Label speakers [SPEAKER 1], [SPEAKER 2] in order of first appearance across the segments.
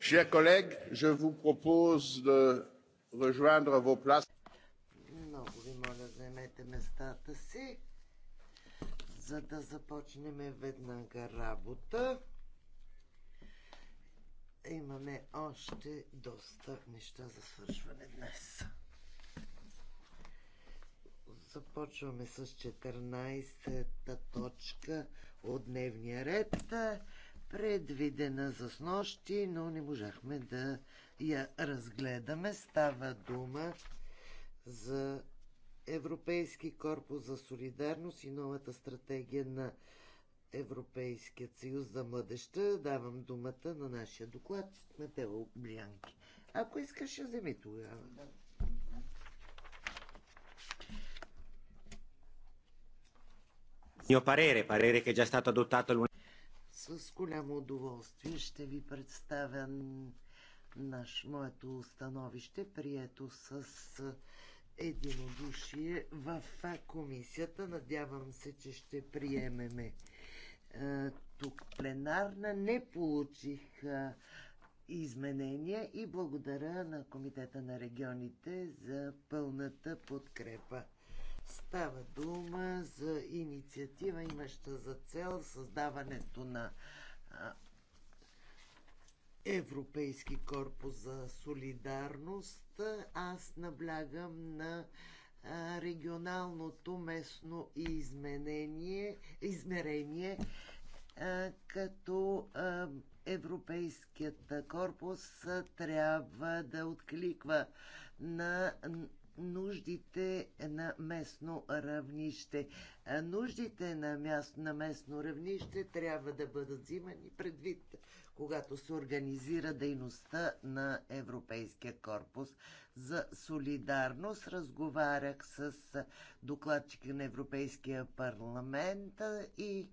[SPEAKER 1] Chers collègues, je vous propose de rejoindre vos places.
[SPEAKER 2] Много ви моля, заемете местата си, за да започнем веднага работа. Имаме още доста неща за свършване днес. Започваме с 14-та точка от дневния ред, предвидена за снощи, но не можахме да я разгледаме. Става дума за Европейски корпус за солидарност и новата стратегия на Европейският съюз за младеща. Давам думата на нашия доклад Матео Блянки. Ако искаш, я вземи тогава. Да. Mio parere, parere
[SPEAKER 1] che è già stato adottato lunedì.
[SPEAKER 2] С голямо удоволствие ще ви представя наш, моето установище, прието с единодушие в комисията. Надявам се, че ще приемеме е, тук пленарна. Не получих е, изменения и благодаря на Комитета на регионите за пълната подкрепа. Става дума за инициатива, имаща за цел създаването на Европейски корпус за солидарност. Аз наблягам на регионалното местно изменение, измерение, като Европейският корпус трябва да откликва на нуждите на местно равнище. Нуждите на, място, на местно равнище трябва да бъдат взимани предвид, когато се организира дейността на Европейския корпус за солидарност. Разговарях с докладчика на Европейския парламент и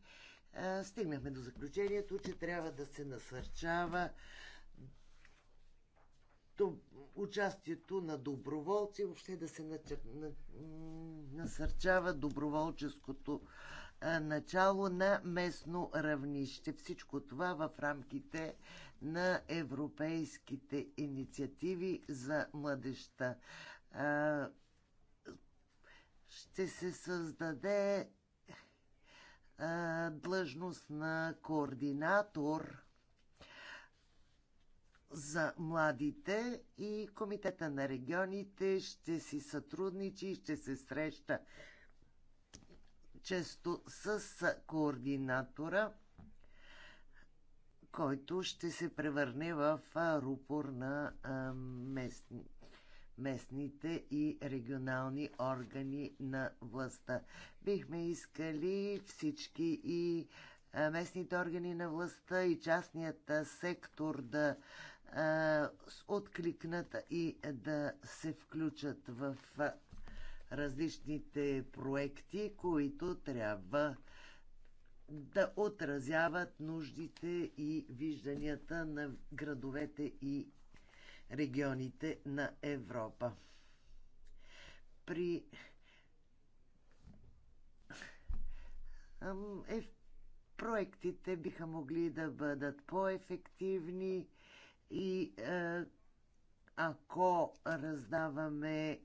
[SPEAKER 2] стигнахме до заключението, че трябва да се насърчава участието на доброволци, въобще да се начер... насърчава доброволческото начало на местно равнище. Всичко това в рамките на европейските инициативи за младеща. Ще се създаде длъжност на координатор за младите и Комитета на регионите ще си сътрудничи и ще се среща често с координатора, който ще се превърне в рупор на местни, местните и регионални органи на властта. Бихме искали всички и местните органи на властта и частният сектор да откликнат и да се включат в различните проекти, които трябва да отразяват нуждите и вижданията на градовете и регионите на Европа. При проектите биха могли да бъдат по-ефективни, и е, ако раздаваме е,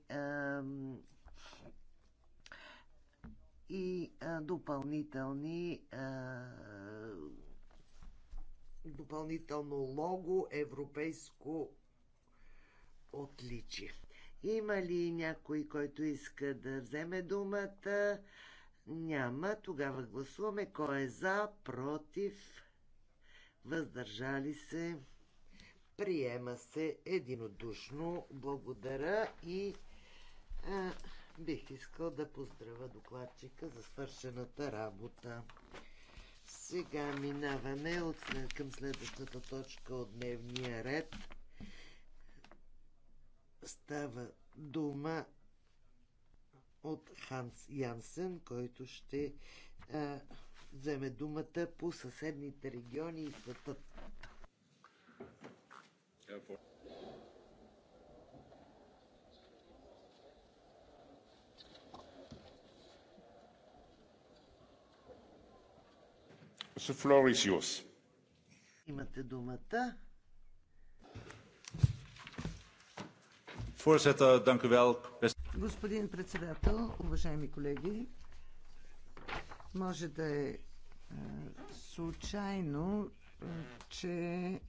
[SPEAKER 2] и е, допълнителни допълнително лого европейско отличие. Има ли някой, който иска да вземе думата? Няма. Тогава гласуваме кой е за, против, въздържали се. Приема се единодушно. Благодаря и а, бих искал да поздравя докладчика за свършената работа. Сега минаваме от, към следващата точка от дневния ред. Става дума от Ханс Янсен, който ще а, вземе думата по съседните региони и света.
[SPEAKER 3] The floor is yours.
[SPEAKER 2] Имате думата.
[SPEAKER 3] Господин председател, уважаеми колеги, може да е, е случайно, е, че е,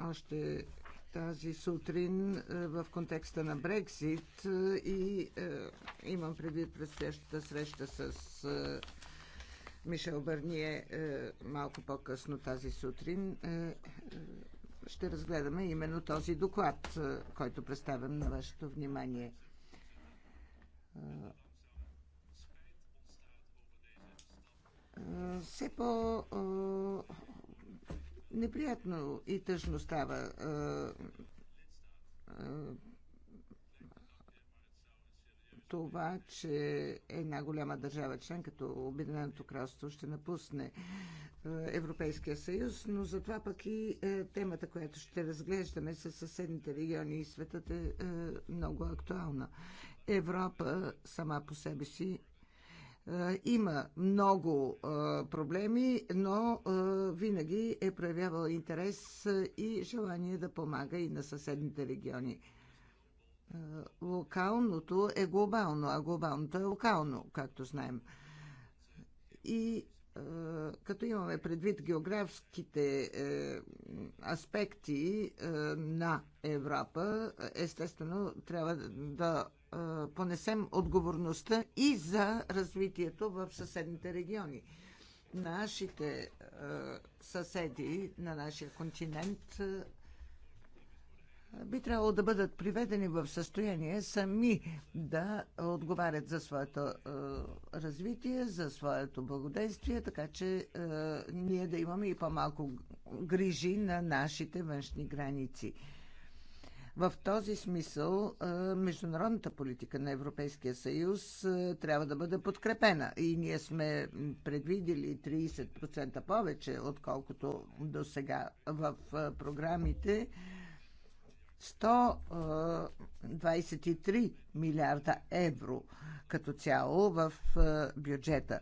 [SPEAKER 3] още тази сутрин е, в контекста на Брексит е, и е, имам предвид предстоящата среща с Мишел Бърние малко по-късно тази сутрин. Ще разгледаме именно този доклад, който представям на вашето внимание. Все по неприятно и тъжно става. Това, че една голяма държава член, като Обединеното кралство, ще напусне Европейския съюз, но затова пък и темата, която ще разглеждаме с съседните региони и светът е много актуална. Европа сама по себе си е, има много е, проблеми, но е, винаги е проявявал интерес и желание да помага и на съседните региони. Локалното е глобално, а глобалното е локално, както знаем. И като имаме предвид географските аспекти на Европа, естествено трябва да понесем отговорността и за развитието в съседните региони. Нашите съседи на нашия континент би трябвало да бъдат приведени в състояние сами да отговарят за своето е, развитие, за своето благодействие, така че е, ние да имаме и по-малко грижи на нашите външни граници. В този смисъл международната политика на Европейския съюз трябва да бъде подкрепена. И ние сме предвидели 30% повече, отколкото до сега в програмите. 123 милиарда евро като цяло в бюджета.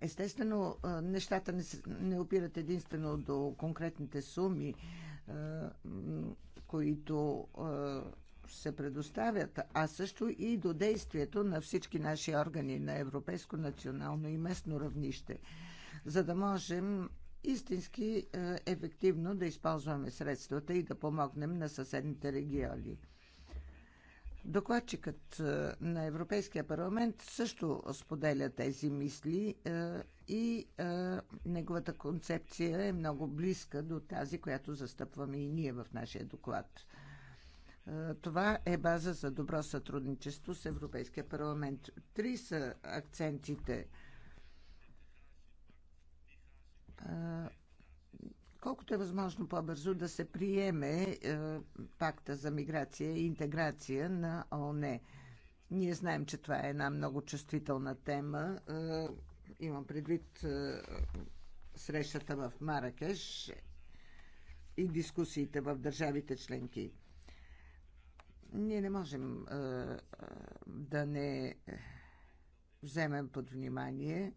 [SPEAKER 3] Естествено, нещата не, не опират единствено до конкретните суми, които се предоставят, а също и до действието на всички наши органи на европейско, национално и местно равнище, за да можем истински ефективно да използваме средствата и да помогнем на съседните региони. Докладчикът е, на Европейския парламент също споделя тези мисли е, и е, неговата концепция е много близка до тази, която застъпваме и ние в нашия доклад. Това е база за добро сътрудничество с Европейския парламент. Три са акцентите колкото е възможно по-бързо да се приеме е, пакта за миграция и интеграция на ООН. Ние знаем, че това е една много чувствителна тема. Е, имам предвид е, срещата в Маракеш и дискусиите в държавите членки. Ние не можем е, е да не е, вземем под внимание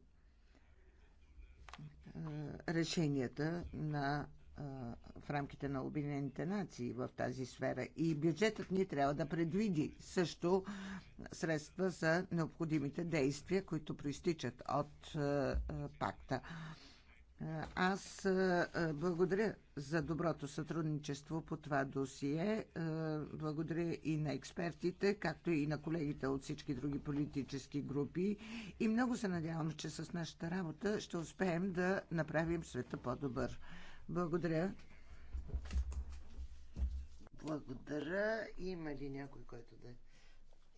[SPEAKER 3] решенията на в рамките на Обединените нации в тази сфера. И бюджетът ни трябва да предвиди също средства за необходимите действия, които проистичат от пакта. Аз благодаря за доброто сътрудничество по това досие. Благодаря и на експертите, както и на колегите от всички други политически групи. И много се надявам, че с нашата работа ще успеем да направим света по-добър. Благодаря.
[SPEAKER 2] Благодаря. Има ли някой, който да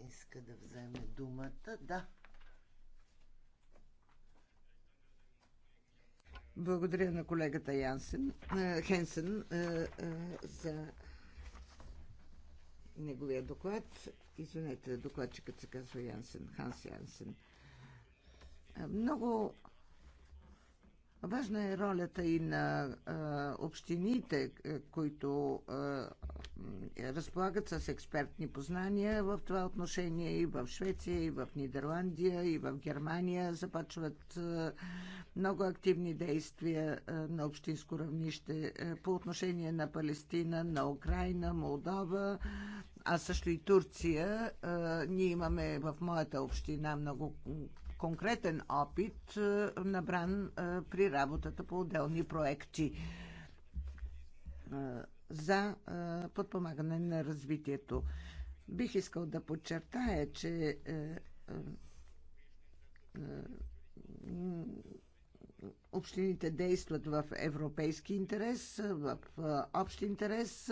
[SPEAKER 3] иска да вземе думата? Да. Благодаря на колегата Янсен, Хенсен за неговия доклад. Извинете, докладчикът се казва Янсен, Ханс Янсен. Много Важна е ролята и на а, общините, е, които а, разполагат с експертни познания в това отношение и в Швеция, и в Нидерландия, и в Германия. Започват а, много активни действия а, на общинско равнище а, е, по отношение на Палестина, на Украина, Молдова, а също и Турция. А, ние имаме в моята община много конкретен опит, е, набран е, при работата по отделни проекти е, за подпомагане на развитието. Бих искал да подчертая, че общините действат в европейски интерес, в е, общ интерес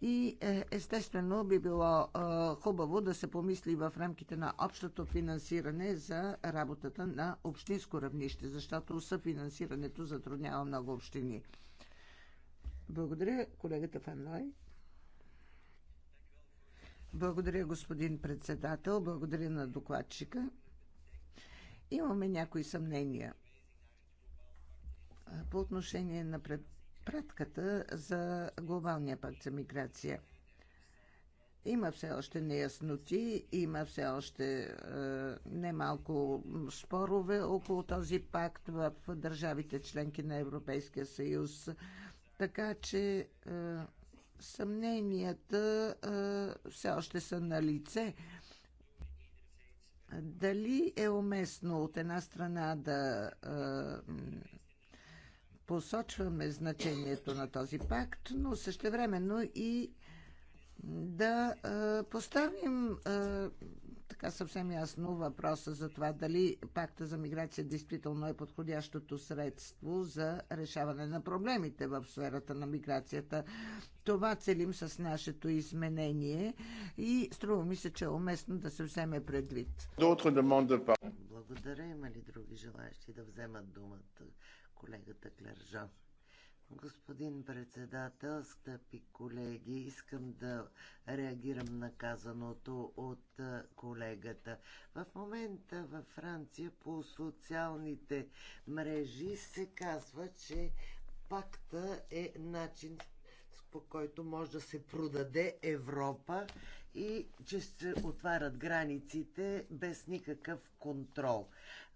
[SPEAKER 3] и е, естествено би било е, хубаво да се помисли в рамките на общото финансиране за работата на общинско равнище, защото съфинансирането затруднява много общини. Благодаря, колегата Фанлай. Благодаря, господин председател. Благодаря на докладчика. Имаме някои съмнения – по отношение на предпратката за глобалния пакт за миграция. Има все още неясноти, има все още е, немалко спорове около този пакт в държавите членки на Европейския съюз. Така че е, съмненията е, все още са на лице. Дали е уместно от една страна да е, посочваме значението на този пакт, но същевременно и да поставим така съвсем ясно въпроса за това дали пакта за миграция действително е подходящото средство за решаване на проблемите в сферата на миграцията. Това целим с нашето изменение и струва ми се, че е уместно да се вземе предвид.
[SPEAKER 2] Благодаря. Има ли други желаящи да вземат думата? колегата Клержан. Господин председател, скъпи колеги, искам да реагирам на казаното от колегата. В момента във Франция по социалните мрежи се казва, че пакта е начин по който може да се продаде Европа и че се отварят границите без никакъв контрол.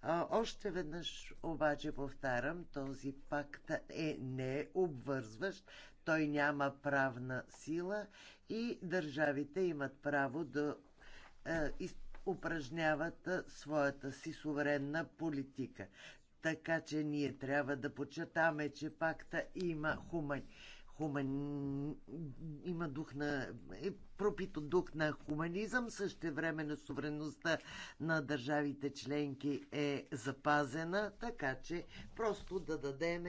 [SPEAKER 2] А, още веднъж обаче повтарям, този пакт е необвързващ, той няма правна сила и държавите имат право да а, из, упражняват своята си суверенна политика. Така че ние трябва да подчертаваме, че пакта има хумани хумен... има дух на... е пропит от дух на хуманизъм. Също време на сувереността на държавите членки е запазена, така че просто да дадем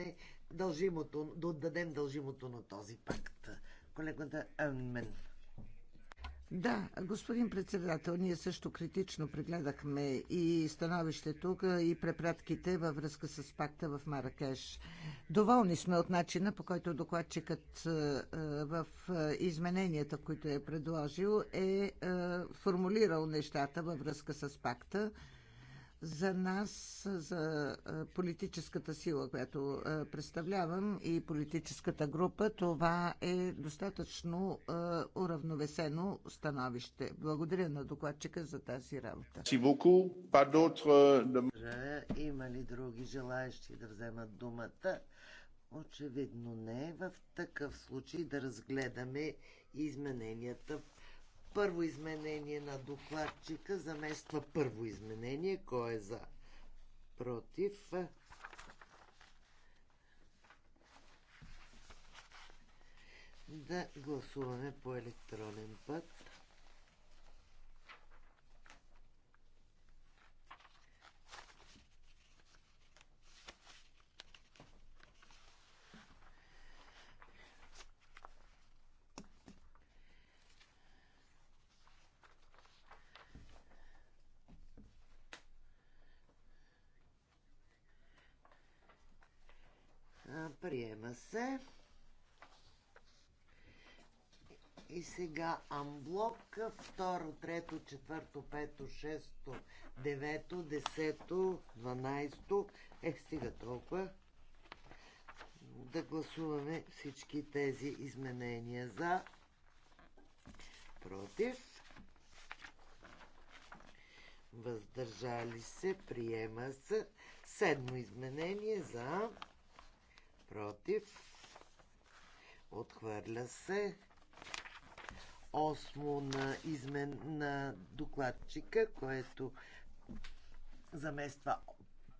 [SPEAKER 2] дължимото, да дадем дължимото на този пакт. Колегата
[SPEAKER 3] Аммен. Да, господин председател, ние също критично прегледахме и становището и препратките във връзка с пакта в Маракеш. Доволни сме от начина, по който докладчикът е, е, в е, измененията, които е предложил, е формулирал нещата във връзка с пакта за нас, за политическата сила, която представлявам и политическата група, това е достатъчно уравновесено становище. Благодаря на докладчика за тази работа.
[SPEAKER 2] Euh, Има ли други желаящи да вземат думата? Очевидно не. В такъв случай да разгледаме измененията първо изменение на докладчика замества първо изменение. Кой е за? Против. Да гласуваме по електронен път. се. И сега амблок, второ, трето, четвърто, пето, шесто, девето, десето, дванайсто. Е, стига толкова. Да гласуваме всички тези изменения за против. Въздържали се, приема се. Седмо изменение за против. Отхвърля се. Осмо на измен на докладчика, което замества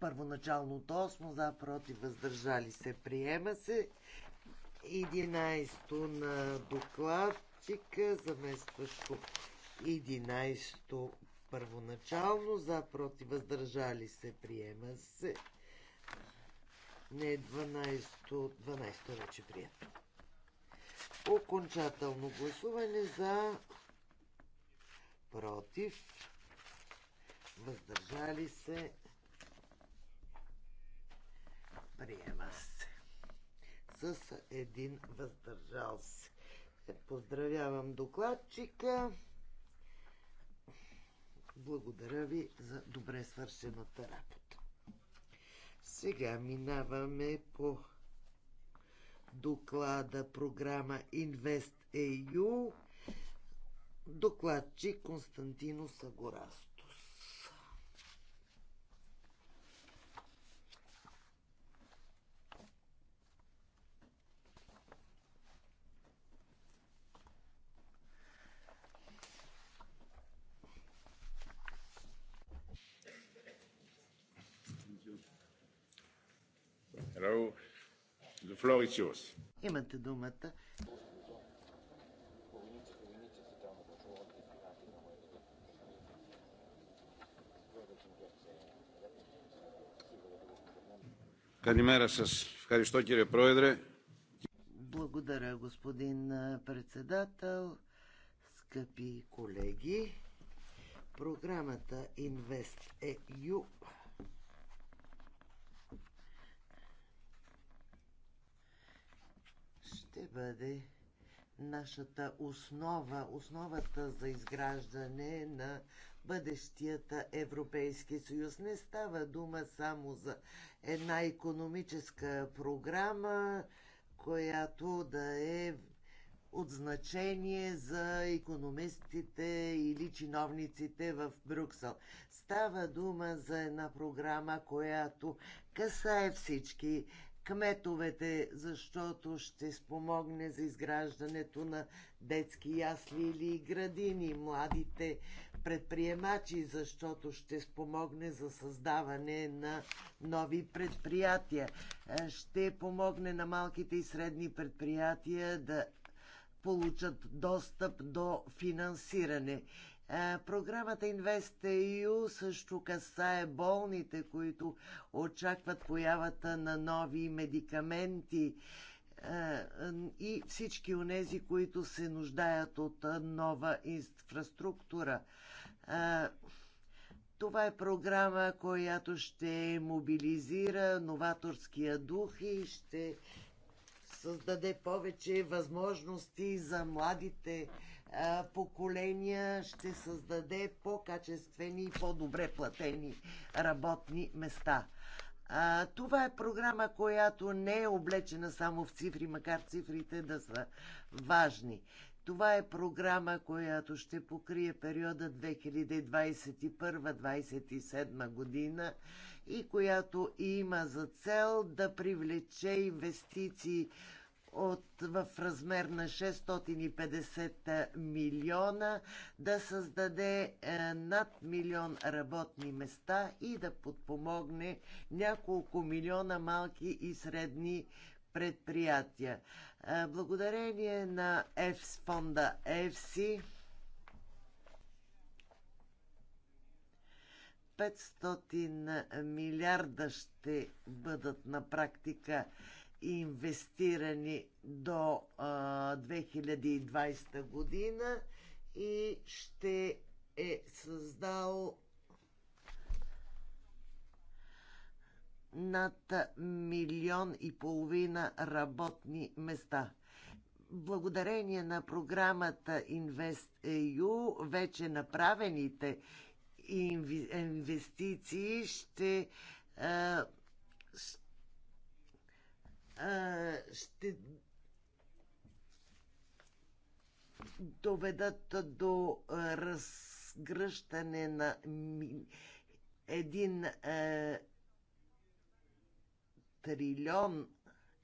[SPEAKER 2] първоначалното осмо за против въздържали се приема се 11 на докладчика заместващо 11 първоначално за против въздържали се приема се не, 12 12 е вече прието. Окончателно гласуване за против въздържали се приема се с един въздържал се. Поздравявам докладчика. Благодаря ви за добре свършената работа. Сега минаваме по доклада програма InvestEU. Е Докладчик Константино Сагорасто.
[SPEAKER 1] floor is yours.
[SPEAKER 2] Имате думата.
[SPEAKER 1] Καλημέρα σας. Ευχαριστώ κύριε Πρόεδρε.
[SPEAKER 2] Благодаря господин председател, скъпи колеги. Програмата InvestEU е ще бъде нашата основа, основата за изграждане на бъдещията Европейски съюз. Не става дума само за една економическа програма, която да е от значение за економистите или чиновниците в Брюксел. Става дума за една програма, която касае всички кметовете, защото ще спомогне за изграждането на детски ясли или градини, младите предприемачи, защото ще спомогне за създаване на нови предприятия, е, ще помогне на малките и средни предприятия да получат достъп до финансиране. Е, програмата InvestEU също касае болните, които очакват появата на нови медикаменти е, и всички онези, които се нуждаят от е, нова инфраструктура. Това е програма, която ще мобилизира новаторския дух и ще създаде повече възможности за младите поколения ще създаде по-качествени и по-добре платени работни места. А, това е програма, която не е облечена само в цифри, макар цифрите да са важни. Това е програма, която ще покрие периода 2021-2027 година и която има за цел да привлече инвестиции от, в размер на 650 милиона, да създаде е, над милион работни места и да подпомогне няколко милиона малки и средни предприятия. Е, благодарение на ЕФС фонда ЕФСИ 500 милиарда ще бъдат на практика инвестирани до 2020 година и ще е създал над милион и половина работни места. Благодарение на програмата InvestEU вече направените инвестиции ще, ще ще доведат до разгръщане на един е, трилион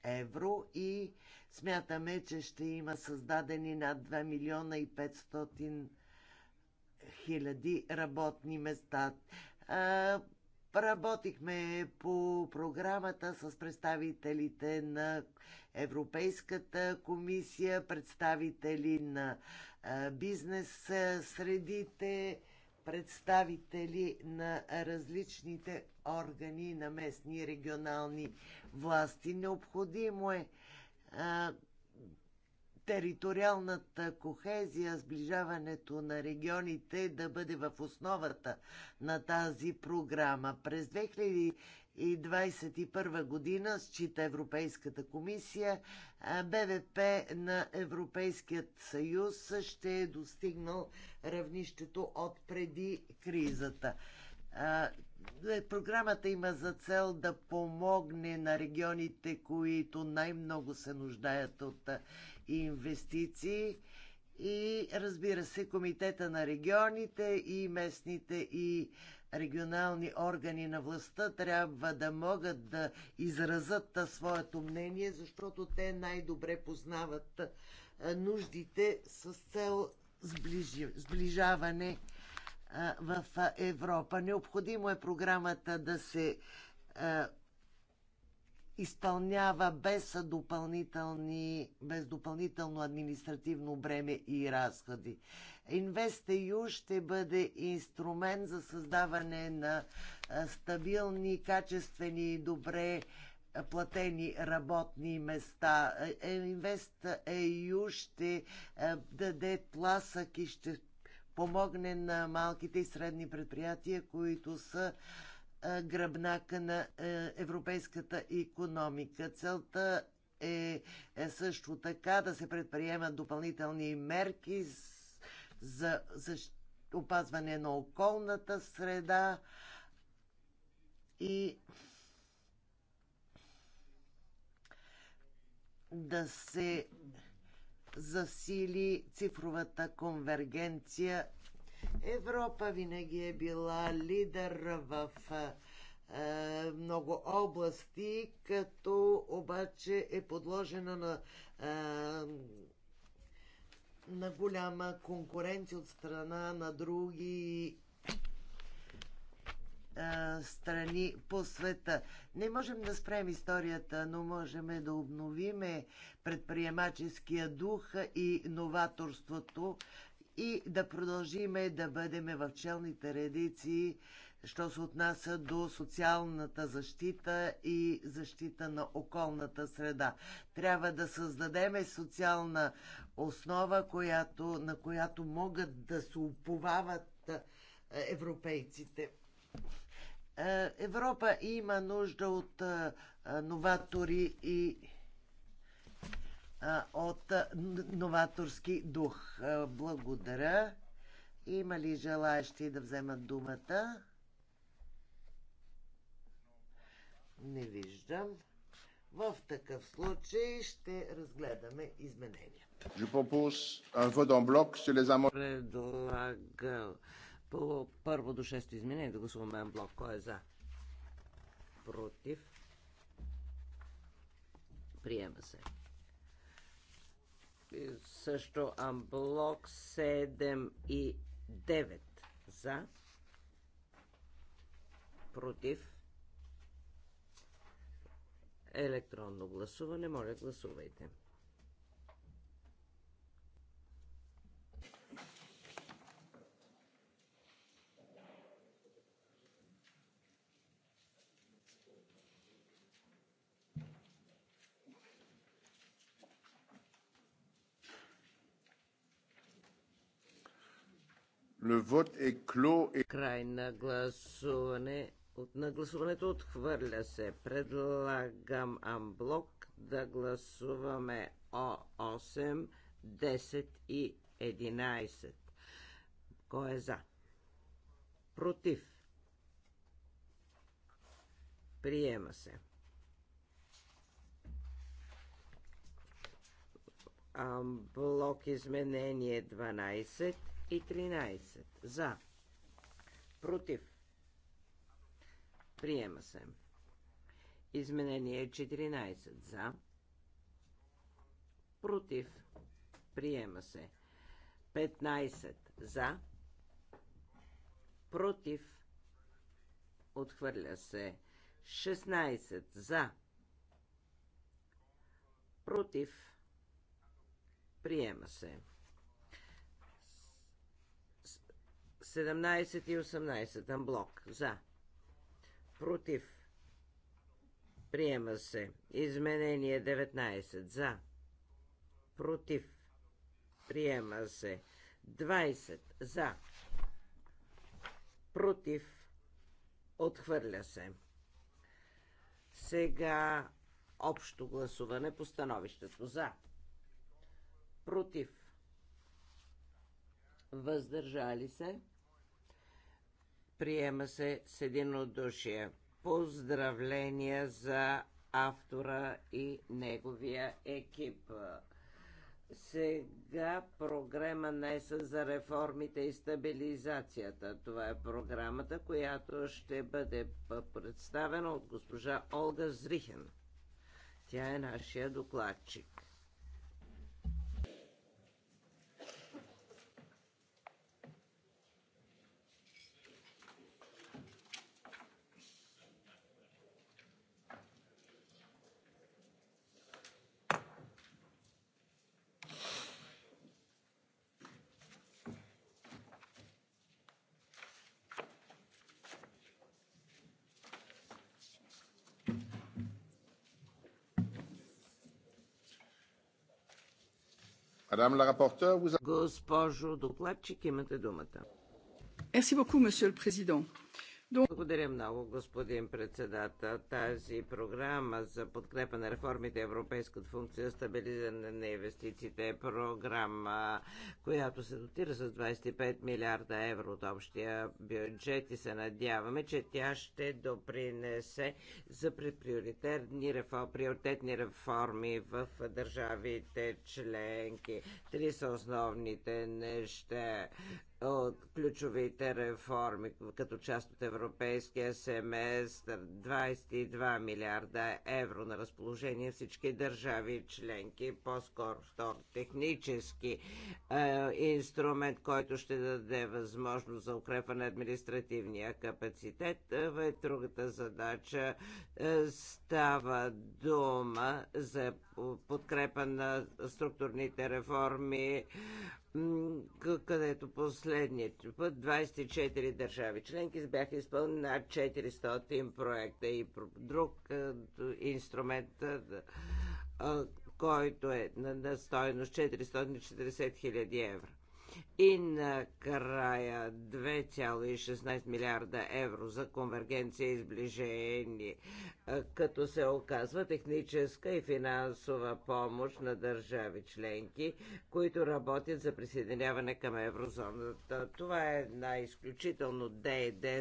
[SPEAKER 2] евро и смятаме, че ще има създадени над 2 милиона и 500 хиляди работни места. Работихме по програмата с представителите на Европейската комисия, представители на бизнес средите, представители на различните органи на местни и регионални власти. Необходимо е териториалната кохезия, сближаването на регионите да бъде в основата на тази програма. През 2021 година, счита Европейската комисия, БВП на Европейският съюз ще е достигнал равнището от преди кризата. Е, програмата има за цел да помогне на регионите, които най-много се нуждаят от инвестиции и разбира се Комитета на регионите и местните и регионални органи на властта трябва да могат да изразат своето мнение, защото те най-добре познават нуждите с цел сближаване в Европа. Необходимо е програмата да се изпълнява без допълнителни, без допълнително административно бреме и разходи. InvestEU ще бъде инструмент за създаване на стабилни, качествени и добре платени работни места. InvestEU е, е, е ще даде тласък и ще помогне на малките и средни предприятия, които са гръбнака на европейската економика. Целта е, е също така да се предприемат допълнителни мерки за, за опазване на околната среда и да се засили цифровата конвергенция Европа винаги е била лидер в е, много области, като обаче е подложена на, е, на голяма конкуренция от страна на други е, страни по света. Не можем да спрем историята, но можем да обновиме предприемаческия дух и новаторството, и да продължиме да бъдеме в челните редици, що се отнася до социалната защита и защита на околната среда. Трябва да създадеме социална основа, която, на която могат да се уповават е, европейците. Е, Европа има нужда от е, новатори и от новаторски дух. Благодаря. Има ли желаящи да вземат думата? Не
[SPEAKER 1] виждам.
[SPEAKER 2] В такъв случай ще разгледаме измененията.
[SPEAKER 1] Предлагам по първо до шесто изменение да гласуваме блок. Кой е за? Против? Приема се също амблок 7 и 9 за, против, електронно гласуване. Моля, гласувайте. Le vote est clos et... Край на гласуване. От на гласуването отхвърля се. Предлагам амблок да гласуваме О8, 10 и 11. Кой е за? Против. Приема се. Амблок изменение 12 и 13. За. Против. Приема се. Изменение 14. За. Против. Приема се. 15. За. Против. Отхвърля се. 16. За. Против. Приема се. 17 и 18 амблок. За. Против. Приема се. Изменение 19. За. Против. Приема се. 20. За. Против. Отхвърля се. Сега общо гласуване по становището. За. Против. Въздържали се. Приема се с единодушие. Поздравления за автора и неговия екип. Сега програма НЕСА за реформите и стабилизацията. Това е програмата, която ще бъде представена от госпожа Олга Зрихен. Тя е нашия докладчик. Madame la rapporteur, vous... Госпожо докладчик, имате думата.
[SPEAKER 3] Merci beaucoup, monsieur le président.
[SPEAKER 1] Благодаря много, господин председател. Тази програма за подкрепа на реформите Европейската функция за стабилизиране на инвестициите е програма, която се дотира с 25 милиарда евро от общия бюджет и се надяваме, че тя ще допринесе за приоритетни реформи в държавите членки. Три са основните неща от ключовите реформи, като част от европейския семестър, 22 милиарда евро на разположение всички държави членки, по-скоро втор технически е, инструмент, който ще даде възможност за укрепване на административния капацитет. Е, в другата задача е, става дума за подкрепа на структурните реформи, където последният път 24 държави членки бяха изпълнени над 400 проекта и друг инструмент, който е на стойност 440 000 евро. И накрая 2,16 милиарда евро за конвергенция и сближение, като се оказва техническа и финансова помощ на държави членки, които работят за присъединяване към еврозоната. Това е една изключително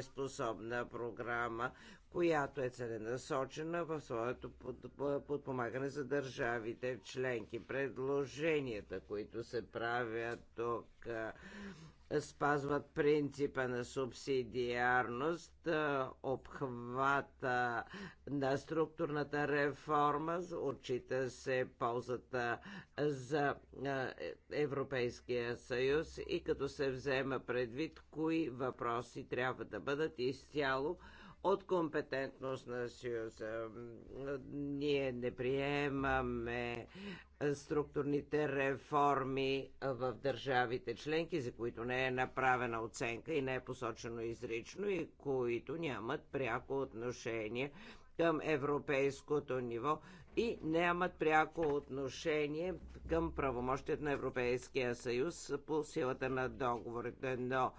[SPEAKER 1] способна програма, която е целенасочена в своето подпомагане за държавите членки. Предложенията, които се правят тук, спазват принципа на субсидиарност, обхвата на структурната реформа, отчита се ползата за Европейския съюз и като се взема предвид кои въпроси трябва да бъдат изцяло от компетентност на Съюза. Ние не приемаме структурните реформи в държавите членки, за които не е направена оценка и не е посочено изрично и които нямат пряко отношение към европейското ниво и нямат пряко отношение към правомощият на Европейския съюз по силата на договорите. Но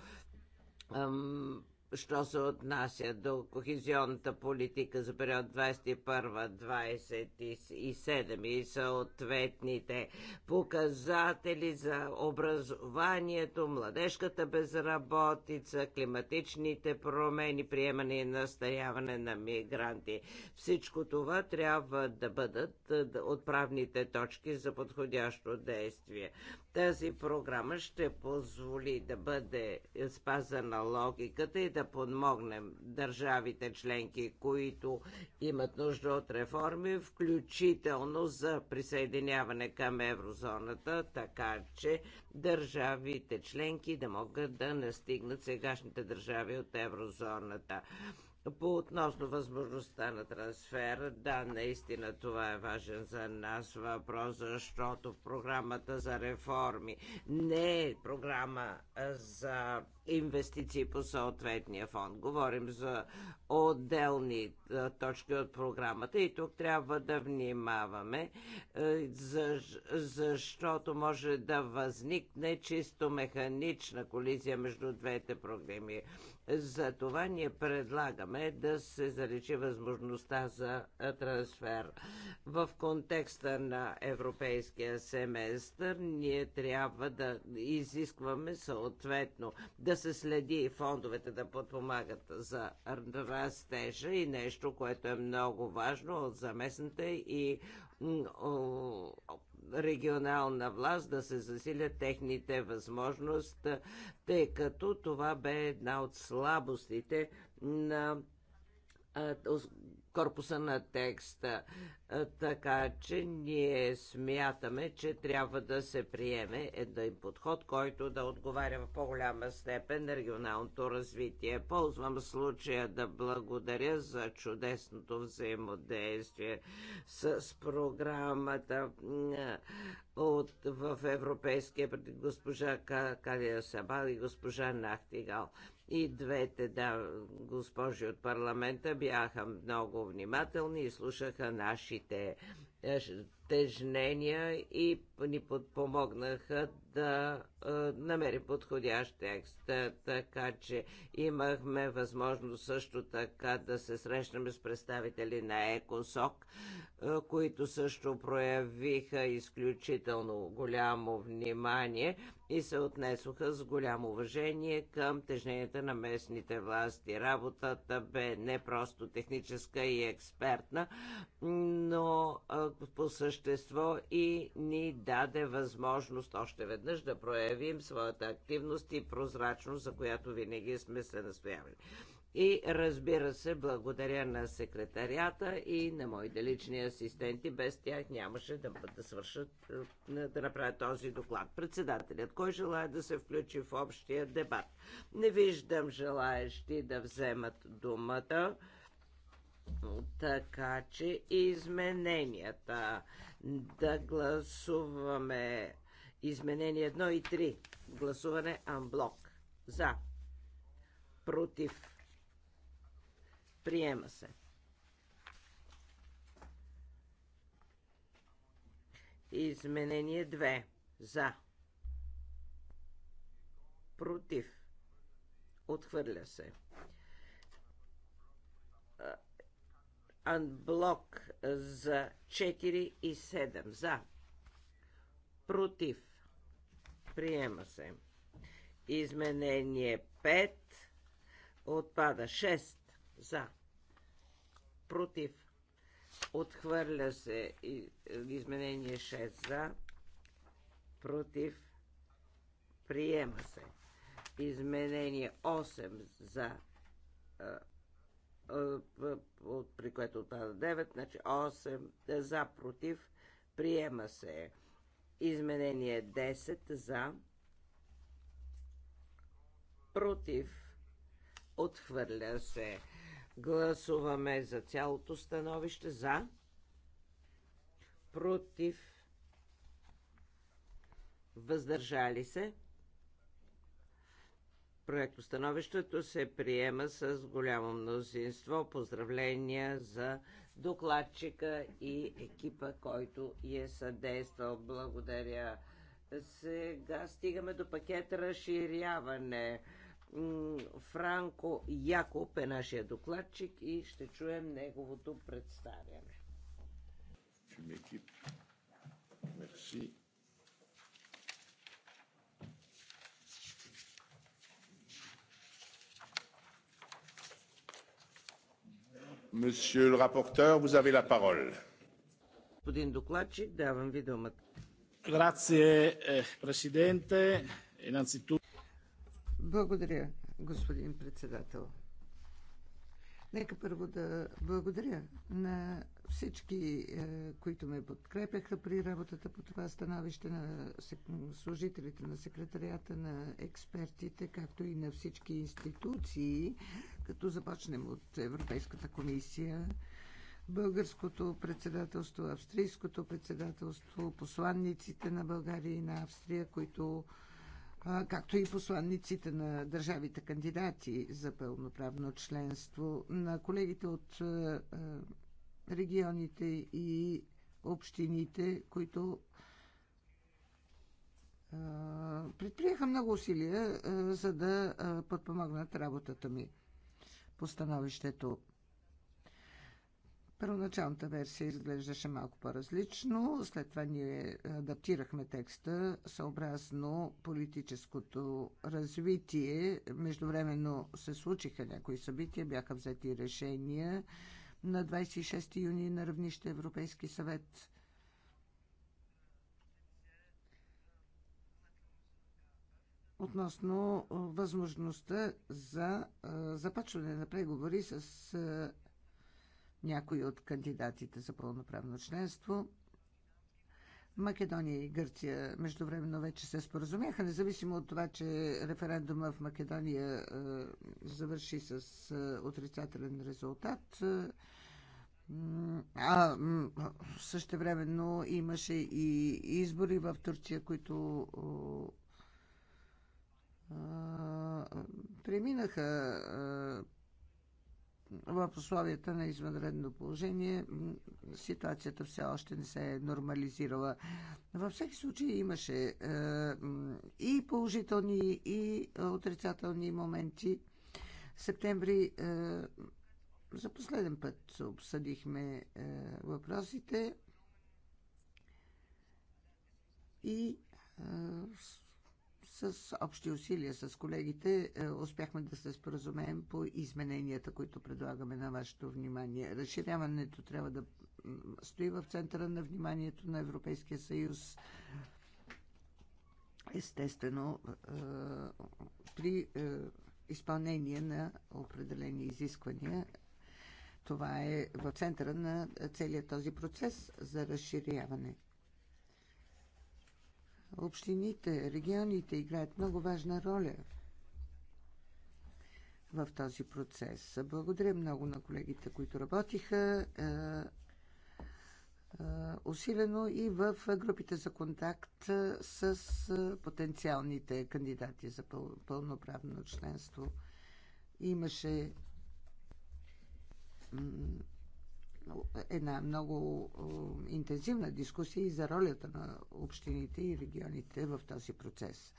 [SPEAKER 1] що се отнася до кохезионната политика за период 21-27 и съответните показатели за образованието, младежката безработица, климатичните промени, приемане и настаряване на мигранти. Всичко това трябва да бъдат отправните точки за подходящо действие. Тази програма ще позволи да бъде спазана логиката и да подмогнем държавите членки, които имат нужда от реформи, включително за присъединяване към еврозоната, така че държавите членки да могат да настигнат сегашните държави от еврозоната. По относно възможността на трансфер, да, наистина това е важен за нас въпрос, защото в програмата за реформи не е програма за инвестиции по съответния фонд. Говорим за отделни точки от програмата и тук трябва да внимаваме, защото може да възникне чисто механична колизия между двете програми. За това ние предлагаме да се заличи възможността за трансфер. В контекста на европейския семестър ние трябва да изискваме съответно да се следи и фондовете да подпомагат за растежа и нещо, което е много важно от заместната и регионална власт, да се засилят техните възможности, тъй като това бе една от слабостите на корпуса на текста. Така че ние смятаме, че трябва да се приеме един подход, който да отговаря в по-голяма степен на регионалното развитие. Ползвам случая да благодаря за чудесното взаимодействие с програмата от, в Европейския госпожа Калия Сабал и госпожа Нахтигал. И двете да, госпожи от парламента бяха много внимателни и слушаха нашите е, тежнения и ни подпомогнаха да а, намери подходящ текст. Е, така че имахме възможност също така да се срещнем с представители на ЕКОСОК, а, е, които също проявиха изключително голямо внимание и се отнесоха с голямо уважение към тежненията на местните власти. Работата бе не просто техническа и експертна, но а, по същество и ни даде възможност още веднъж веднъж да проявим своята активност и прозрачност, за която винаги сме се настоявали. И разбира се, благодаря на секретарията и на моите лични асистенти. Без тях нямаше да, да свършат, е, да направят този доклад. Председателят, кой желая да се включи в общия дебат? Не виждам желаящи да вземат думата. Така че измененията да гласуваме Изменение 1 и 3. Гласуване анблок. За. Против. Приема се. Изменение 2. За. Против. Отхвърля се. Анблок за 4 и 7. За. Против Приема се. Изменение 5. Отпада 6. За. Против. Отхвърля се. Е, изменение 6. За. Против. Приема се. Изменение 8. За. Е, е, при което отпада 9. Значи 8. За. Против. Приема се. Изменение 10 за, против, отхвърля се. Гласуваме за цялото становище за, против, въздържали се. Проектостановището се приема с голямо мнозинство. Поздравления за докладчика и екипа, който е съдействал. Благодаря. Сега стигаме до пакет разширяване. Франко Якоб е нашия докладчик и ще чуем неговото представяне. Мерси. Monsieur le rapporteur, vous avez la parole. Господин докладчик, давам ви е,
[SPEAKER 3] Благодаря, господин председател. Нека първо да благодаря на всички, е, които ме подкрепяха при работата по това становище, на служителите на секретарията, на експертите, както и на всички институции, като започнем от Европейската комисия, българското председателство, австрийското председателство, посланниците на България и на Австрия, които както и посланниците на държавите кандидати за пълноправно членство, на колегите от регионите и общините, които предприеха много усилия, за да подпомогнат работата ми по становището. Първоначалната версия изглеждаше малко по-различно, след това ние адаптирахме текста съобразно политическото развитие. Междувременно се случиха някои събития, бяха взети решения на 26 юни на равнище Европейски съвет. относно възможността за започване на преговори с някои от кандидатите за пълноправно членство. Македония и Гърция междувременно вече се споразумяха, независимо от това, че референдума в Македония завърши с отрицателен резултат. А същевременно имаше и избори в Турция, които преминаха в условията на извънредно положение ситуацията все още не се е нормализирала. Във всеки случай имаше и положителни, и отрицателни моменти. В септември за последен път обсъдихме въпросите и с общи усилия с колегите е, успяхме да се споразумеем по измененията, които предлагаме на вашето внимание. Разширяването трябва да стои в центъра на вниманието на Европейския съюз. Естествено, е, при е, изпълнение на определени изисквания това е в центъра на целият този процес за разширяване. Общините, регионите играят много важна роля в този процес. Благодаря много на колегите, които работиха е, е, усилено и в групите за контакт с е, потенциалните кандидати за пълноправно членство. Имаше една много е, интензивна дискусия и за ролята на общините и регионите в този процес.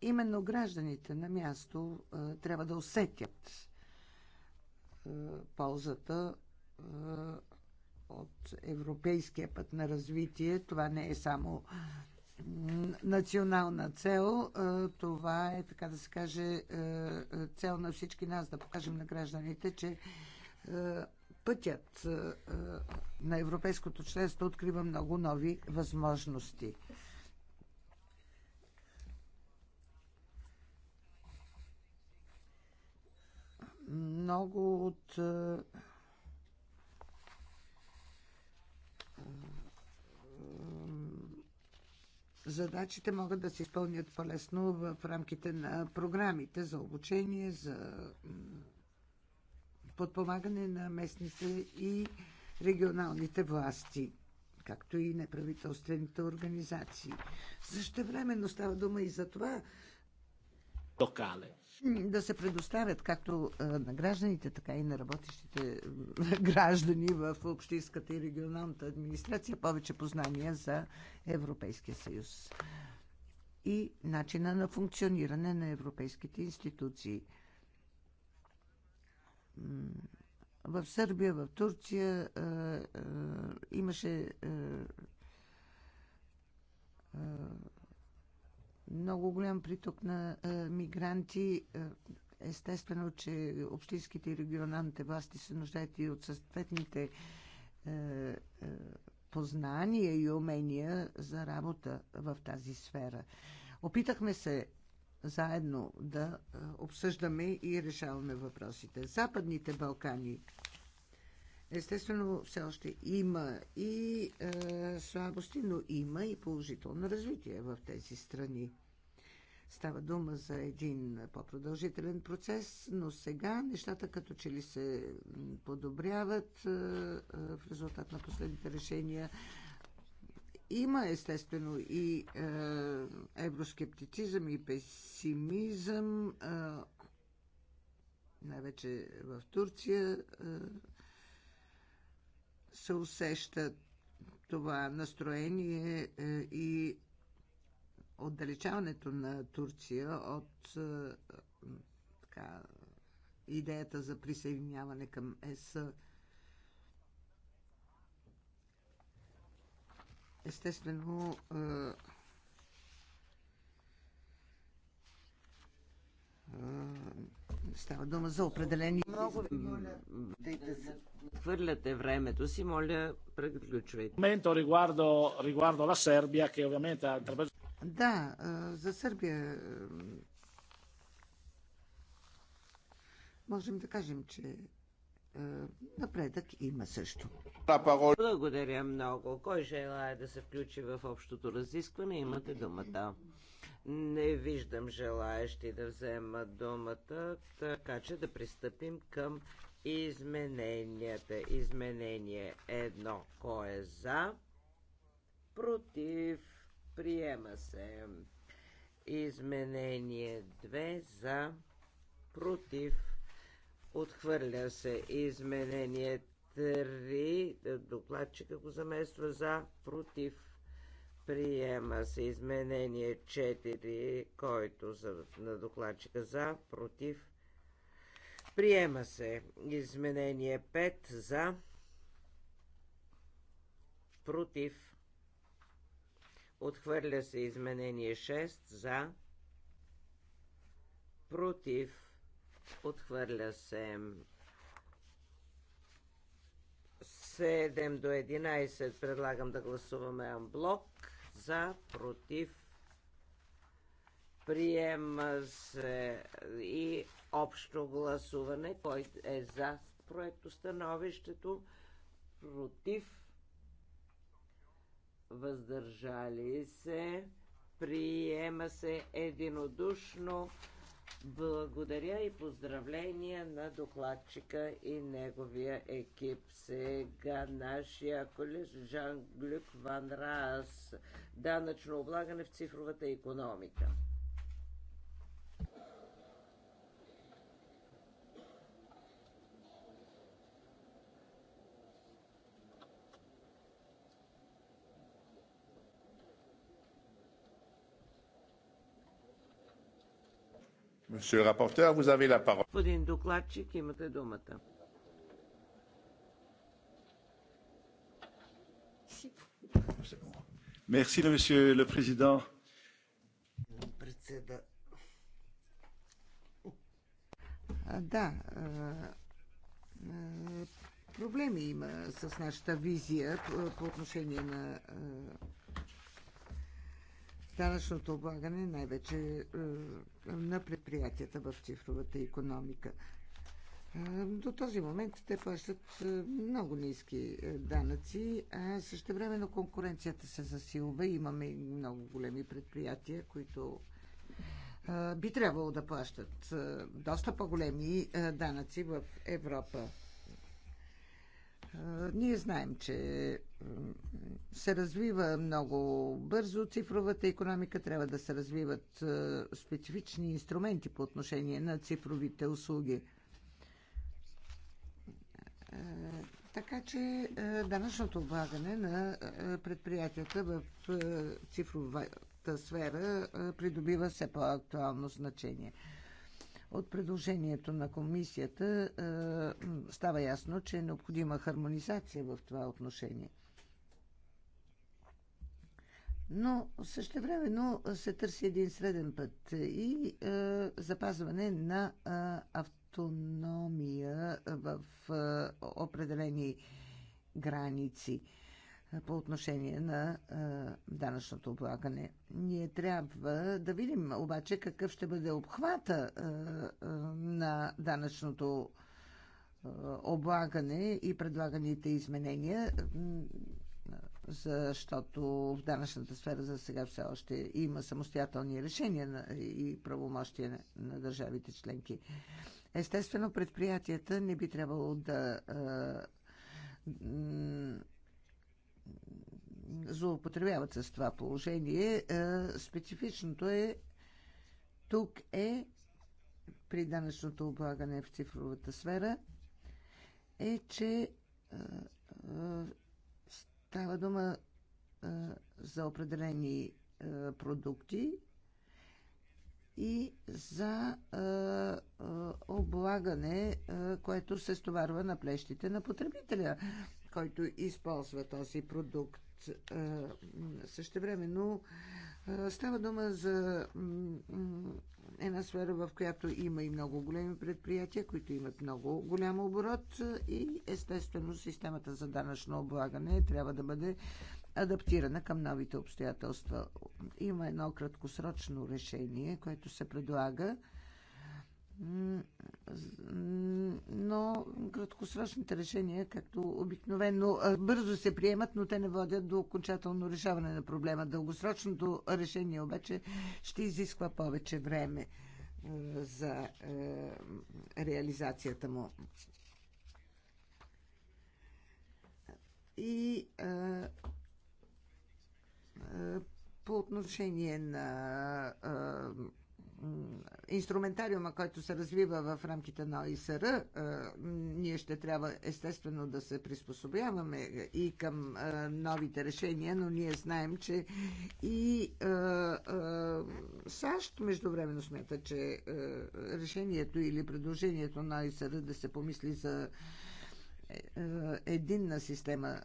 [SPEAKER 3] Именно гражданите на място е, трябва да усетят е, ползата от европейския път на развитие. Това не е само национална цел. Това е, така да се каже, цел на всички нас да покажем на гражданите, че пътят е, е, на европейското членство открива много нови възможности. Много от е, задачите могат да се изпълнят по-лесно в рамките на програмите за обучение, за подпомагане на местните и регионалните власти, както и неправителствените организации. Също времено става дума и за това Токале. Да се предоставят както на гражданите, така и на работещите граждани в общинската и регионалната администрация повече познания за Европейския съюз и начина на функциониране на европейските институции – в Сърбия, в Турция е, е, имаше е, много голям приток на мигранти. Естествено, че общинските и регионалните власти се нуждаят и от съответните познания и умения за работа в тази сфера. Опитахме се заедно да е, обсъждаме и решаваме въпросите. Западните Балкани. Естествено, все още има и е, слабости, но има и положително развитие в тези страни. Става дума за един по-продължителен процес, но сега нещата като че ли се подобряват е, е, в резултат на последните решения има естествено и е, евроскептицизъм и песимизъм, е, най-вече в Турция е, се усеща това настроение е, и отдалечаването на Турция от е, така, идеята за присъединяване към ЕС. Е, Естествено, е, е, става дума за определени... Много ви моля
[SPEAKER 1] да, да хвърляте времето си, моля, преключвайте. Моменто riguardo, riguardo la Serbia, che ovviamente ha
[SPEAKER 3] Да, е, за Сърбия можем да кажем, че е, напредък има също.
[SPEAKER 1] Благодаря много. Кой желая да се включи в общото разискване, имате думата. Не виждам желаящи да вземат думата, така че да пристъпим към измененията. Изменение едно. Кой е за? Против. Приема се. Изменение 2 за. Против Отхвърля се изменение 3. Докладчика го замества за, против. Приема се изменение 4, който за, на докладчика за, против. Приема се изменение 5 за, против. Отхвърля се изменение 6 за, против. Отхвърля се. 7 до 11 предлагам да гласуваме амблок За, против, приема се и общо гласуване, кой е за проектостановището, против, въздържали се, приема се единодушно благодаря и поздравления на докладчика и неговия екип. Сега нашия колеж Жан Глюк Ван Раас. Данъчно облагане в цифровата економика. Monsieur le rapporteur, vous avez la parole. Господин докладчик, имате думата.
[SPEAKER 3] Merci, monsieur le président. Председа... Да, проблеми има с нашата визия по, по отношение на данъчното облагане, най-вече е, на предприятията в цифровата економика. Е, до този момент те плащат е, много ниски данъци, а също времено конкуренцията се засилва. Имаме много големи предприятия, които би трябвало да плащат доста по-големи данъци в Европа. Е, ние знаем, че се развива много бързо цифровата економика, трябва да се развиват е, специфични инструменти по отношение на цифровите услуги. Е, така че данъчното облагане на предприятията в цифровата сфера придобива все по-актуално значение. От предложението на комисията е, става ясно, че е необходима хармонизация в това отношение. Но същевременно се търси един среден път и е, запазване на е, автономия в е, определени граници. Е, по отношение на данъчното облагане. Ние трябва да видим обаче какъв ще бъде обхвата на данъчното облагане и предлаганите изменения, защото в данъчната сфера за сега все още има самостоятелни решения и правомощия на държавите членки. Естествено, предприятията не би трябвало да злоупотребяват с това положение. Е, специфичното е тук е при данъчното облагане в цифровата сфера е, че е, е, става дума за определени продукти и за облагане, което се стоварва на плещите на потребителя, който използва този продукт но а, става дума за една сфера, в която има и много големи предприятия, които имат много голям оборот и естествено системата за данъчно облагане трябва да бъде адаптирана към новите обстоятелства. Има едно краткосрочно решение, което се предлага но краткосрочните решения, както обикновено, бързо се приемат, но те не водят до окончателно решаване на проблема. Дългосрочното решение обаче ще изисква повече време за реализацията му. И по отношение на инструментариума, който се развива в рамките на ОИСР, ние ще трябва естествено да се приспособяваме и към новите решения, но ние знаем, че и САЩ междувременно смята, че решението или предложението на ОИСР да се помисли за е, е, единна система е,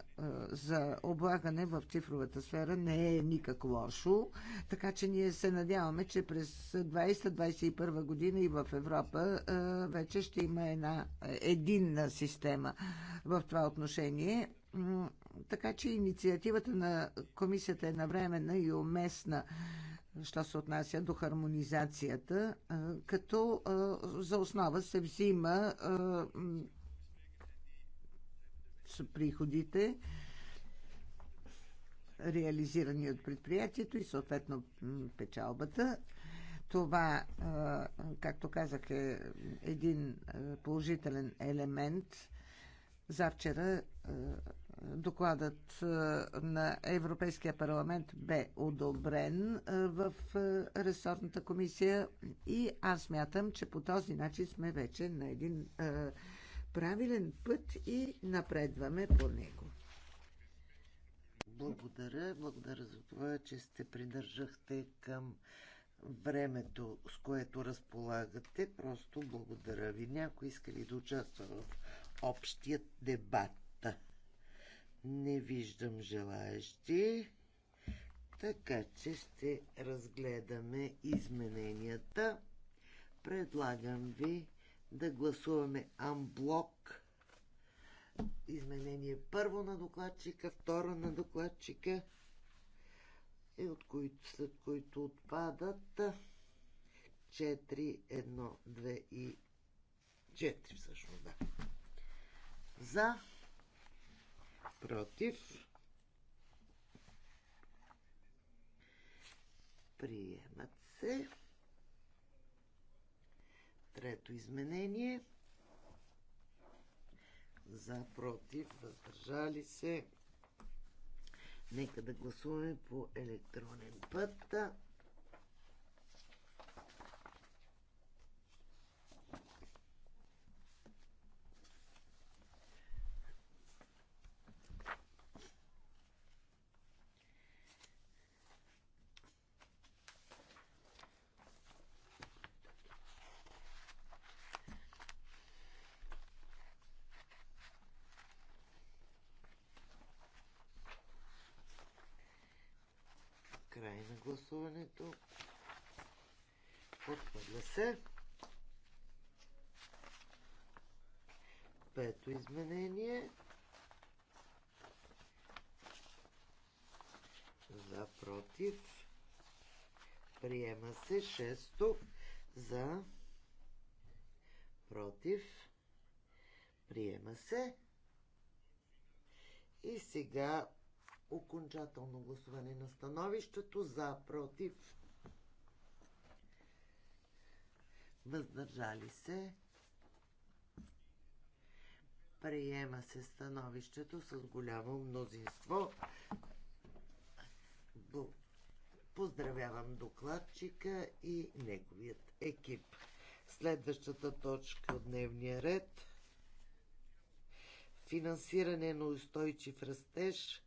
[SPEAKER 3] за облагане в цифровата сфера не е никак лошо, така че ние се надяваме, че през 2021 година и в Европа вече ще има една единна система в това отношение. Така че инициативата на комисията е навременна и уместна що се отнася до хармонизацията, като за основа се взима са приходите, реализирани от предприятието и съответно печалбата. Това, както казах, е един положителен елемент. Завчера докладът на Европейския парламент бе одобрен в ресорната комисия и аз мятам, че по този начин сме вече на един правилен път и напредваме по него.
[SPEAKER 2] Благодаря. Благодаря за това, че сте придържахте към времето, с което разполагате. Просто благодаря ви. Някой иска ли да участва в общия дебат? Не виждам желаящи. Така че ще разгледаме измененията. Предлагам ви да гласуваме амблок. Изменение първо на докладчика, второ на докладчика, и от които, след които отпадат 4, 1, 2 и 4 всъщност, да. За, против, приемат се. Трето изменение. За, против, въздържали се. Нека да гласуваме по електронен път. гласуването. Отхвърля се. Пето изменение. За против. Приема се. Шесто. За против. Приема се. И сега окончателно гласуване на становището за, против, въздържали се. Приема се становището с голямо мнозинство. Поздравявам докладчика и неговият екип. Следващата точка от дневния ред – финансиране на устойчив растеж –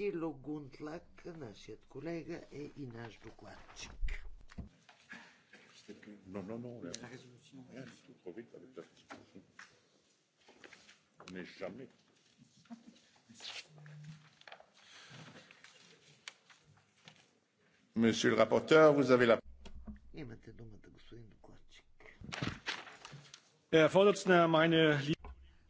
[SPEAKER 2] Кило Гунтлак, нашият колега, е и наш докладчик.
[SPEAKER 1] Non, non, non, la résolution. Rien du tout, trop vite avec la discussion. Mais jamais. Monsieur le rapporteur, vous avez la
[SPEAKER 2] Имате думата, господин
[SPEAKER 1] докладчик. Herr Vorsitzender, meine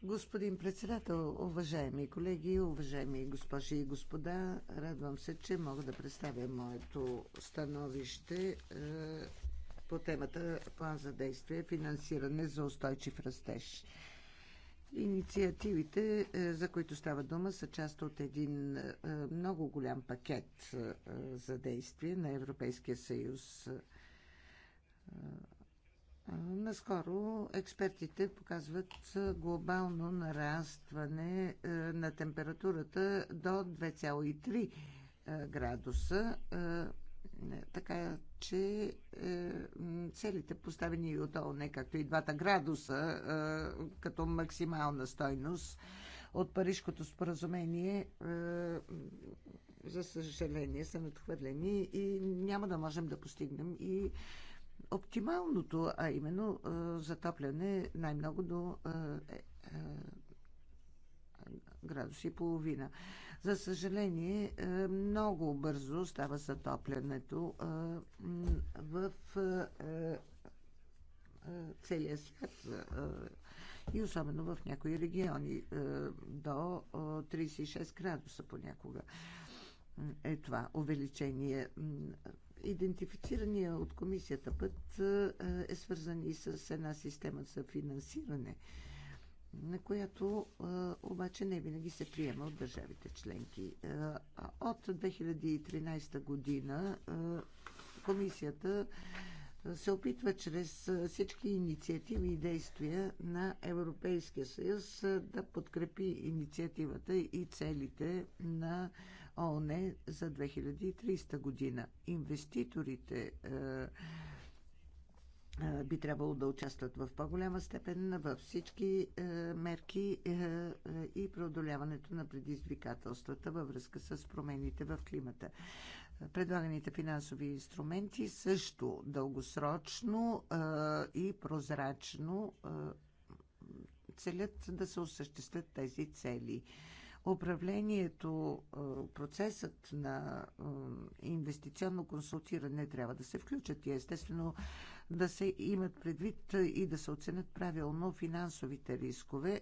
[SPEAKER 3] Господин председател, уважаеми колеги, уважаеми госпожи и господа, радвам се, че мога да представя моето становище е, по темата План за действие финансиране за устойчив растеж. Инициативите, е, за които става дума, са част от един е, много голям пакет за действие на Европейския съюз Наскоро експертите показват глобално нарастване е, на температурата до 2,3 е, градуса, е, така че целите поставени от ОНЕ, както и двата градуса като максимална стойност от Парижкото споразумение, за съжаление, са надхвърлени и няма да можем да постигнем и оптималното, а именно затопляне най-много до е, градуси и половина. За съжаление, много бързо става затоплянето в целия свят и особено в някои региони до 36 градуса понякога. Е това увеличение идентифицирания от комисията път е свързан и с една система за финансиране, на която обаче не винаги се приема от държавите членки. От 2013 година комисията се опитва чрез всички инициативи и действия на Европейския съюз да подкрепи инициативата и целите на ООН за 2030 година. Инвеститорите е, е, би трябвало да участват в по-голяма степен във всички е, мерки и преодоляването на предизвикателствата във връзка с промените в климата. Предлаганите финансови инструменти също дългосрочно и прозрачно целят да се осъществят тези цели управлението, процесът на инвестиционно консултиране трябва да се включат и естествено да се имат предвид и да се оценят правилно финансовите рискове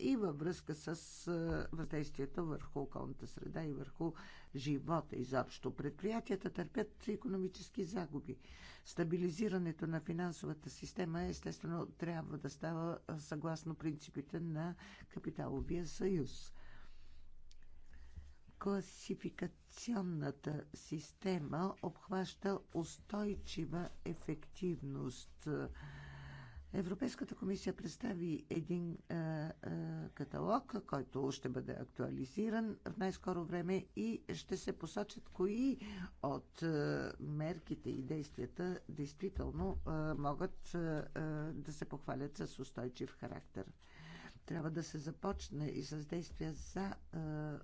[SPEAKER 3] и във връзка с въздействието върху околната среда и върху живота изобщо. Предприятията търпят економически загуби. Стабилизирането на финансовата система естествено трябва да става съгласно принципите на капиталовия съюз. Класификационната система обхваща устойчива ефективност – Европейската комисия представи един а, а, каталог, който ще бъде актуализиран в най-скоро време и ще се посочат кои от а, мерките и действията действително а, могат а, а, да се похвалят с устойчив характер. Трябва да се започне и с действия за а,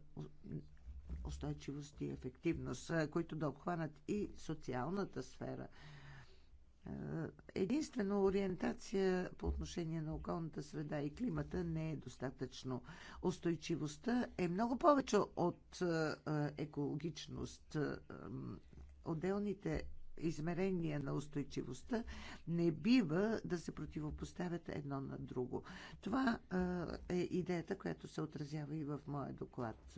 [SPEAKER 3] устойчивост и ефективност, а, които да обхванат и социалната сфера – е, единствено ориентация по отношение на околната среда и климата не е достатъчно. Устойчивостта е много повече от е, е, екологичност. Отделните измерения на устойчивостта не бива да се противопоставят едно на друго. Това е идеята, която се отразява и в моя доклад.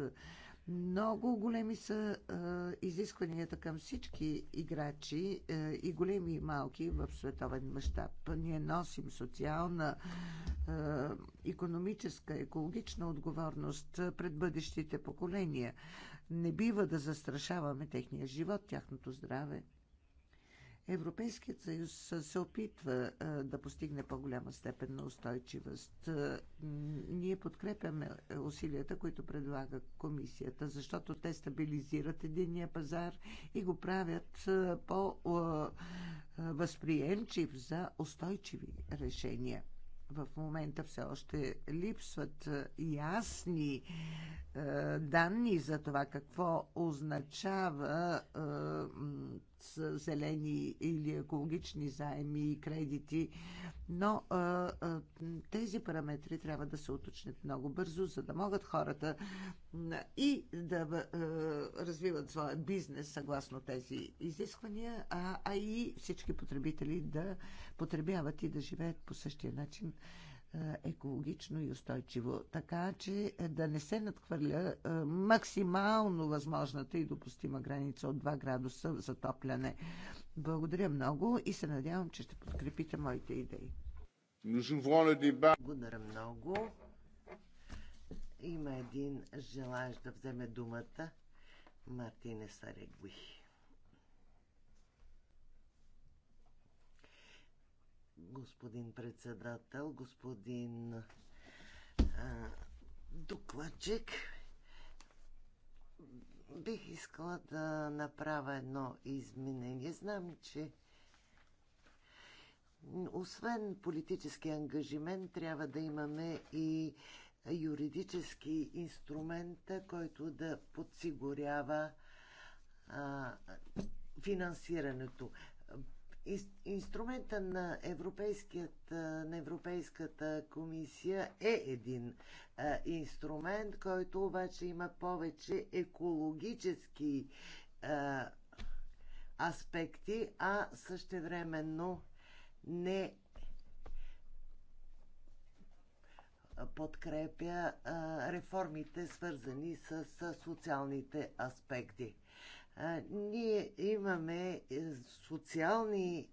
[SPEAKER 3] Много големи са а, изискванията към всички играчи, а, и големи, и малки, в световен мащаб. Ние носим социална, а, економическа, екологична отговорност пред бъдещите поколения. Не бива да застрашаваме техния живот, тяхното здраве. Европейският съюз се опитва да постигне по-голяма степен на устойчивост. Ние подкрепяме усилията, които предлага комисията, защото те стабилизират единния пазар и го правят по-възприемчив за устойчиви решения. В момента все още липсват ясни данни за това какво означава зелени или екологични заеми и кредити, но а, а, тези параметри трябва да се уточнят много бързо, за да могат хората и да а, развиват своя бизнес съгласно тези изисквания, а, а и всички потребители да потребяват и да живеят по същия начин е, екологично и устойчиво, така че е, да не се надхвърля е, максимално възможната и допустима граница от 2 градуса за топляне. Благодаря много и се надявам, че ще подкрепите моите идеи.
[SPEAKER 2] Благодаря много. Има един желаящ да вземе думата. Мартине Сарегуи. господин председател, господин а, докладчик. Бих искала да направя едно изменение. Знам, че освен политически ангажимент, трябва да имаме и юридически инструмент, който да подсигурява а, финансирането инструмента на, Европейският, на Европейската комисия е един а, инструмент, който обаче има повече екологически а, аспекти, а същевременно не подкрепя а, реформите, свързани с, с социалните аспекти ние имаме е, социални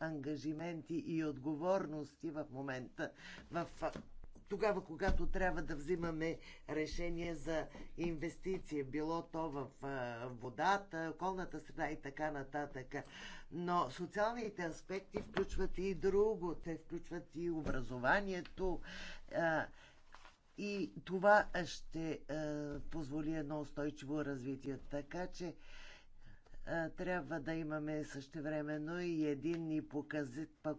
[SPEAKER 2] ангажименти и отговорности в момента, в тогава, когато трябва да взимаме решение за инвестиция, било то в водата, околната среда и така нататък. Но социалните аспекти включват и друго. Те включват и образованието, и това ще е, позволи едно устойчиво развитие. Така че е, трябва да имаме същевременно и единни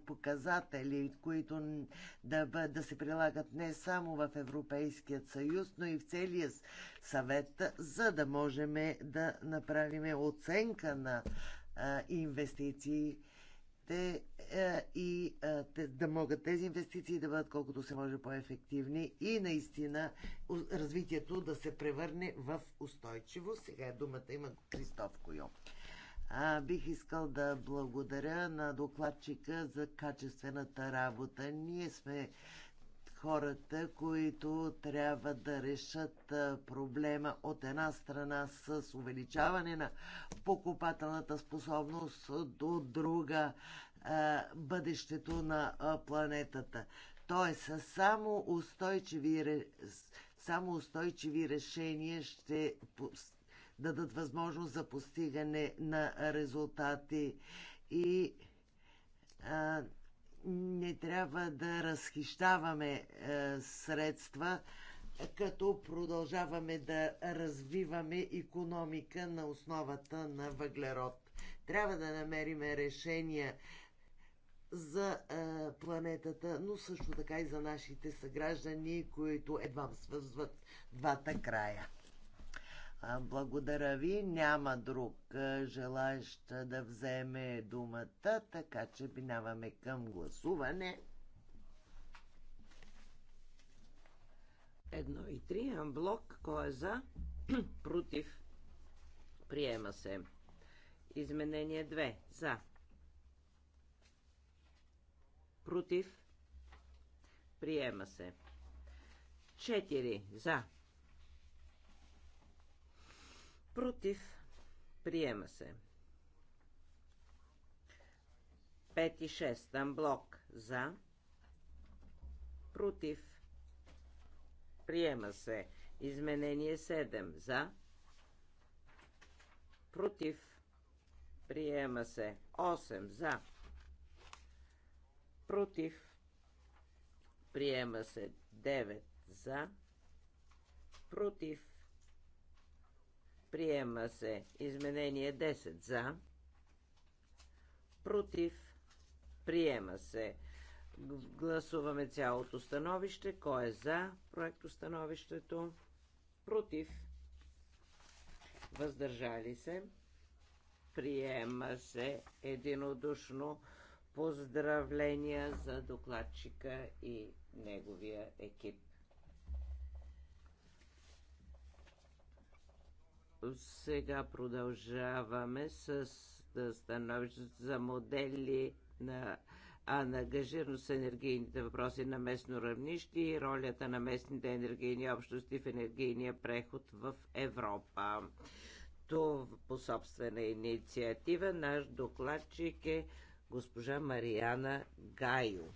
[SPEAKER 2] показатели, които да, да се прилагат не само в Европейският съюз, но и в целия съвет, за да можем да направим оценка на е, инвестиции те е, и е, да могат тези инвестиции да бъдат колкото се може по-ефективни и наистина развитието да се превърне в устойчиво. Сега думата има Кристоф Койо. А, бих искал да благодаря на докладчика за качествената работа. Ние сме хората, които трябва да решат проблема от една страна с увеличаване на покупателната способност, от друга бъдещето на планетата. Тоест, само устойчиви, само устойчиви решения ще дадат възможност за постигане на резултати и не трябва да разхищаваме е, средства, като продължаваме да развиваме економика на основата на въглерод. Трябва да намериме решения за е, планетата, но също така и за нашите съграждани, които едва свързват двата края. Благодаря ви. Няма друг желаещ да вземе думата, така че минаваме
[SPEAKER 1] към гласуване. Едно и три. Амблок. Кой е за? Против. Приема се. Изменение 2. За. Против. Приема се. 4. За. Против. Приема се. 5 и 6. Амблок. За. Против. Приема се. Изменение 7. За. Против. Приема се. 8. За. Против. Приема се. 9. За. Против. Приема се изменение 10 за. Против. Приема се. Гласуваме цялото становище. Кой е за становището? Против. Въздържали се. Приема се единодушно поздравления за докладчика и неговия екип. Сега продължаваме с становището за модели на а на ангажираност с енергийните въпроси на местно равнище и ролята на местните енергийни общности в енергийния преход в Европа. То по собствена инициатива наш докладчик е госпожа Мариана Гайо.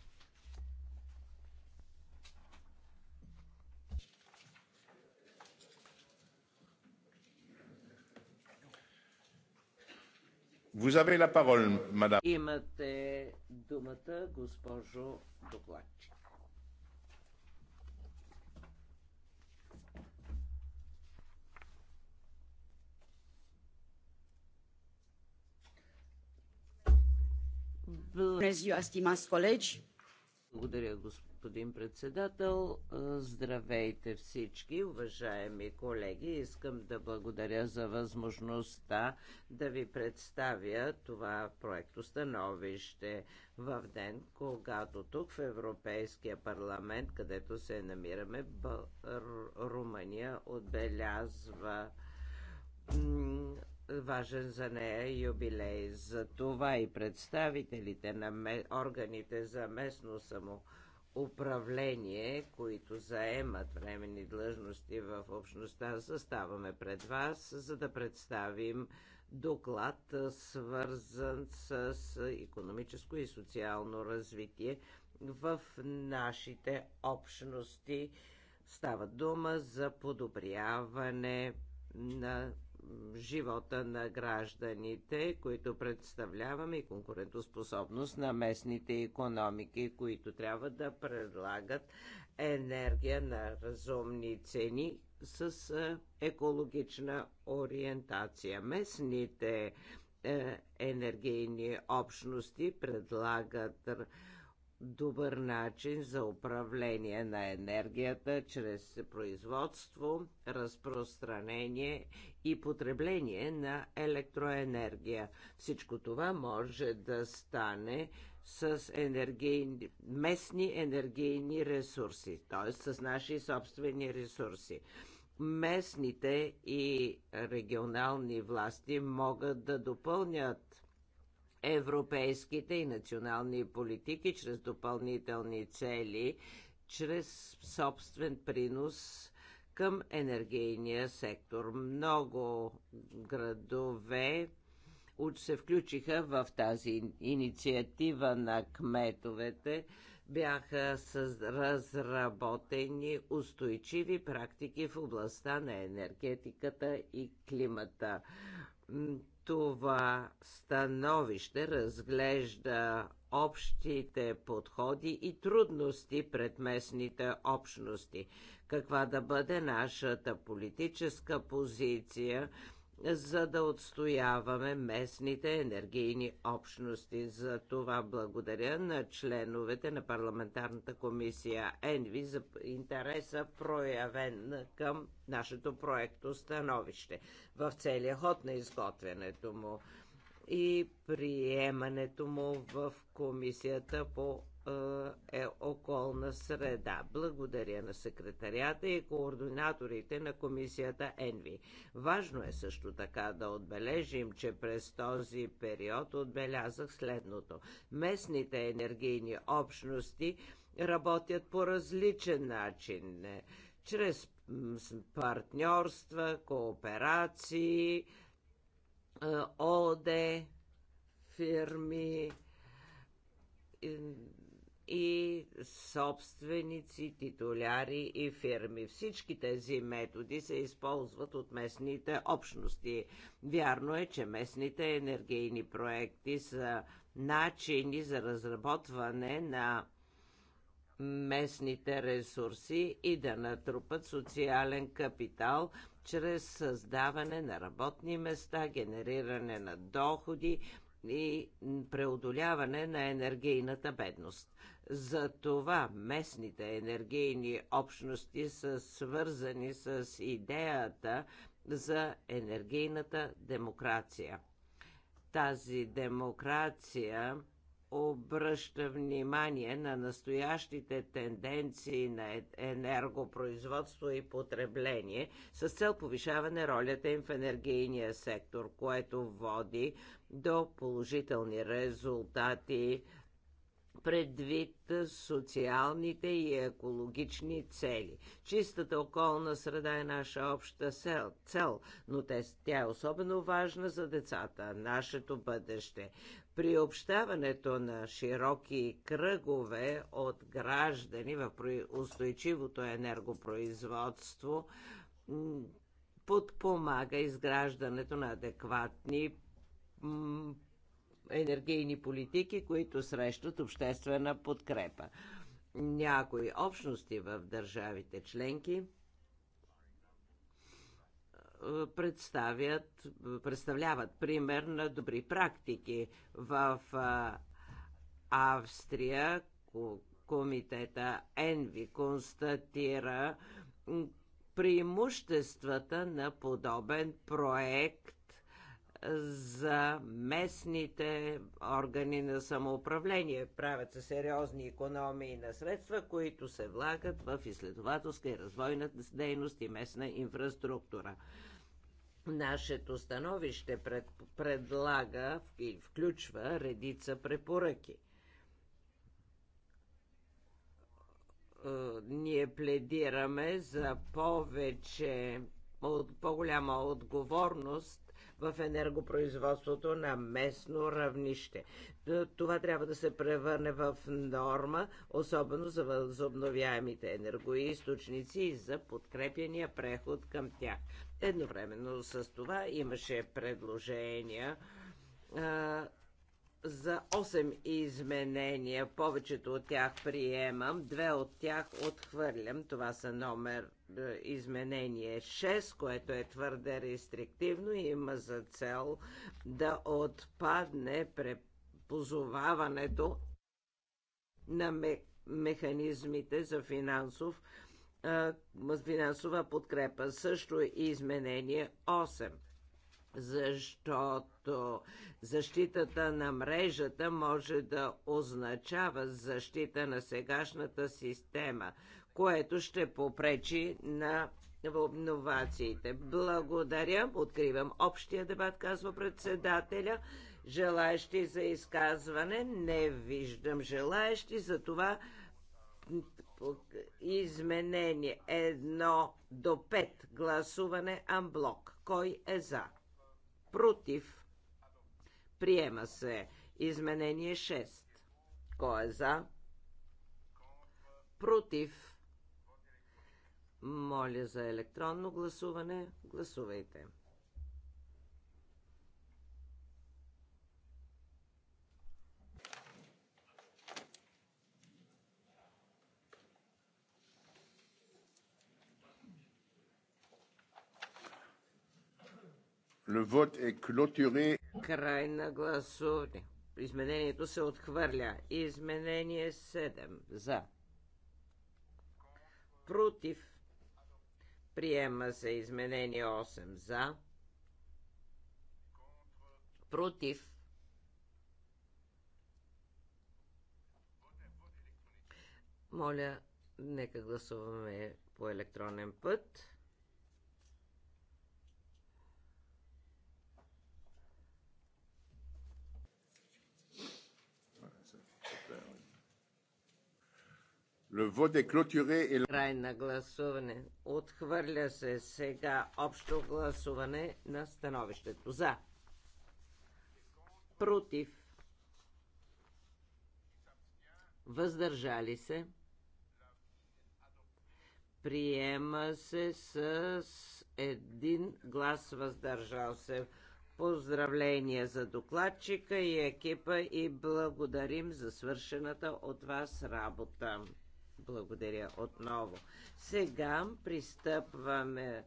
[SPEAKER 1] Vous avez la parole, madame. Имате думата, госпожо докладчик. Bună ziua, stimați colegi! Благодаря, господин господин председател. Здравейте всички, уважаеми колеги. Искам да благодаря за възможността да ви представя това проекто становище в ден, когато тук в Европейския парламент, където се намираме, Румъния отбелязва важен за нея юбилей. За това и представителите на органите за местно само управление, които заемат временни длъжности в общността, заставаме пред вас, за да представим доклад, свързан с економическо и социално развитие в нашите общности. Става дума за подобряване на живота на гражданите, които представляваме и конкурентоспособност на местните економики, които трябва да предлагат енергия на разумни цени с екологична ориентация. Местните е, енергийни общности предлагат добър начин за управление на енергията чрез производство, разпространение и потребление на електроенергия. Всичко това може да стане с енергийни, местни енергийни ресурси, т.е. с наши собствени ресурси местните и регионални власти могат да допълнят европейските и национални политики чрез допълнителни цели, чрез собствен принос към енергийния сектор. Много градове се включиха в тази инициатива на кметовете. Бяха разработени устойчиви практики в областта на енергетиката и климата това становище разглежда общите подходи и трудности пред местните общности. Каква да бъде нашата политическа позиция – за да отстояваме местните енергийни общности. За това благодаря на членовете на парламентарната комисия ЕНВИ за интереса проявен към нашето проекто становище в целия ход на изготвянето му и приемането му в комисията по е околна среда. Благодаря на секретарията и координаторите на комисията ЕНВИ. Важно е също така да отбележим, че през този период отбелязах следното. Местните енергийни общности работят по различен начин, чрез партньорства, кооперации, е, ОД, фирми, и собственици, титуляри и фирми. Всички тези методи се използват от местните общности. Вярно е, че местните енергийни проекти са начини за разработване на местните ресурси и да натрупат социален капитал чрез създаване на работни места, генериране на доходи и преодоляване на енергийната бедност. За това местните енергийни общности са свързани с идеята за енергийната демокрация. Тази демокрация обръща внимание на настоящите тенденции на е- енергопроизводство и потребление с цел повишаване ролята им в енергийния сектор, което води до положителни резултати предвид социалните и екологични цели. Чистата околна среда е наша обща цел, но тя е особено важна за децата, нашето бъдеще. Приобщаването на широки кръгове от граждани в устойчивото енергопроизводство подпомага изграждането на адекватни енергийни политики, които срещат обществена подкрепа. Някои общности в държавите членки е, представят, представляват пример на добри практики. В е, Австрия комитета Енви констатира преимуществата на подобен проект за местните органи на самоуправление. Правят се сериозни економии на средства, които се влагат в изследователска и развойна дейност и местна инфраструктура. Нашето становище пред, предлага и включва редица препоръки. Е, ние пледираме за повече по-голяма отговорност в енергопроизводството на местно равнище. Това трябва да се превърне в норма, особено за възобновяемите енергоисточници и за подкрепения преход към тях. Едновременно с това имаше предложения за 8 изменения. Повечето от тях приемам, две от тях отхвърлям. Това са номер е, изменение 6, което е твърде рестриктивно и има за цел да отпадне препозоваването на механизмите за финансов, е, финансова подкрепа. Също и изменение 8 защото защитата на мрежата може да означава защита на сегашната система, което ще попречи на обновациите. Благодаря. Откривам общия дебат, казва председателя. Желаещи за изказване? Не виждам желаещи, това изменение едно до 5 гласуване амблок. Кой е за? против, приема се. Изменение 6. Кой е за? Против. Моля за електронно гласуване. Гласувайте. Le vote est clôturé. Край на гласуване. Изменението се отхвърля. Изменение 7. За. Против. Приема се изменение 8. За. Против. Моля, нека гласуваме по електронен път. Le vote est clôturé et... Край на гласуване. Отхвърля се сега общо гласуване на становището. За. Против. Въздържали се. Приема се с един глас въздържал се. Поздравления за докладчика и екипа и благодарим за свършената от вас работа. Благодаря отново. Сега пристъпваме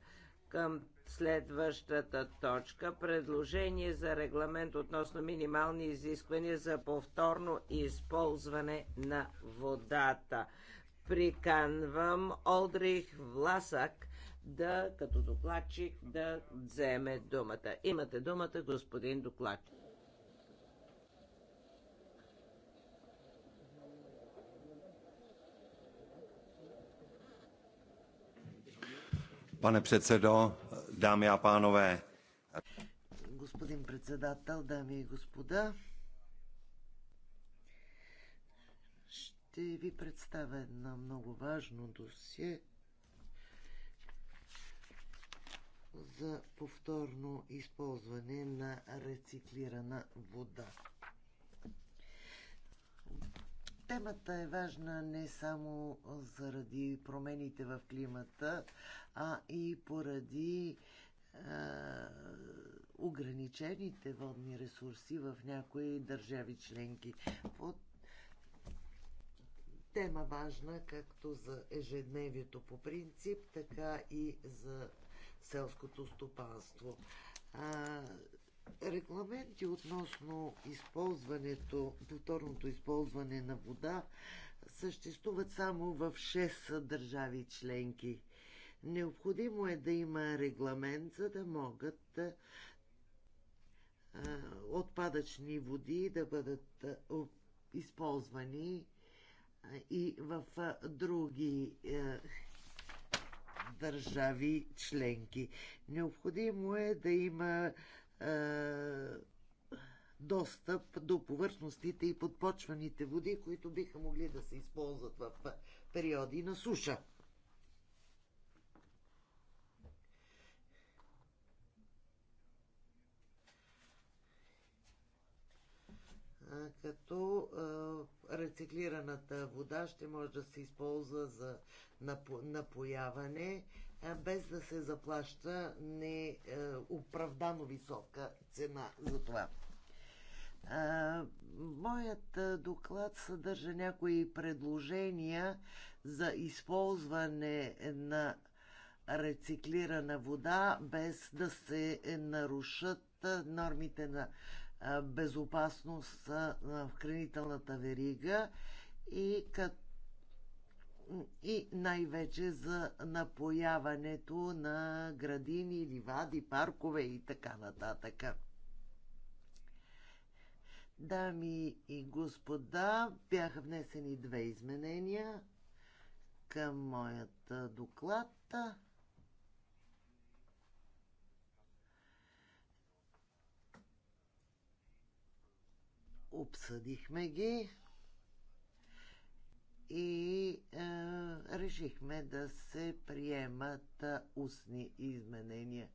[SPEAKER 1] към Следващата точка предложение за регламент относно минимални изисквания за повторно използване на водата. Приканвам Олдрих Власак да, като докладчик да вземе думата. Имате думата, господин докладчик.
[SPEAKER 2] Пане председо, дами и панове. Господин председател, дами и господа, ще ви представя едно много важно досие за повторно използване на рециклирана вода. Темата е важна не само заради промените в климата, а и поради е, ограничените водни ресурси в някои държави членки. От тема важна както за ежедневието по принцип, така и за селското стопанство регламенти относно използването, повторното използване на вода съществуват само в 6 държави членки. Необходимо е да има регламент, за да могат а, отпадъчни води да бъдат а, използвани а, и в други държави членки. Необходимо е да има е, достъп до повърхностите и подпочваните води, които биха могли да се използват в периоди на суша. като а, рециклираната вода ще може да се използва за напо, напояване без да се заплаща неоправдано висока цена за това. Моят доклад съдържа някои предложения за използване на рециклирана вода, без да се нарушат нормите на безопасност в хранителната верига и като и най-вече за напояването на градини, ливади, паркове и така нататък. Дами и господа, бяха внесени две изменения към моят доклад. Обсъдихме ги и е, решихме да се приемат е, устни изменения.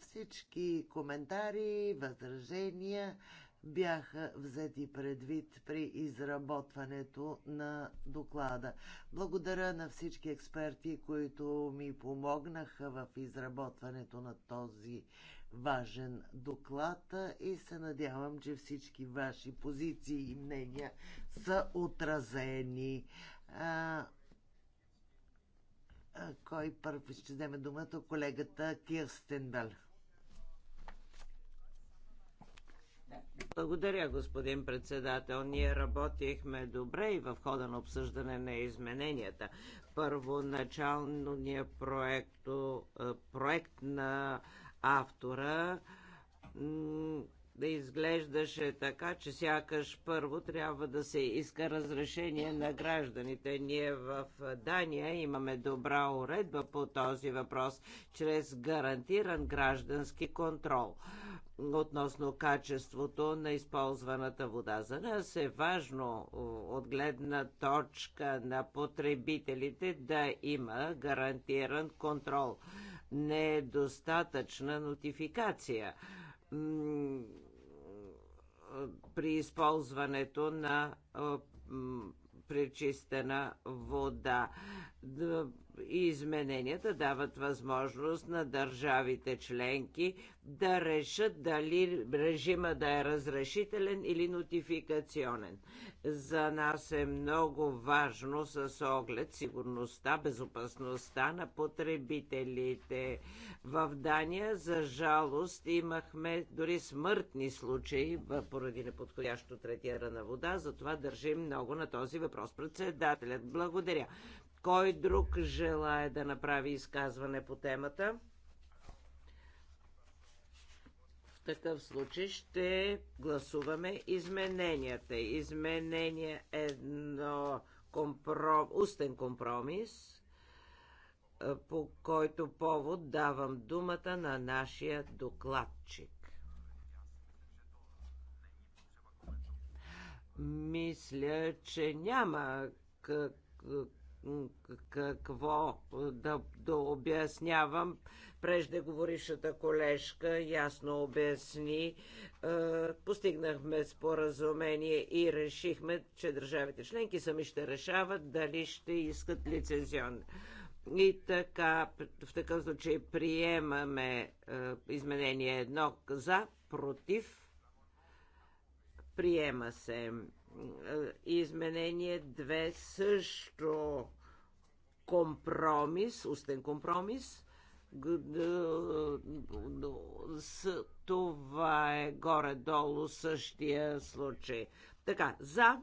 [SPEAKER 2] Всички коментари, възражения бяха взети предвид при изработването на доклада. Благодаря на всички експерти, които ми помогнаха в изработването на този важен доклад и се надявам, че всички ваши позиции и мнения са отразени. А, а кой първо ще вземе думата? Колегата Кирстенбел.
[SPEAKER 1] Благодаря, господин председател. Ние работихме добре и в хода на обсъждане на измененията. Първоначалният проект, проект на автора да изглеждаше така, че сякаш първо трябва да се иска разрешение на гражданите. Ние в Дания имаме добра уредба по този въпрос чрез гарантиран граждански контрол относно качеството на използваната вода. За нас е важно от гледна точка на потребителите да има гарантиран контрол не е достатъчна нотификация при използването на пречистена вода измененията дават възможност на държавите членки да решат дали режима да е разрешителен или нотификационен. За нас е много важно с оглед сигурността, безопасността на потребителите. В Дания, за жалост, имахме дори смъртни случаи поради неподходящо на вода, затова държим много на този въпрос. Председателят, благодаря. Кой друг желая да направи изказване по темата? В такъв случай ще гласуваме измененията. Изменение едно компром... устен компромис, по който повод давам думата на нашия докладчик. Мисля, че няма как какво да, да обяснявам. Преждеговорившата колежка ясно обясни. Е, постигнахме споразумение и решихме, че държавите членки сами ще решават дали ще искат лицензион. И така, в такъв случай приемаме е, изменение едно за, против, приема се. Изменение 2 също компромис, устен компромис. Това е горе-долу същия случай. Така, за,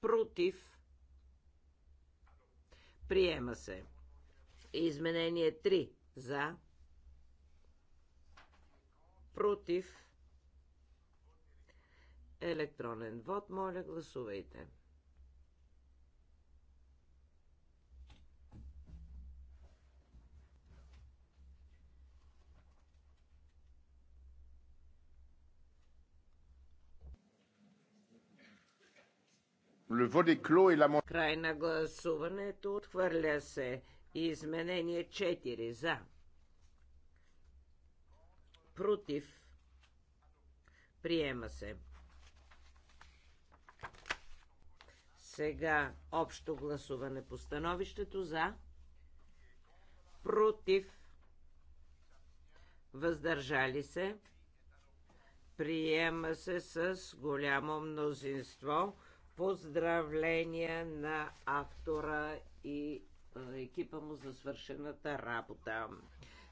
[SPEAKER 1] против, приема се. Изменение 3 за, против, Електронен вод, моля гласувайте. Край на гласуването отхвърля се изменение 4 за. Против. Приема се. Сега общо гласуване по становището за, против, въздържали се. Приема се с голямо мнозинство. Поздравления на автора и екипа му за свършената работа.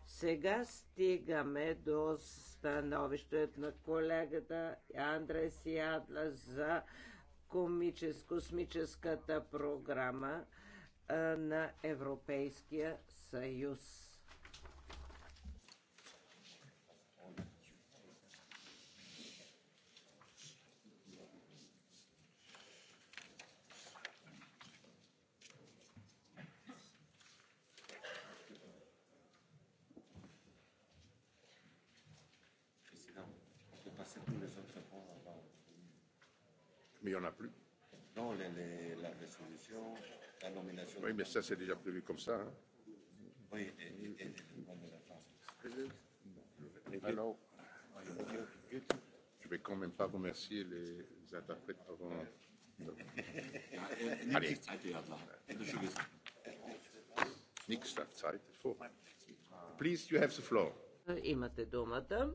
[SPEAKER 1] Сега стигаме до становището на колегата Андрес Ядла за космическата програма на Европейския съюз. Mais il n'y en a plus. Non, les, les, la résolution, la nomination. Oui, mais ça, c'est déjà prévu comme ça. Hein. Oui, et, et, et et le bon de la France. Alors, je ne vais quand même pas remercier les interprètes avant. Allez.
[SPEAKER 3] Nix, Zeit, vor. Please, you have
[SPEAKER 1] the floor. Имате думата.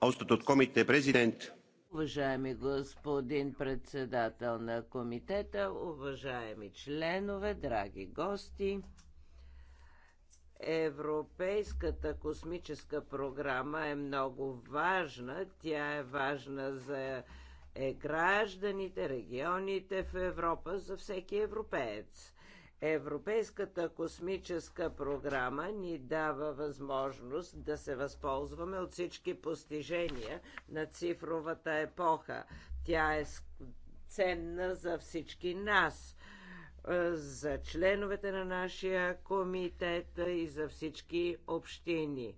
[SPEAKER 3] austatud komitee president.
[SPEAKER 1] Уважаеми господин председател на комитета, уважаеми членове, драги гости, Европейската космическа програма е много важна. Тя е важна за е гражданите, регионите в Европа, за всеки европеец. Европейската космическа програма ни дава възможност да се възползваме от всички постижения на цифровата епоха. Тя е ценна за всички нас, е, за членовете на нашия комитет и за всички общини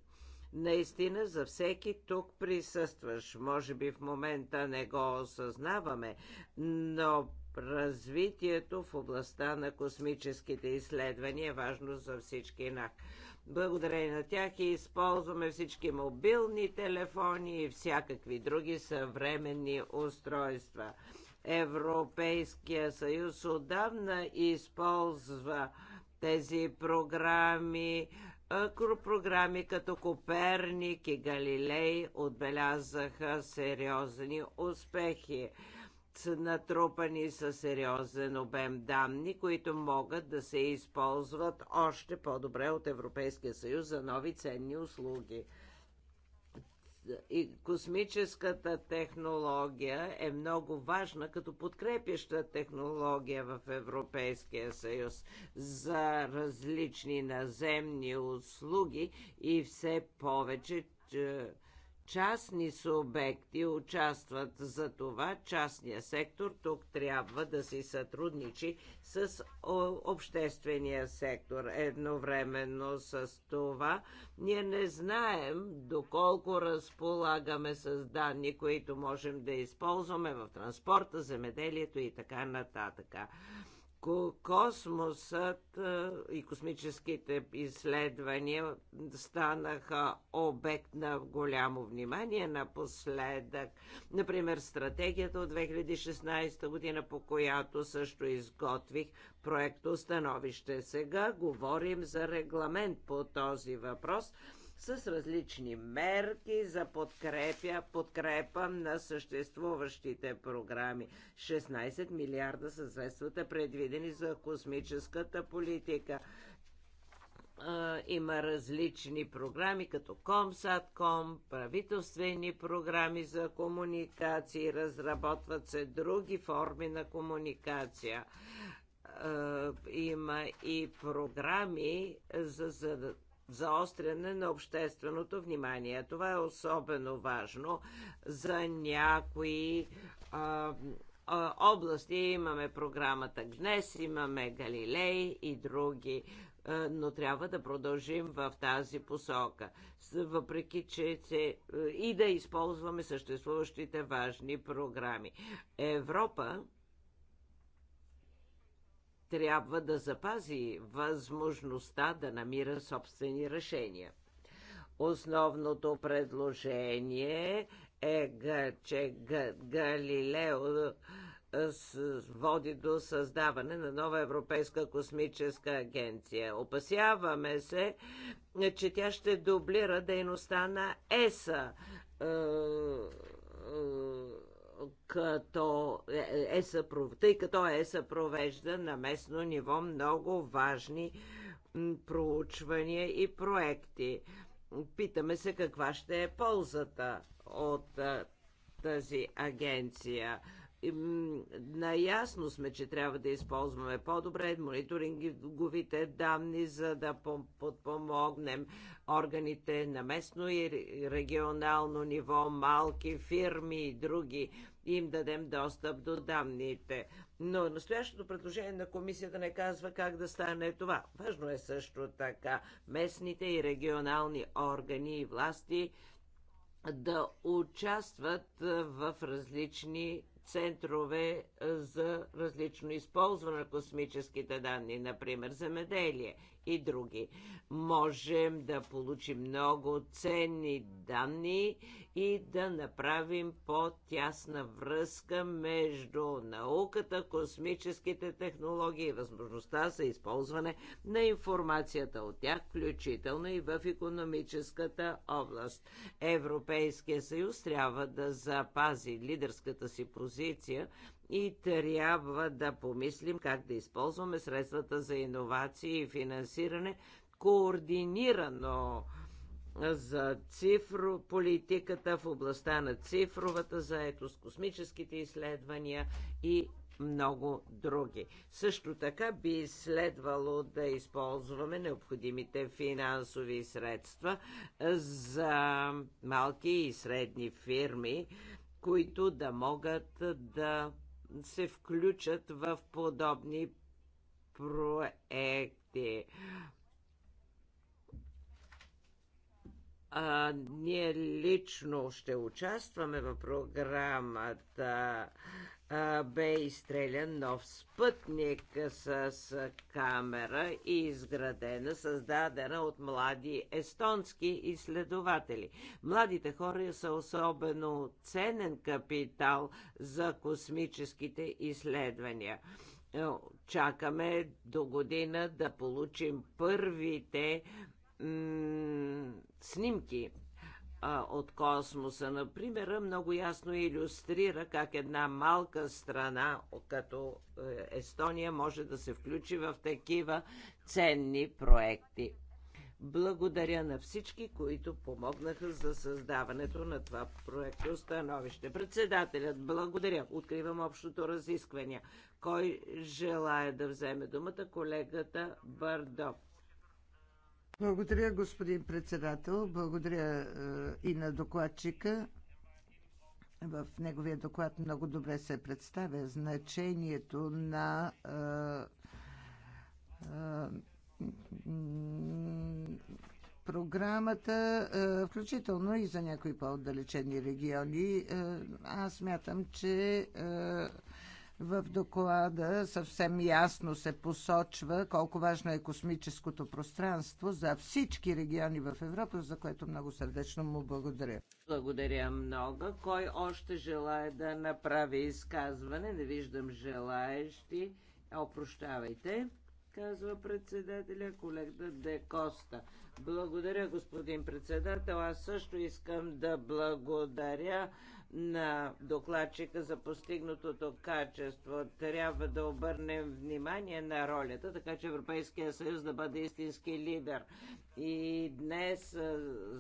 [SPEAKER 1] наистина за всеки тук присъстваш. Може би в момента не го осъзнаваме, но развитието в областта на космическите изследвания е важно за всички нас. Благодарение на тях и използваме всички мобилни телефони и всякакви други съвременни устройства. Европейския съюз отдавна използва тези програми, програми като Коперник и Галилей отбелязаха сериозни успехи натрупани са сериозен обем данни, които могат да се използват още по-добре от Европейския съюз за нови ценни услуги. И космическата технология е много важна като подкрепяща технология в Европейския съюз за различни наземни услуги и все повече частни субекти участват за това, частния сектор тук трябва да си сътрудничи с обществения сектор. Едновременно с това ние не знаем доколко разполагаме с данни, които можем да използваме в транспорта, земеделието и така нататък. Космосът и космическите изследвания станаха обект на голямо внимание напоследък. Например, стратегията от 2016 година, по която също изготвих проекто становище. Сега говорим за регламент по този въпрос – с различни мерки за подкрепя, подкрепа на съществуващите програми. 16 милиарда са средствата предвидени за космическата политика има различни програми, като Комсатком, правителствени програми за комуникации, разработват се други форми на комуникация. Има и програми за, за заостряне на общественото внимание. Това е особено важно за някои а, а, области. Имаме програмата Гнес, имаме Галилей и други но трябва да продължим в тази посока. Въпреки, че се, и да използваме съществуващите важни програми. Европа трябва да запази възможността да намира собствени решения. Основното предложение е, че Галилео води до създаване на нова Европейска космическа агенция. Опасяваме се, че тя ще дублира дейността на ЕСА като е- е съпров... тъй като е съпровежда на местно ниво много важни проучвания и проекти. Питаме се каква ще е ползата от тази агенция. Наясно сме, че трябва да използваме по-добре мониторинговите данни, за да подпомогнем органите на местно и регионално ниво, малки фирми и други им дадем достъп до данните. Но настоящото предложение на комисията не казва как да стане това. Важно е също така местните и регионални органи и власти да участват е, в различни центрове е, за различно използване на космическите данни, например земеделие и други. Можем да получим много ценни данни и да направим по-тясна връзка между науката, космическите технологии и възможността за използване на информацията от тях, включително и в економическата област. Европейския съюз трябва да запази лидерската си позиция и трябва да помислим как да използваме средствата за иновации и финансиране координирано за цифро, политиката в областта на цифровата заетост, космическите изследвания и много други. Също така би следвало да използваме необходимите финансови средства за малки и средни фирми, които да могат да се включат в подобни проекти. А, ние лично ще участваме в програмата бе изстрелян нов спътник с камера и изградена, създадена от млади естонски изследователи. Младите хора са особено ценен капитал за космическите изследвания. Е, чакаме до година да получим първите снимки а, от космоса, например, много ясно иллюстрира как една малка страна, като е, Естония, може да се включи в такива ценни проекти. Благодаря на всички, които помогнаха за създаването на това проекто становище. Председателят, благодаря. Откривам общото разискване. Кой желая да вземе думата? Колегата Бардо.
[SPEAKER 3] Благодаря, господин председател. Благодаря е, и на докладчика. В неговия доклад много добре се представя значението на е, е, програмата, включително и за някои по-отдалечени региони. Аз мятам, че в доклада съвсем ясно се посочва колко важно е космическото пространство за всички региони в Европа, за което много сърдечно му благодаря.
[SPEAKER 1] Благодаря много. Кой още желая да направи изказване? Не виждам желаещи. Опрощавайте, казва председателя колега Де Коста. Благодаря, господин председател. Аз също искам да благодаря на докладчика за постигнатото качество. Трябва да обърнем внимание на ролята, така че Европейския съюз да бъде истински лидер. И днес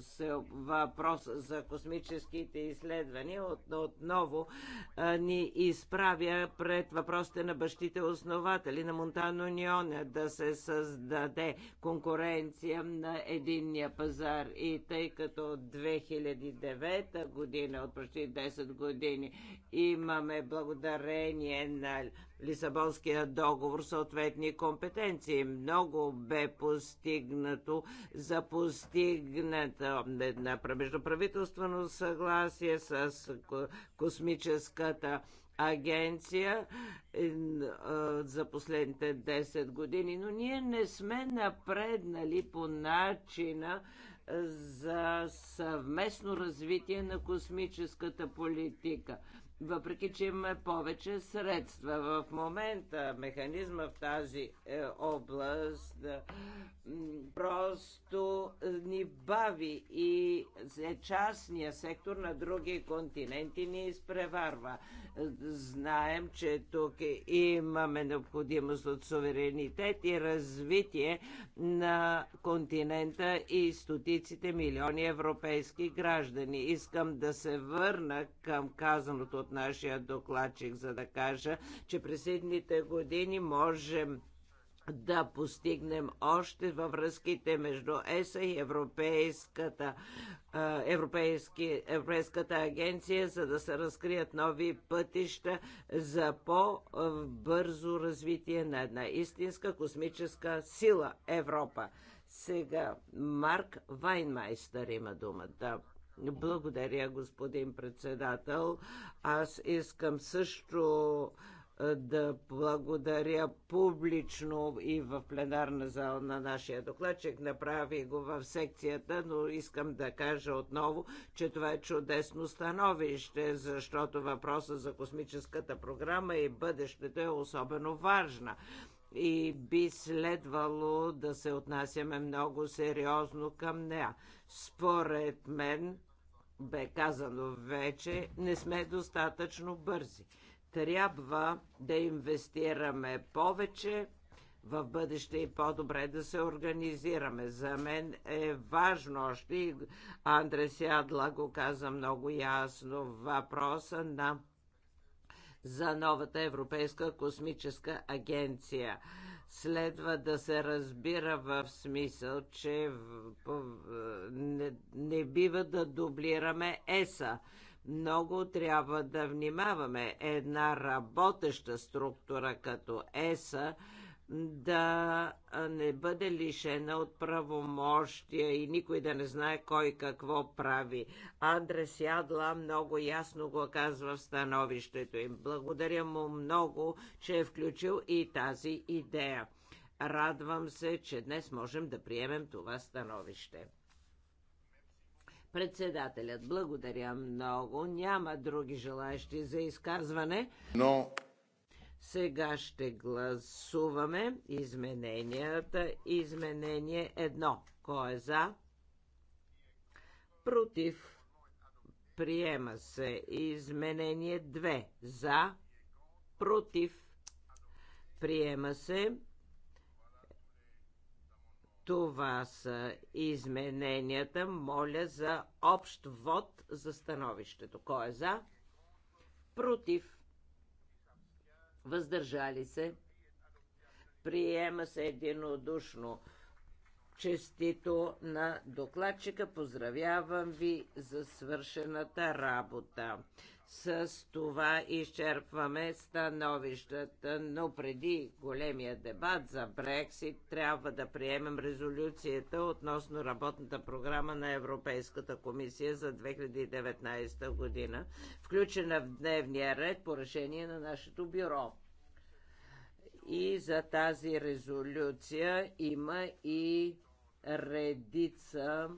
[SPEAKER 1] се въпрос за космическите изследвания от, отново а, ни изправя пред въпросите на бащите основатели на Монтано Нионе да се създаде конкуренция на единния пазар. И тъй като 2009 година от почти 10 години. Имаме благодарение на Лисабонския договор съответни компетенции. Много бе постигнато за постигната на междуправителствено съгласие с космическата агенция е, за последните 10 години, но ние не сме напреднали по начина за съвместно развитие на космическата политика въпреки че има повече средства. В момента механизма в тази е, област да, е, просто е, ни бави и е частния сектор на други континенти ни изпреварва. Знаем, че тук имаме необходимост от суверенитет и развитие на континента и стотиците милиони европейски граждани. Искам да се върна към казаното от нашия докладчик, за да кажа, че през едните години можем да постигнем още във връзките между ЕСА и Европейската, Европейски, Европейската агенция, за да се разкрият нови пътища за по-бързо развитие на една истинска космическа сила Европа. Сега Марк Вайнмайстър има думата. Благодаря, господин председател. Аз искам също е, да благодаря публично и в пленарна зала на нашия докладчик. Направи го в секцията, но искам да кажа отново, че това е чудесно становище, защото въпросът за космическата програма и бъдещето е особено важна и би следвало да се отнасяме много сериозно към нея. Според мен, бе казано вече, не сме достатъчно бързи. Трябва да инвестираме повече в бъдеще и по-добре да се организираме. За мен е важно още, Андре Сядла го каза много ясно, въпроса на за новата Европейска космическа агенция. Следва да се разбира в смисъл, че не, бива да дублираме ЕСА много трябва да внимаваме. Една работеща структура като ЕСА да не бъде лишена от правомощия и никой да не знае кой какво прави. Андрес Ядла много ясно го казва в становището им. Благодаря му много, че е включил и тази идея. Радвам се, че днес можем да приемем това становище. Председателят, благодаря много. Няма други желаящи за изказване. Но сега ще гласуваме измененията. Изменение едно. Кой е за? Против. Приема се. Изменение 2. За. Против. Приема се. Това са измененията. Моля за общ вод за становището. Кой е за? Против въздържали се. Приема се единодушно. Честито на докладчика. Поздравявам ви за свършената работа. С това изчерпваме становищата, но преди големия дебат за Брексит трябва да приемем резолюцията относно работната програма на Европейската комисия за 2019 година, включена в дневния ред по решение на нашето бюро и за тази резолюция има и редица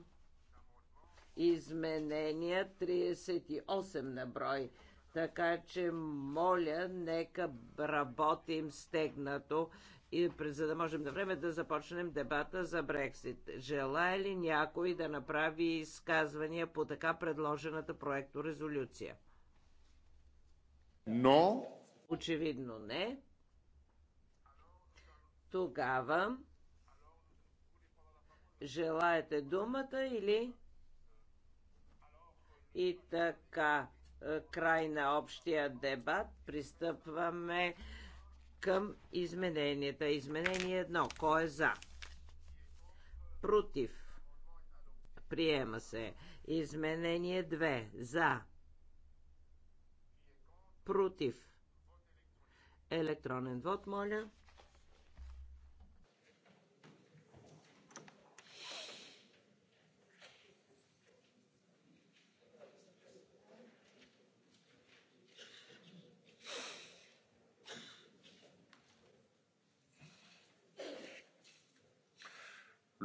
[SPEAKER 1] изменения 38 на брой. Така че, моля, нека работим стегнато, и, за да можем на време да започнем дебата за Брексит. Желая ли някой да направи изказвания по така предложената проекторезолюция? Но... Очевидно не. Тогава... Желаете думата или... И така, е, край на общия дебат, пристъпваме към измененията. Изменение едно. Кой е за? Против. Приема се. Изменение 2. За. Против. Електронен вод, моля.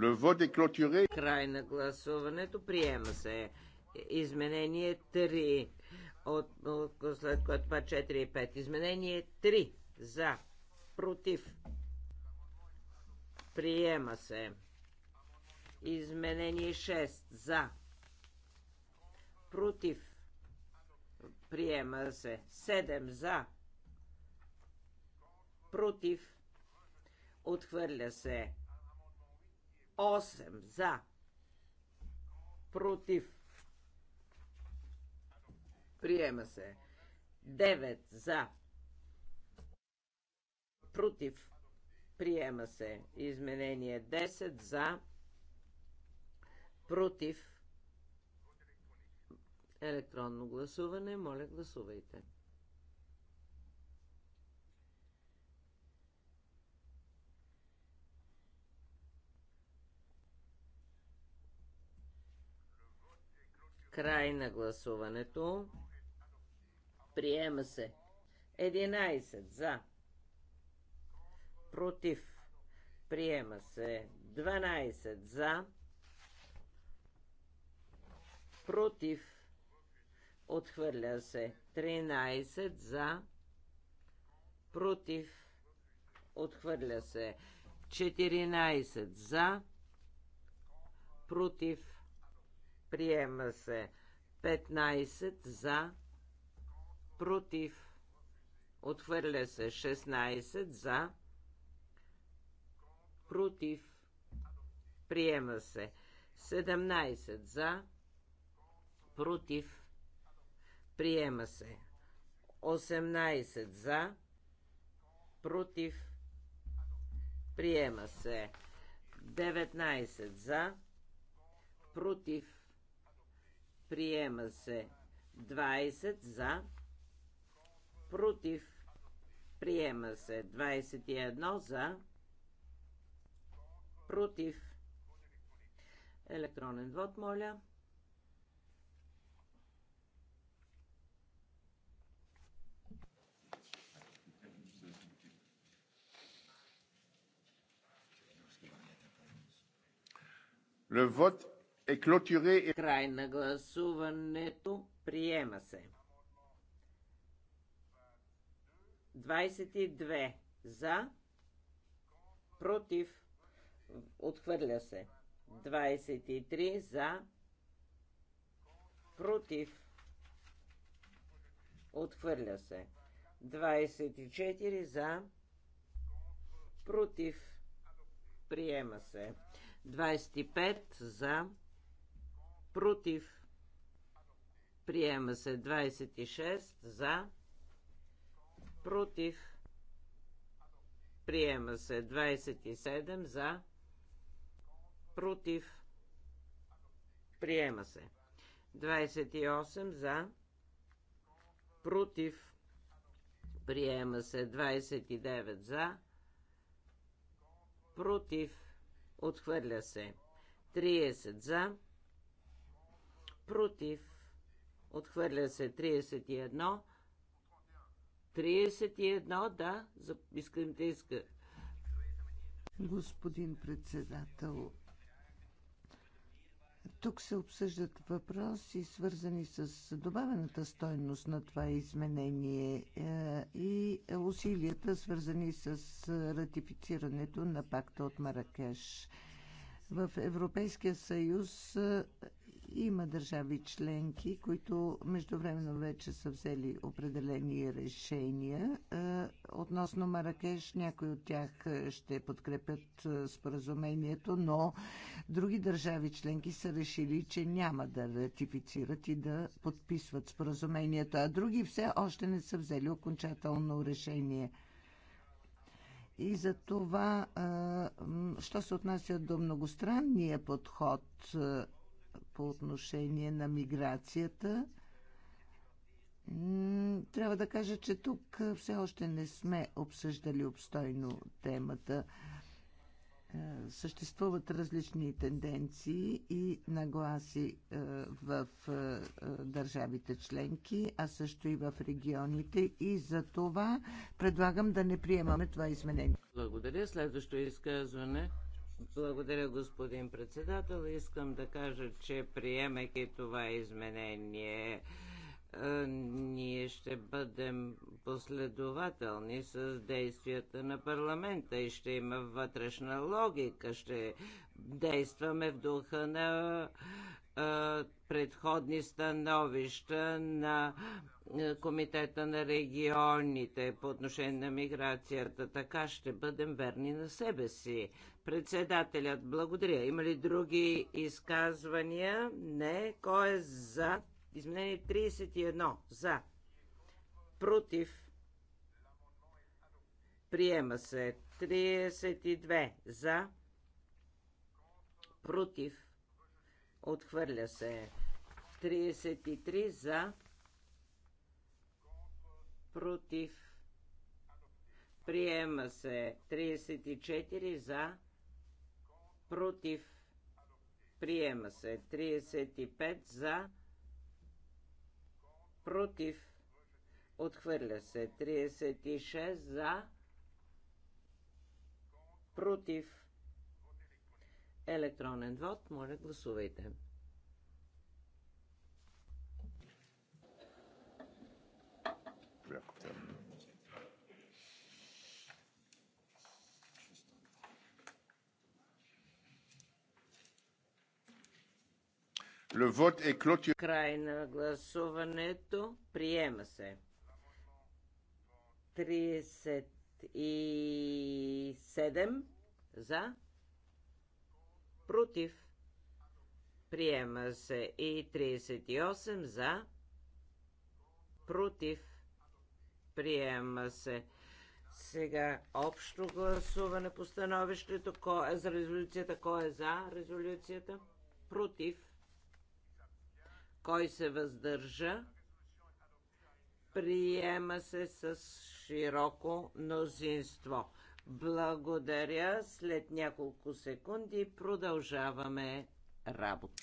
[SPEAKER 1] Le vote est clôturé. Край на гласуването. Приема се. Изменение 3. От, след което това 4 и 5. Изменение 3. За. Против. Приема се. Изменение 6. За. Против. Приема се. 7. За. Против. Отхвърля се. 8 за. Против. Приема се. 9 за. Против. Приема се. Изменение 10 за. Против. Електронно гласуване. Моля, гласувайте. Край на гласуването. Приема се. 11 за. Против. Приема се. 12 за. Против. Отхвърля се. 13 за. Против. Отхвърля се. 14 за. Против Приема се 15 за, против. Отхвърля се 16 за, против. Приема се 17 за, против. Приема се 18 за, против. Приема се 19 за, против. Приема се. 20 за. Против. Приема се. 21 за. Против. Електронен вод, моля. Le vote е клотюре. Край на гласуването. Приема се. 22 за, против, отхвърля се. 23 за, против, отхвърля се. 24 за, против, приема се. 25 за, против, приема се 26 за, против, приема се 27 за, против, приема се 28 за, против, приема се 29 за, против, отхвърля се 30 за, против, отхвърля се 31, 31, да, за, искам да иска.
[SPEAKER 3] Господин председател, тук се обсъждат въпроси, свързани с добавената стойност на това изменение е, и усилията, свързани с ратифицирането на пакта от Маракеш. В Европейския съюз е, има държави членки, които междувременно вече са взели определени решения относно Маракеш. Някои от тях ще подкрепят споразумението, но други държави членки са решили, че няма да ратифицират и да подписват споразумението, а други все още не са взели окончателно решение. И за това, що се отнася до многостранния подход, по отношение на миграцията. Трябва да кажа, че тук все още не сме обсъждали обстойно темата. Съществуват различни тенденции и нагласи в държавите членки, а също и в регионите. И за това предлагам да не приемаме това изменение.
[SPEAKER 1] Благодаря. Следващо изказване благодаря, господин председател. Искам да кажа, че приемайки това изменение, е, ние ще бъдем последователни с действията на парламента и ще има вътрешна логика. Ще действаме в духа на е, предходни становища на е, Комитета на регионите по отношение на миграцията. Така ще бъдем верни на себе си. Председателят, благодаря. Има ли други изказвания? Не. Кой е за? Изменение 31. За. Против. Приема се. 32. За. Против. Отхвърля се. 33. За. Против. Приема се. 34. За против, приема се. 35 за, против, отхвърля се. 36 за, против, електронен вод. Моля, гласувайте. Le vote est clôturé. Край на гласуването. Приема се. 37 за. Против. Приема се. И 38 за. Против. Приема се. Сега общо гласуване по становището. Кой е за резолюцията? Кой е за резолюцията? Против кой се въздържа? Приема се с широко мнозинство. Благодаря. След няколко секунди продължаваме работа.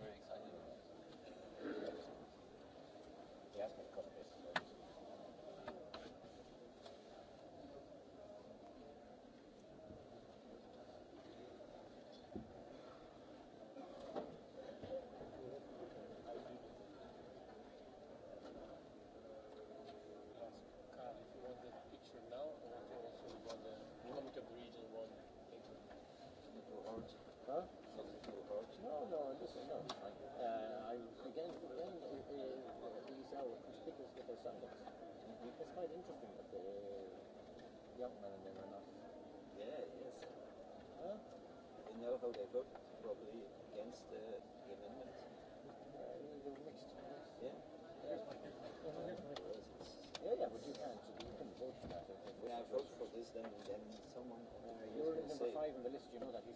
[SPEAKER 1] Very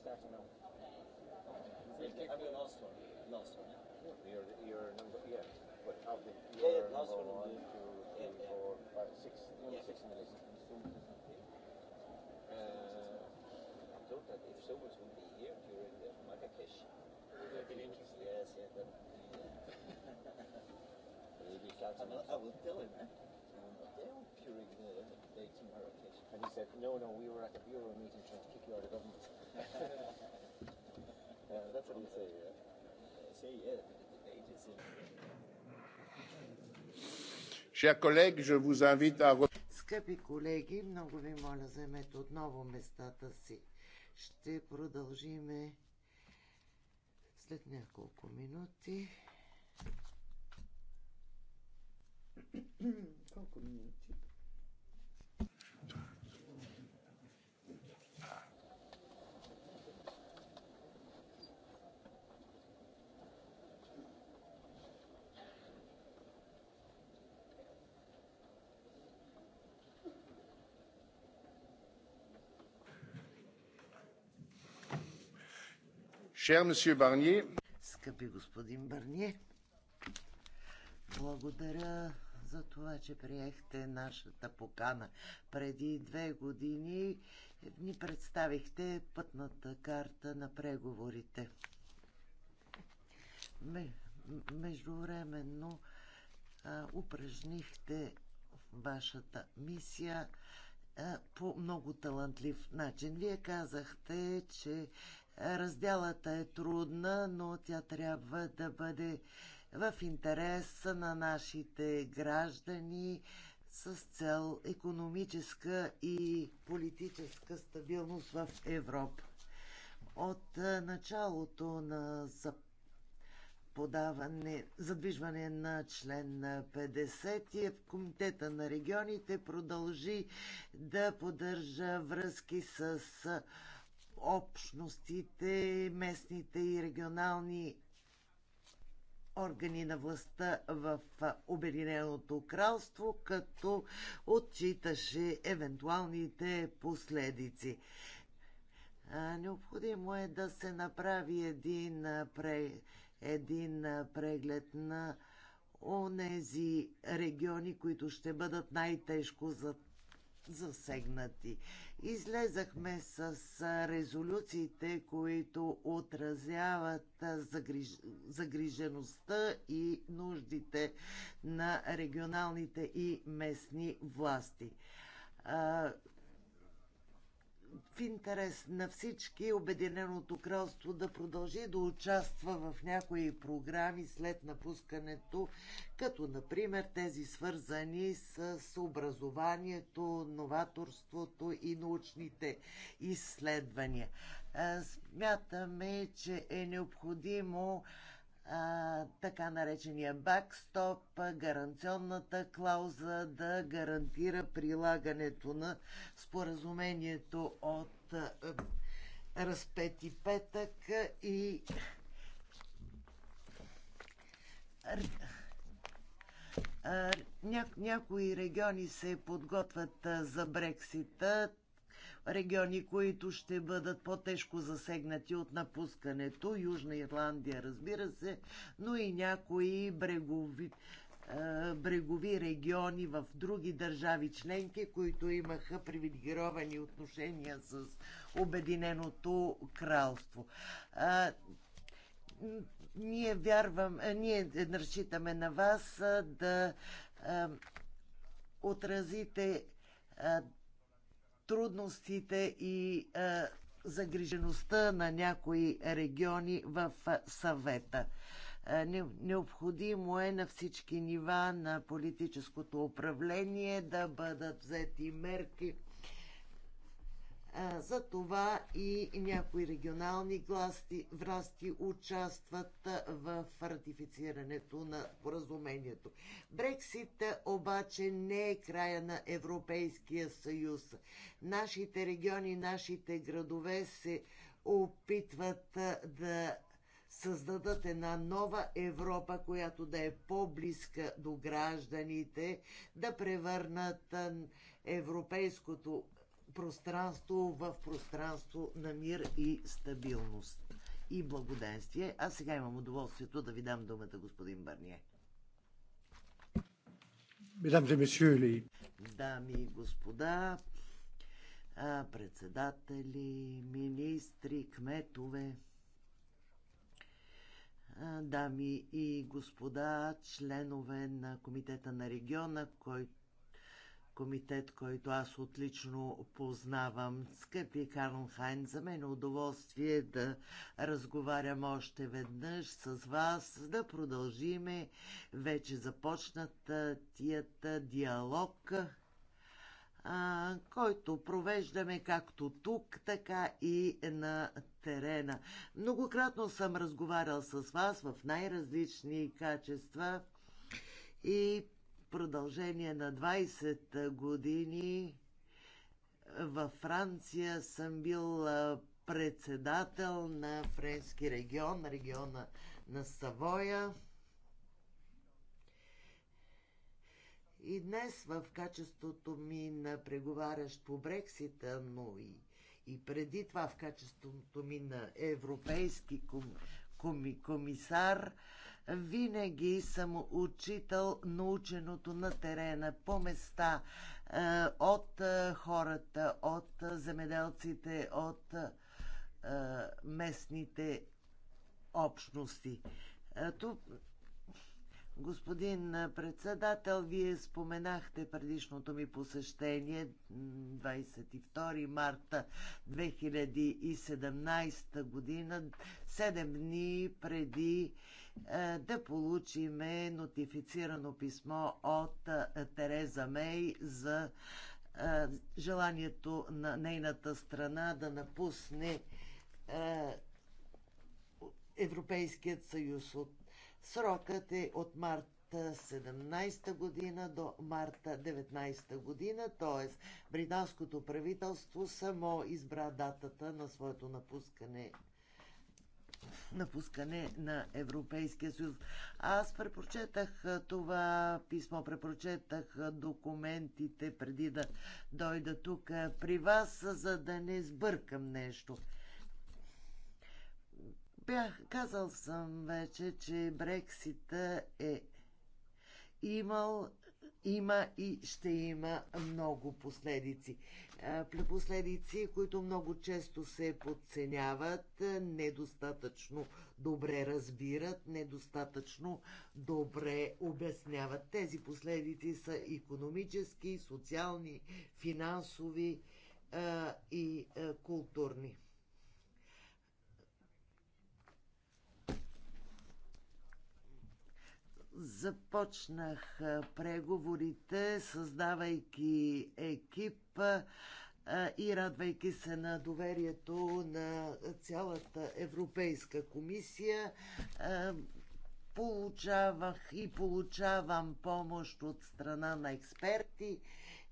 [SPEAKER 1] starting now. the
[SPEAKER 2] last one. Last one.
[SPEAKER 1] number, yeah. But how did you last one, one, two, three, four, five, six. Number six in the list. Uh, I thought that if someone would be here during the Marrakesh, it would have been interesting. Yes, yeah. That, yeah. Maybe I will tell him. Eh? during the day to Marrakesh. And he said, no, no, we were at the bureau meeting trying to kick you out of government yeah, that's what you say, yeah. Say yeah, Chers collègues, je vous invite à...
[SPEAKER 2] Скъпи колеги, много ви моля, вземете отново местата си. Ще продължиме след няколко минути.
[SPEAKER 3] Колко минути?
[SPEAKER 2] Скъпи господин Барние, благодаря за това, че приехте нашата покана. Преди две години ни представихте пътната карта на преговорите. Междувременно упражнихте вашата мисия по много талантлив начин. Вие казахте, че Разделата е трудна, но тя трябва да бъде в интерес на нашите граждани с цел економическа и политическа стабилност в Европа. От е, началото на подаване, задвижване на член 50 е в Комитета на регионите продължи да поддържа връзки с е, общностите, местните и регионални органи на властта в Обединеното кралство, като отчиташе евентуалните последици. Необходимо е да се направи един, един преглед на онези региони, които ще бъдат най-тежко засегнати. Излезахме с резолюциите, които отразяват загриж... загрижеността и нуждите на регионалните и местни власти в интерес на всички Обединеното кралство да продължи да участва в някои програми след напускането, като например тези свързани с образованието, новаторството и научните изследвания. Е, смятаме, че е необходимо а, така наречения бакстоп, гаранционната клауза да гарантира прилагането на споразумението от а, разпети петък и ня, някои региони се подготвят за Брексита, региони, които ще бъдат по-тежко засегнати от напускането. Южна Ирландия, разбира се, но и някои брегови, брегови региони в други държави членки, които имаха привилегировани отношения с Обединеното кралство. Ние вярвам, ние разчитаме на вас да отразите трудностите и е, загрижеността на някои региони в е, съвета. Е, необходимо е на всички нива на политическото управление да бъдат взети мерки за това и някои регионални власти, власти участват в ратифицирането на поразумението. Брексит обаче не е края на Европейския съюз. Нашите региони, нашите градове се опитват да създадат една нова Европа, която да е по-близка до гражданите, да превърнат европейското пространство в пространство на мир и стабилност и благоденствие. А сега имам удоволствието да ви дам думата, господин Барние. Дами и господа, председатели, министри, кметове, дами и господа, членове на Комитета на региона, който комитет, който аз отлично познавам. Скъпи Карл Хайн, за мен е удоволствие да разговарям още веднъж с вас, да продължиме вече тията диалог, а, който провеждаме както тук, така и на терена. Многократно съм разговарял с вас в най-различни качества и продължение на 20 години във Франция съм бил председател на френски регион, региона на Савоя. И днес в качеството ми на преговарящ по Брексита, но и, и преди това в качеството ми на европейски ком, ком, комисар, винаги съм учител наученото на терена, по места, е, от е, хората, от е, земеделците, от местните общности. Господин председател, вие споменахте предишното ми посещение 22 марта 2017 година, 7 дни преди е, да получиме нотифицирано писмо от е, Тереза Мей за е, желанието на нейната страна да напусне е, Европейският съюз от Срокът е от март 17 година до марта 19 година, т.е. британското правителство само избра датата на своето напускане напускане на Европейския съюз. Аз препрочетах това писмо, препрочетах документите преди да дойда тук при вас, за да не сбъркам нещо. Бях, казал съм вече, че Брексита е имал, има и ще има много последици. Последици, които много често се подценяват, недостатъчно добре разбират, недостатъчно добре обясняват. Тези последици са економически, социални, финансови и културни. Започнах преговорите, създавайки екип и радвайки се на доверието на цялата Европейска комисия. Получавах и получавам помощ от страна на експерти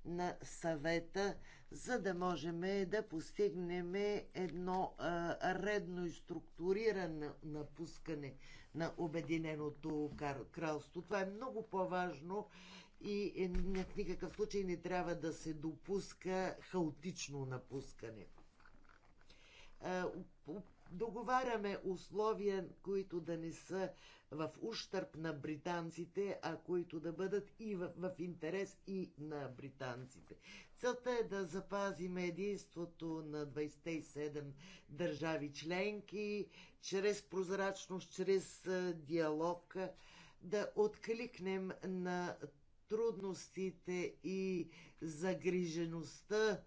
[SPEAKER 2] на съвета за да можем да постигнем едно редно и структурирано напускане на Обединеното кралство. Това е много по-важно и е, в никакъв случай не трябва да се допуска хаотично напускане. Договаряме условия, които да не са в ущърп на британците, а които да бъдат и в, в интерес и на британците. Целта е да запазим единството на 27 държави членки, чрез прозрачност, чрез диалог, да откликнем на трудностите и загрижеността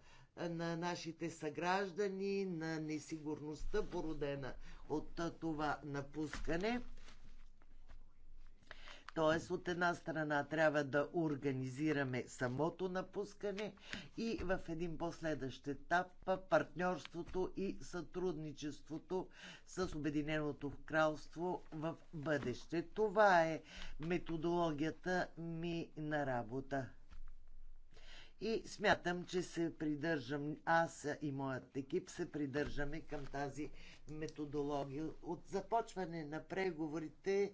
[SPEAKER 2] на нашите съграждани, на несигурността, породена от това напускане. Т.е. от една страна трябва да организираме самото напускане и в един последващ етап партньорството и сътрудничеството с Обединеното кралство в бъдеще. Това е методологията ми на работа. И смятам, че се придържам, аз и моят екип се придържаме към тази методология. От започване на преговорите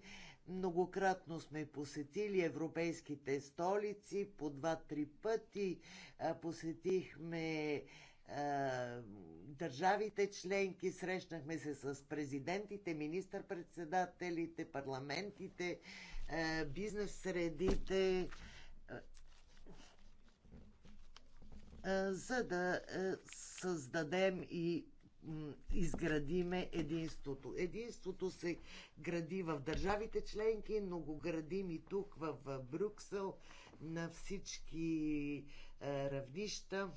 [SPEAKER 2] Многократно сме посетили европейските столици по два-три пъти. Посетихме държавите членки, срещнахме се с президентите, министър-председателите, парламентите, бизнес средите, за да създадем и изградиме единството. Единството се гради в държавите членки, но го градим и тук в Брюксел на всички е, равнища,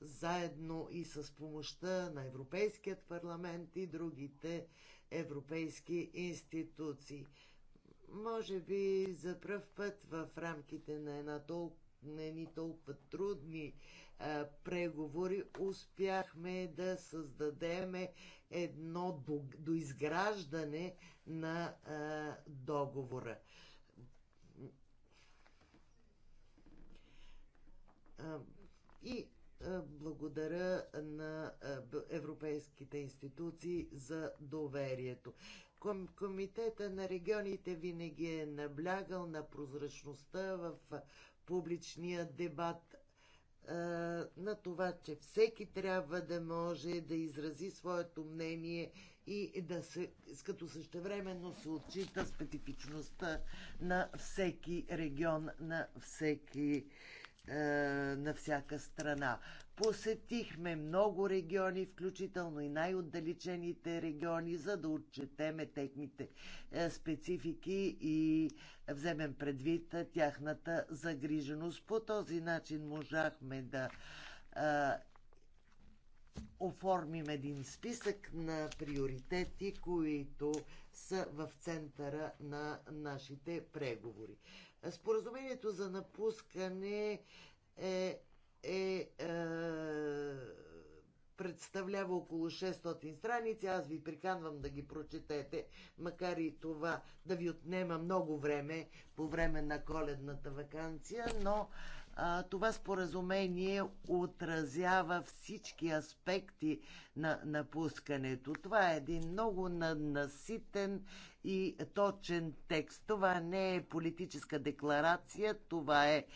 [SPEAKER 2] заедно и с помощта на Европейският парламент и другите европейски институции. Може би за пръв път в рамките на една толкова на едни толкова трудни е, преговори успяхме да създадеме едно доизграждане на е, договора. Е, и благодаря на европейските институции за доверието. Комитета на регионите винаги е наблягал на прозрачността в публичния дебат на това, че всеки трябва да може да изрази своето мнение и да се, като същевременно се отчита специфичността на всеки регион, на всеки на всяка страна. Посетихме много региони, включително и най-отдалечените региони, за да отчетеме техните е, специфики и вземем предвид е, тяхната загриженост. По този начин можахме да а, е, оформим един списък на приоритети, които са в центъра на нашите преговори. Споразумението за напускане е е, е представлява около 600 страници. Аз ви приканвам да ги прочетете, макар и това да ви отнема много време по време на коледната вакансия, но това споразумение отразява всички аспекти на напускането. Това е един много наситен и точен текст. Това не е политическа декларация, това е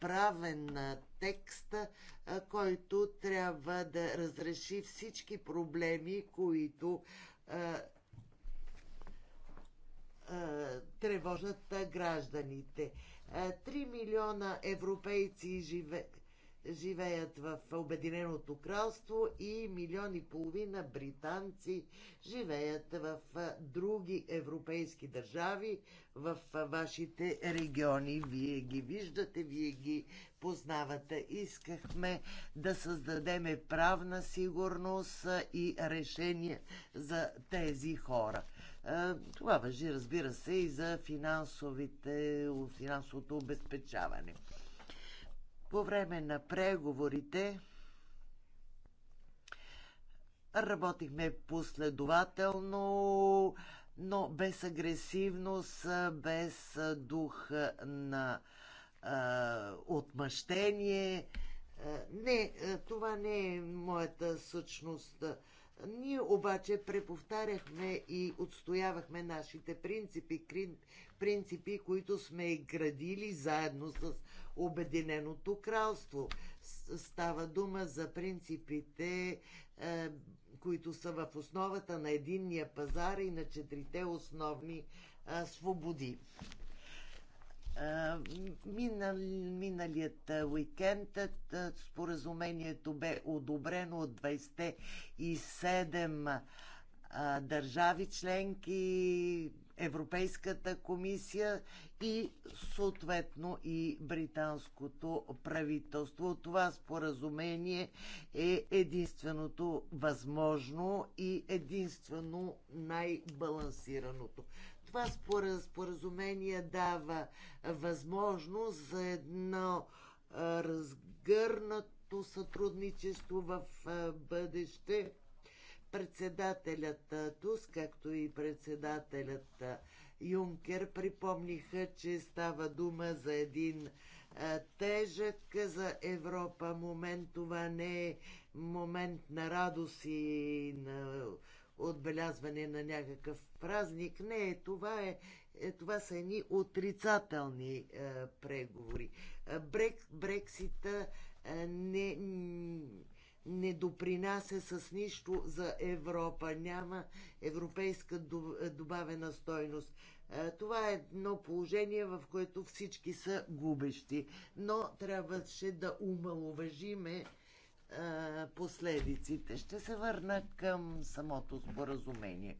[SPEAKER 2] правен текст, който трябва да разреши всички проблеми, които тревожат гражданите. 3 е, милиона европейци живе, живеят в Обединеното кралство и милион и половина британци живеят в е, други европейски държави, в е, вашите региони. Вие ги виждате, вие ги познавате. Искахме да създадеме правна сигурност и решение за тези хора. Това въжи, разбира се, и за финансовите, финансовото обезпечаване. По време на преговорите работихме последователно, но без агресивност, без дух на а, отмъщение. Не, това не е моята същност. Ние обаче преповтаряхме и отстоявахме нашите принципи, принципи, които сме градили заедно с Обединеното кралство. Става дума за принципите, е, които са в основата на единния пазар и на четирите основни е, свободи. Минал, миналият уикенд споразумението бе одобрено от 27 държави членки, Европейската комисия и съответно и британското правителство. Това споразумение е единственото възможно и единствено най-балансираното. Това споразумение дава възможност за едно разгърнато сътрудничество в бъдеще. Председателят Тус, както и председателят Юнкер припомниха, че става дума за един тежък за Европа момент. Това не е момент на радост и на отбелязване на някакъв празник. Не, това, е, е това са едни отрицателни е, преговори. Е, брек, Брексита е, не, не допринася с нищо за Европа. Няма европейска добавена стойност. Е, това е едно положение, в което всички са губещи. Но трябваше да умалуважиме последиците. Ще се върна към самото споразумение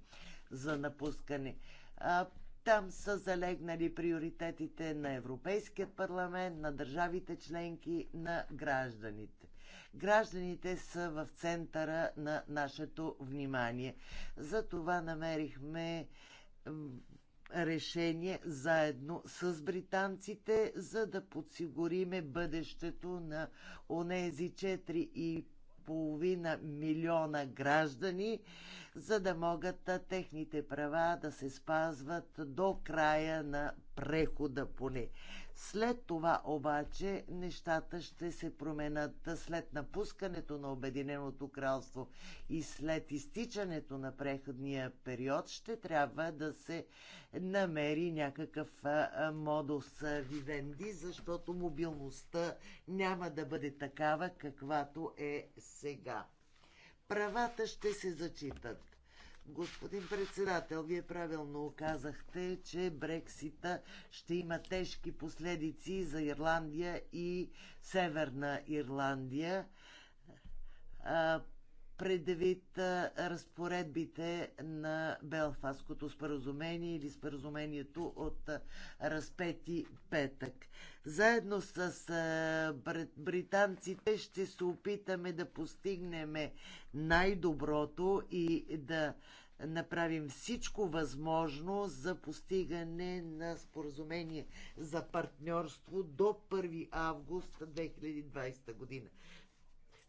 [SPEAKER 2] за напускане. А, там са залегнали приоритетите на Европейският парламент, на държавите членки, на гражданите. Гражданите са в центъра на нашето внимание. За това намерихме решение заедно с британците, за да подсигуриме бъдещето на онези 4 половина милиона граждани, за да могат техните права да се спазват до края на прехода поне. След това обаче нещата ще се променят след напускането на Обединеното кралство и след изтичането на преходния период ще трябва да се намери някакъв модус вивенди, защото мобилността няма да бъде такава, каквато е сега. Правата ще се зачитат. Господин председател, вие правилно казахте, че Брексита ще има тежки последици за Ирландия и Северна Ирландия предвид разпоредбите на Белфаското споразумение или споразумението от разпети петък. Заедно с британците ще се опитаме да постигнем най-доброто и да направим всичко възможно за постигане на споразумение за партньорство до 1 август 2020 година.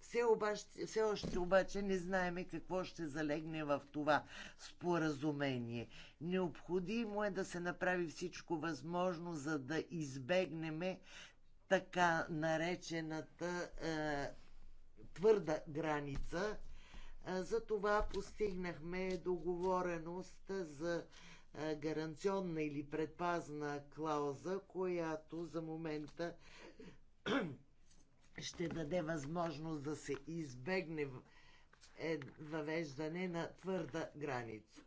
[SPEAKER 2] Все, обаче, все още обаче не знаеме какво ще залегне в това споразумение. Необходимо е да се направи всичко възможно, за да избегнеме така наречената е, твърда граница. Е, за това постигнахме договореност за е, гаранционна или предпазна клауза, която за момента ще даде възможност да се избегне е, въвеждане на твърда граница.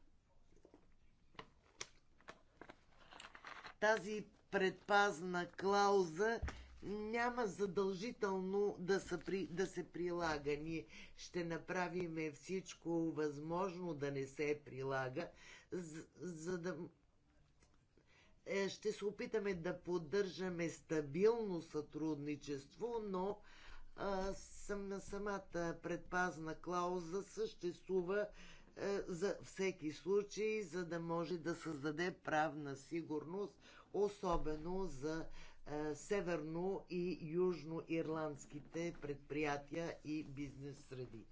[SPEAKER 2] Тази предпазна клауза няма задължително да, са при, да се прилага. Ние ще направим всичко възможно да не се прилага, за, за да е, ще се опитаме да поддържаме стабилно сътрудничество, но а, на самата предпазна клауза съществува а, е, за всеки случай, за да може да създаде правна сигурност, особено за а, е, северно и южно ирландските предприятия и бизнес среди.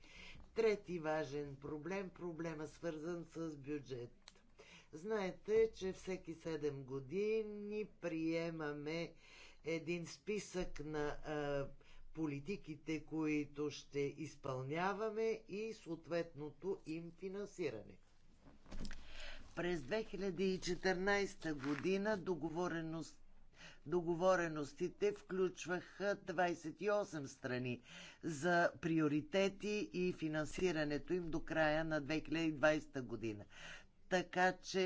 [SPEAKER 2] Трети важен проблем, проблема свързан с бюджет Знаете, че всеки 7 години приемаме един списък на а, политиките, които ще изпълняваме и съответното им финансиране. През 2014 година договореност Договореностите включваха 28 страни за приоритети и финансирането им до края на 2020 година така че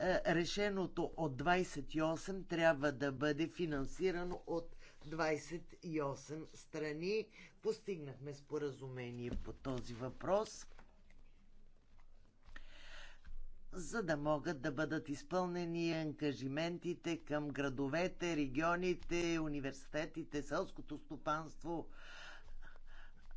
[SPEAKER 2] е, решеното от 28 трябва да бъде финансирано от 28 страни. Постигнахме споразумение по този въпрос, за да могат да бъдат изпълнени ангажиментите към градовете, регионите, университетите, селското стопанство,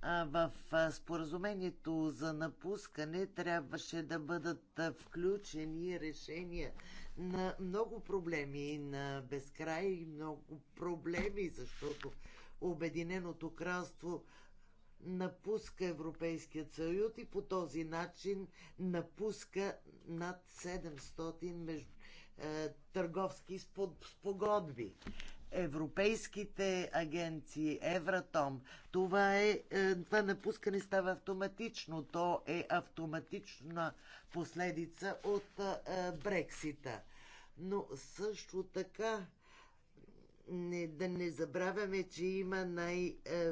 [SPEAKER 2] в споразумението за напускане трябваше да бъдат включени решения на много проблеми, на безкрай много проблеми, защото Обединеното кралство напуска Европейският съюз и по този начин напуска над 700 между, е, търговски спогодби европейските агенции, Евратом. Това, е, е, това напускане става автоматично. То е автоматична последица от е, Брексита. Но също така не, да не забравяме, че има най- е,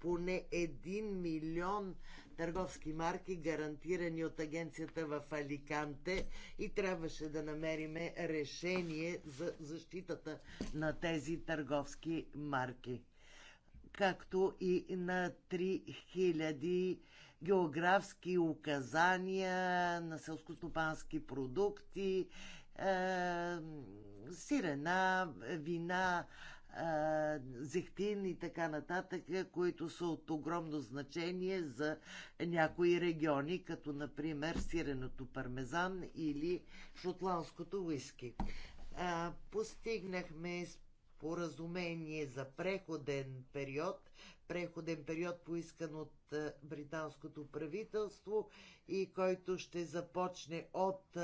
[SPEAKER 2] поне 1 милион търговски марки, гарантирани от агенцията в Аликанте и трябваше да намериме решение за защитата на тези търговски марки както и на 3000 географски указания на селскостопански продукти, е, сирена, вина, зехтин и така нататък, които са от огромно значение за някои региони, като например сиреното пармезан или шотландското уиски. Постигнахме споразумение за преходен период, преходен период поискан от британското правителство и който ще започне от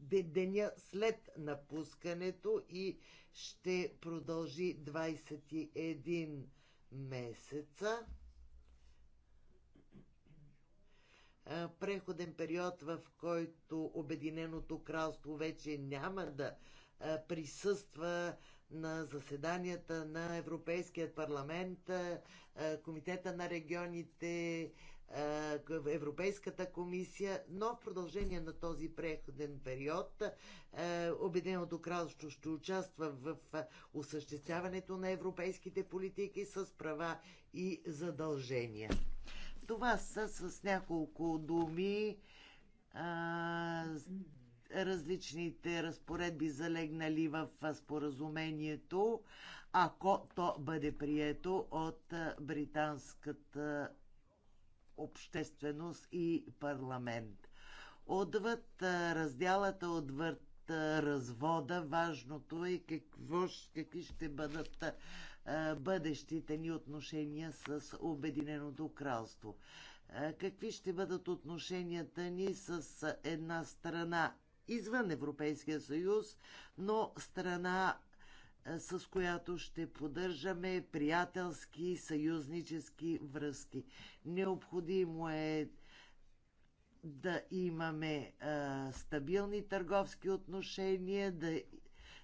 [SPEAKER 2] деня след напускането и ще продължи 21 месеца. Преходен период, в който Обединеното кралство вече няма да присъства на заседанията на Европейският парламент, Комитета на регионите, е, Европейската комисия, но в продължение на този преходен период е, Обединеното кралство ще участва в е, осъществяването на европейските политики с права и задължения. Това са с няколко думи различните разпоредби залегнали в споразумението, ако то бъде прието от британската общественост и парламент. Отвъд разделата, отвъд развода, важното е какво, какви ще бъдат бъдещите ни отношения с Обединеното кралство. Какви ще бъдат отношенията ни с една страна извън Европейския съюз, но страна с която ще поддържаме приятелски и съюзнически връзки. Необходимо е да имаме а, стабилни търговски отношения, да,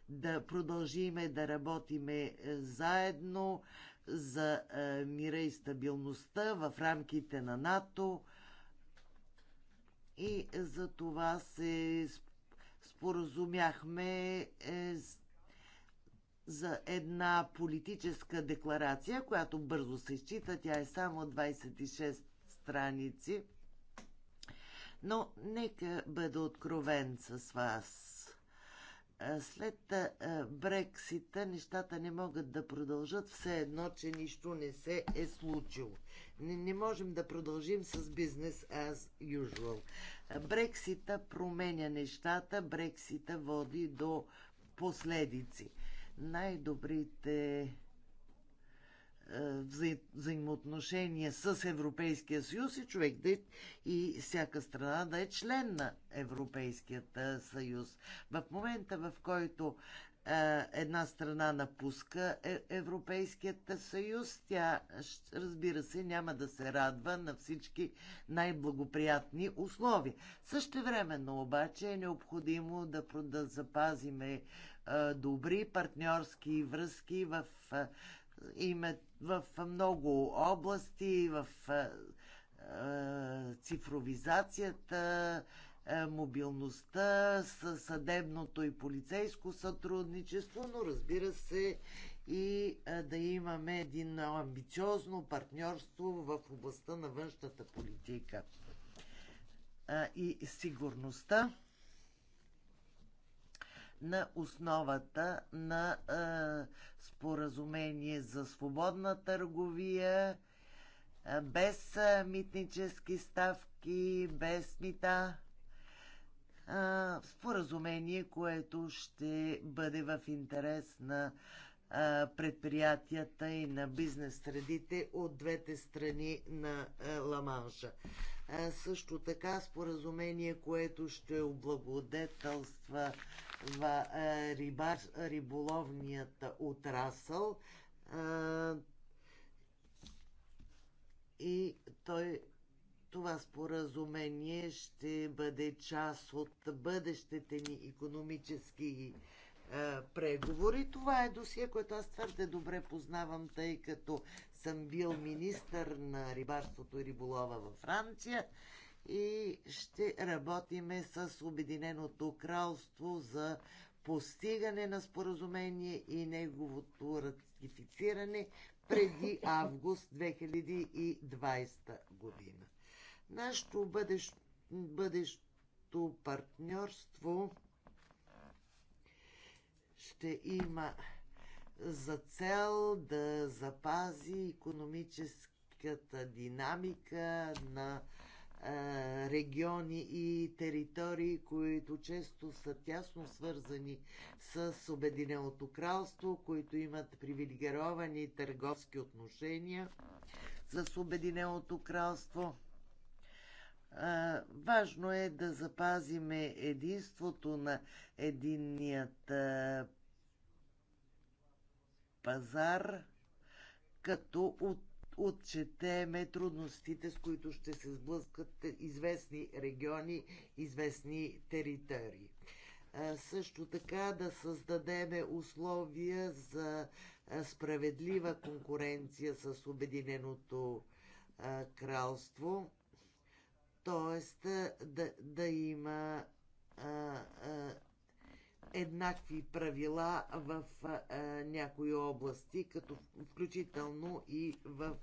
[SPEAKER 2] да продължиме да работиме заедно за а, мира и стабилността в рамките на НАТО. И за това се споразумяхме е, за една политическа декларация, която бързо се счита. Тя е само 26 страници. Но нека бъда откровен с вас. Е, след е, Брексита нещата не могат да продължат все едно, че нищо не се е случило. Не, не можем да продължим с бизнес as usual. Е, Брексита променя нещата, Брексита води до последици най-добрите е, вза... взаимоотношения с Европейския съюз и човек да е, и всяка страна да е член на Европейският е, съюз. В момента, в който е, една страна напуска Европейският съюз, тя, разбира се, няма да се радва на всички най-благоприятни условия. Същевременно обаче е необходимо да, да запазиме добри партньорски връзки в, име, в много области, в цифровизацията, мобилността, съдебното и полицейско сътрудничество, но разбира се и да имаме един амбициозно партньорство в областта на външната политика и сигурността на основата на а, споразумение за свободна търговия, а, без а, митнически ставки, без мита. А, споразумение, което ще бъде в интерес на предприятията и на бизнес средите от двете страни на Ламанша. Също така споразумение, което ще облагодетелства в е рибар, риболовният отрасъл и той това споразумение ще бъде част от бъдещите ни економически преговори. Това е досие, което аз твърде добре познавам, тъй като съм бил министър на рибарството и риболова във Франция и ще работиме с Обединеното кралство за постигане на споразумение и неговото ратифициране преди август 2020 година. Нашето бъдещ, бъдещо партньорство ще има за цел да запази економическата динамика на региони и територии, които често са тясно свързани с Обединеното кралство, които имат привилегировани търговски отношения с Обединеното кралство. Важно е да запазиме единството на единният пазар, като от отчетеме трудностите, с които ще се сблъскат известни региони, известни територии. Също така да създадеме условия за справедлива конкуренция с Обединеното кралство, т.е. Да, да има еднакви правила в а, някои области, като включително и в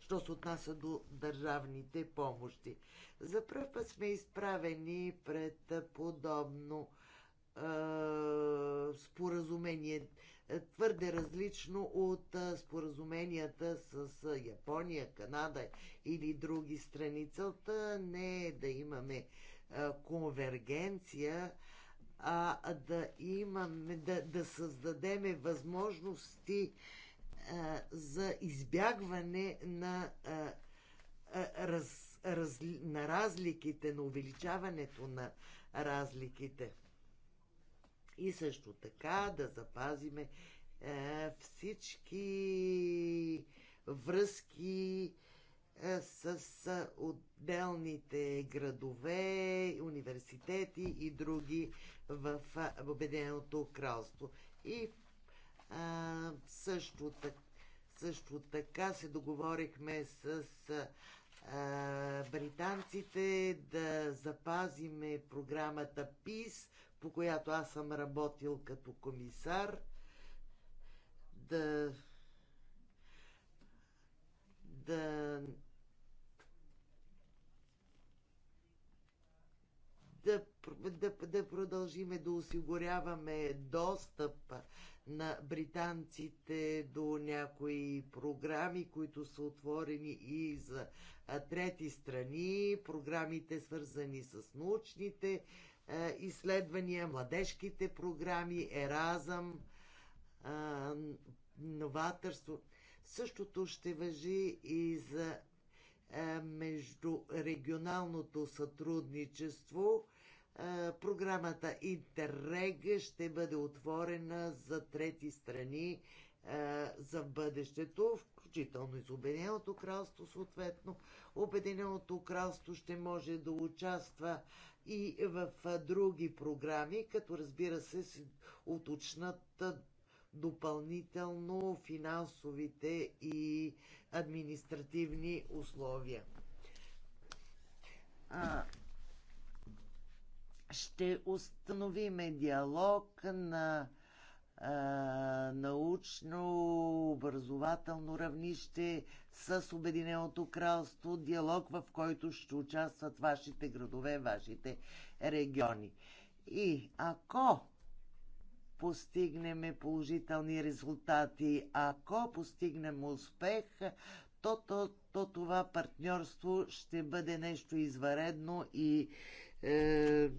[SPEAKER 2] що се отнася до държавните помощи. За първ път сме изправени пред подобно а, споразумение, твърде различно от а, споразуменията с а, Япония, Канада или други страни. Целта не е да имаме а, конвергенция, а, да имаме, да, да създадеме възможности а, за избягване на, а, раз, раз, на разликите, на увеличаването на разликите. И също така да запазиме а, всички връзки с отделните градове, университети и други в Обединеното кралство. И а, също, так, също така се договорихме с а, британците да запазиме програмата ПИС, по която аз съм работил като комисар. Да да да, да, да продължиме да осигуряваме достъп на британците до някои програми, които са отворени и за трети страни, програмите свързани с научните изследвания, младежките програми, еразъм, новаторство. Същото ще въжи и за междурегионалното сътрудничество програмата Интеррег ще бъде отворена за трети страни за бъдещето, включително и за Обединеното кралство, съответно. Обединеното кралство ще може да участва и в други програми, като разбира се, се уточнат допълнително финансовите и административни условия. А, ще установиме диалог на научно-образователно равнище с Обединеното кралство, диалог в който ще участват вашите градове, вашите региони. И ако постигнем положителни резултати, ако постигнем успех, то, то, то това партньорство ще бъде нещо изваредно и е,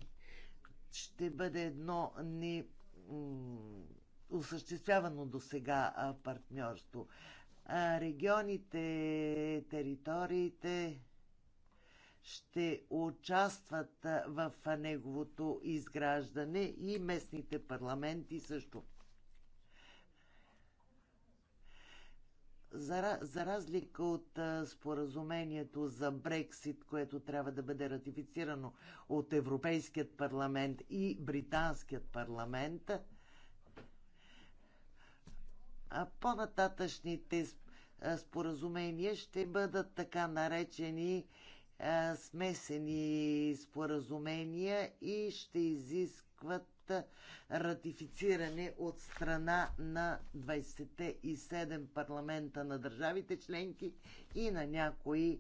[SPEAKER 2] ще бъде едно не осъществявано до сега партньорство. Регионите, териториите ще участват в неговото изграждане и местните парламенти също. за, за разлика от а, споразумението за Брексит, което трябва да бъде ратифицирано от Европейският парламент и Британският парламент, а по-нататъчните споразумения ще бъдат така наречени а, смесени споразумения и ще изискват ратифициране от страна на 27 парламента на държавите членки и на някои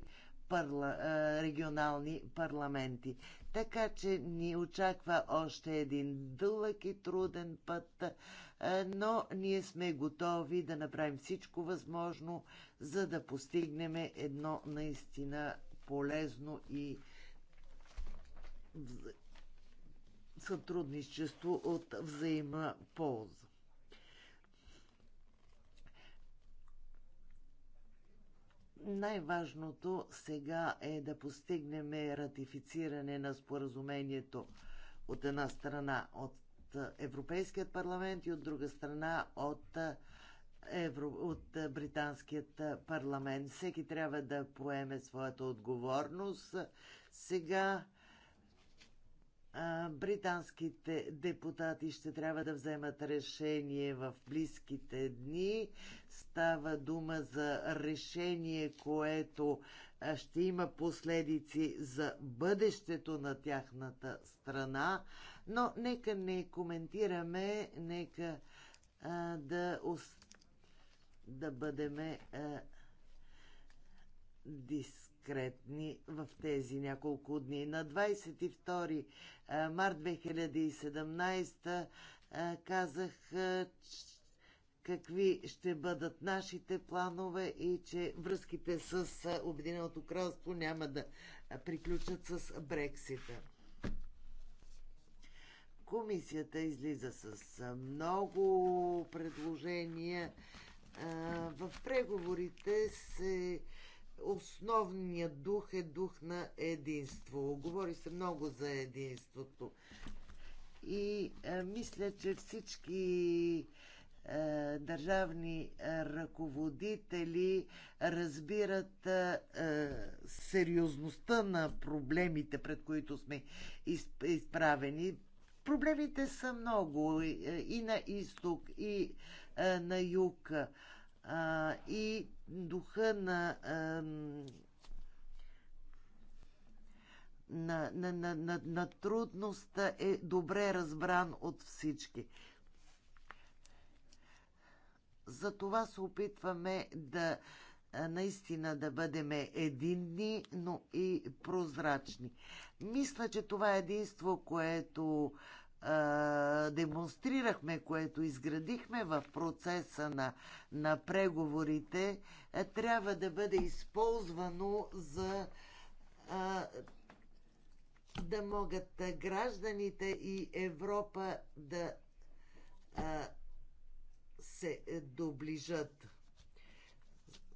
[SPEAKER 2] парла, регионални парламенти. Така че ни очаква още един дълъг и труден път, но ние сме готови да направим всичко възможно, за да постигнем едно наистина полезно и сътрудничество от взаимна полза. Най-важното сега е да постигнем ратифициране на споразумението от една страна от Европейският парламент и от друга страна от, Евро... от Британският парламент. Всеки трябва да поеме своята отговорност. Сега британските депутати ще трябва да вземат решение в близките дни. Става дума за решение, което ще има последици за бъдещето на тяхната страна, но нека не коментираме, нека а, да, да бъдеме а, диск конкретни в тези няколко дни. На 22 март 2017 казах, какви ще бъдат нашите планове и че връзките с Обединеното кралство няма да приключат с Брексита. Комисията излиза с много предложения. В преговорите се основният дух е дух на единство. Говори се много за единството. И а, е, мисля, че всички а, е, държавни а, е, ръководители разбират а, а, сериозността на проблемите, пред които сме изправени. Проблемите са много и, и на изток, и а, на юг. А, а, и духа на, а, на, на, на, на, на трудността е добре разбран от всички. За това се опитваме да наистина да бъдем единни, но и прозрачни. Мисля, че това е единство, което демонстрирахме, което изградихме в процеса на, на преговорите, трябва да бъде използвано за а, да могат гражданите и Европа да а, се доближат,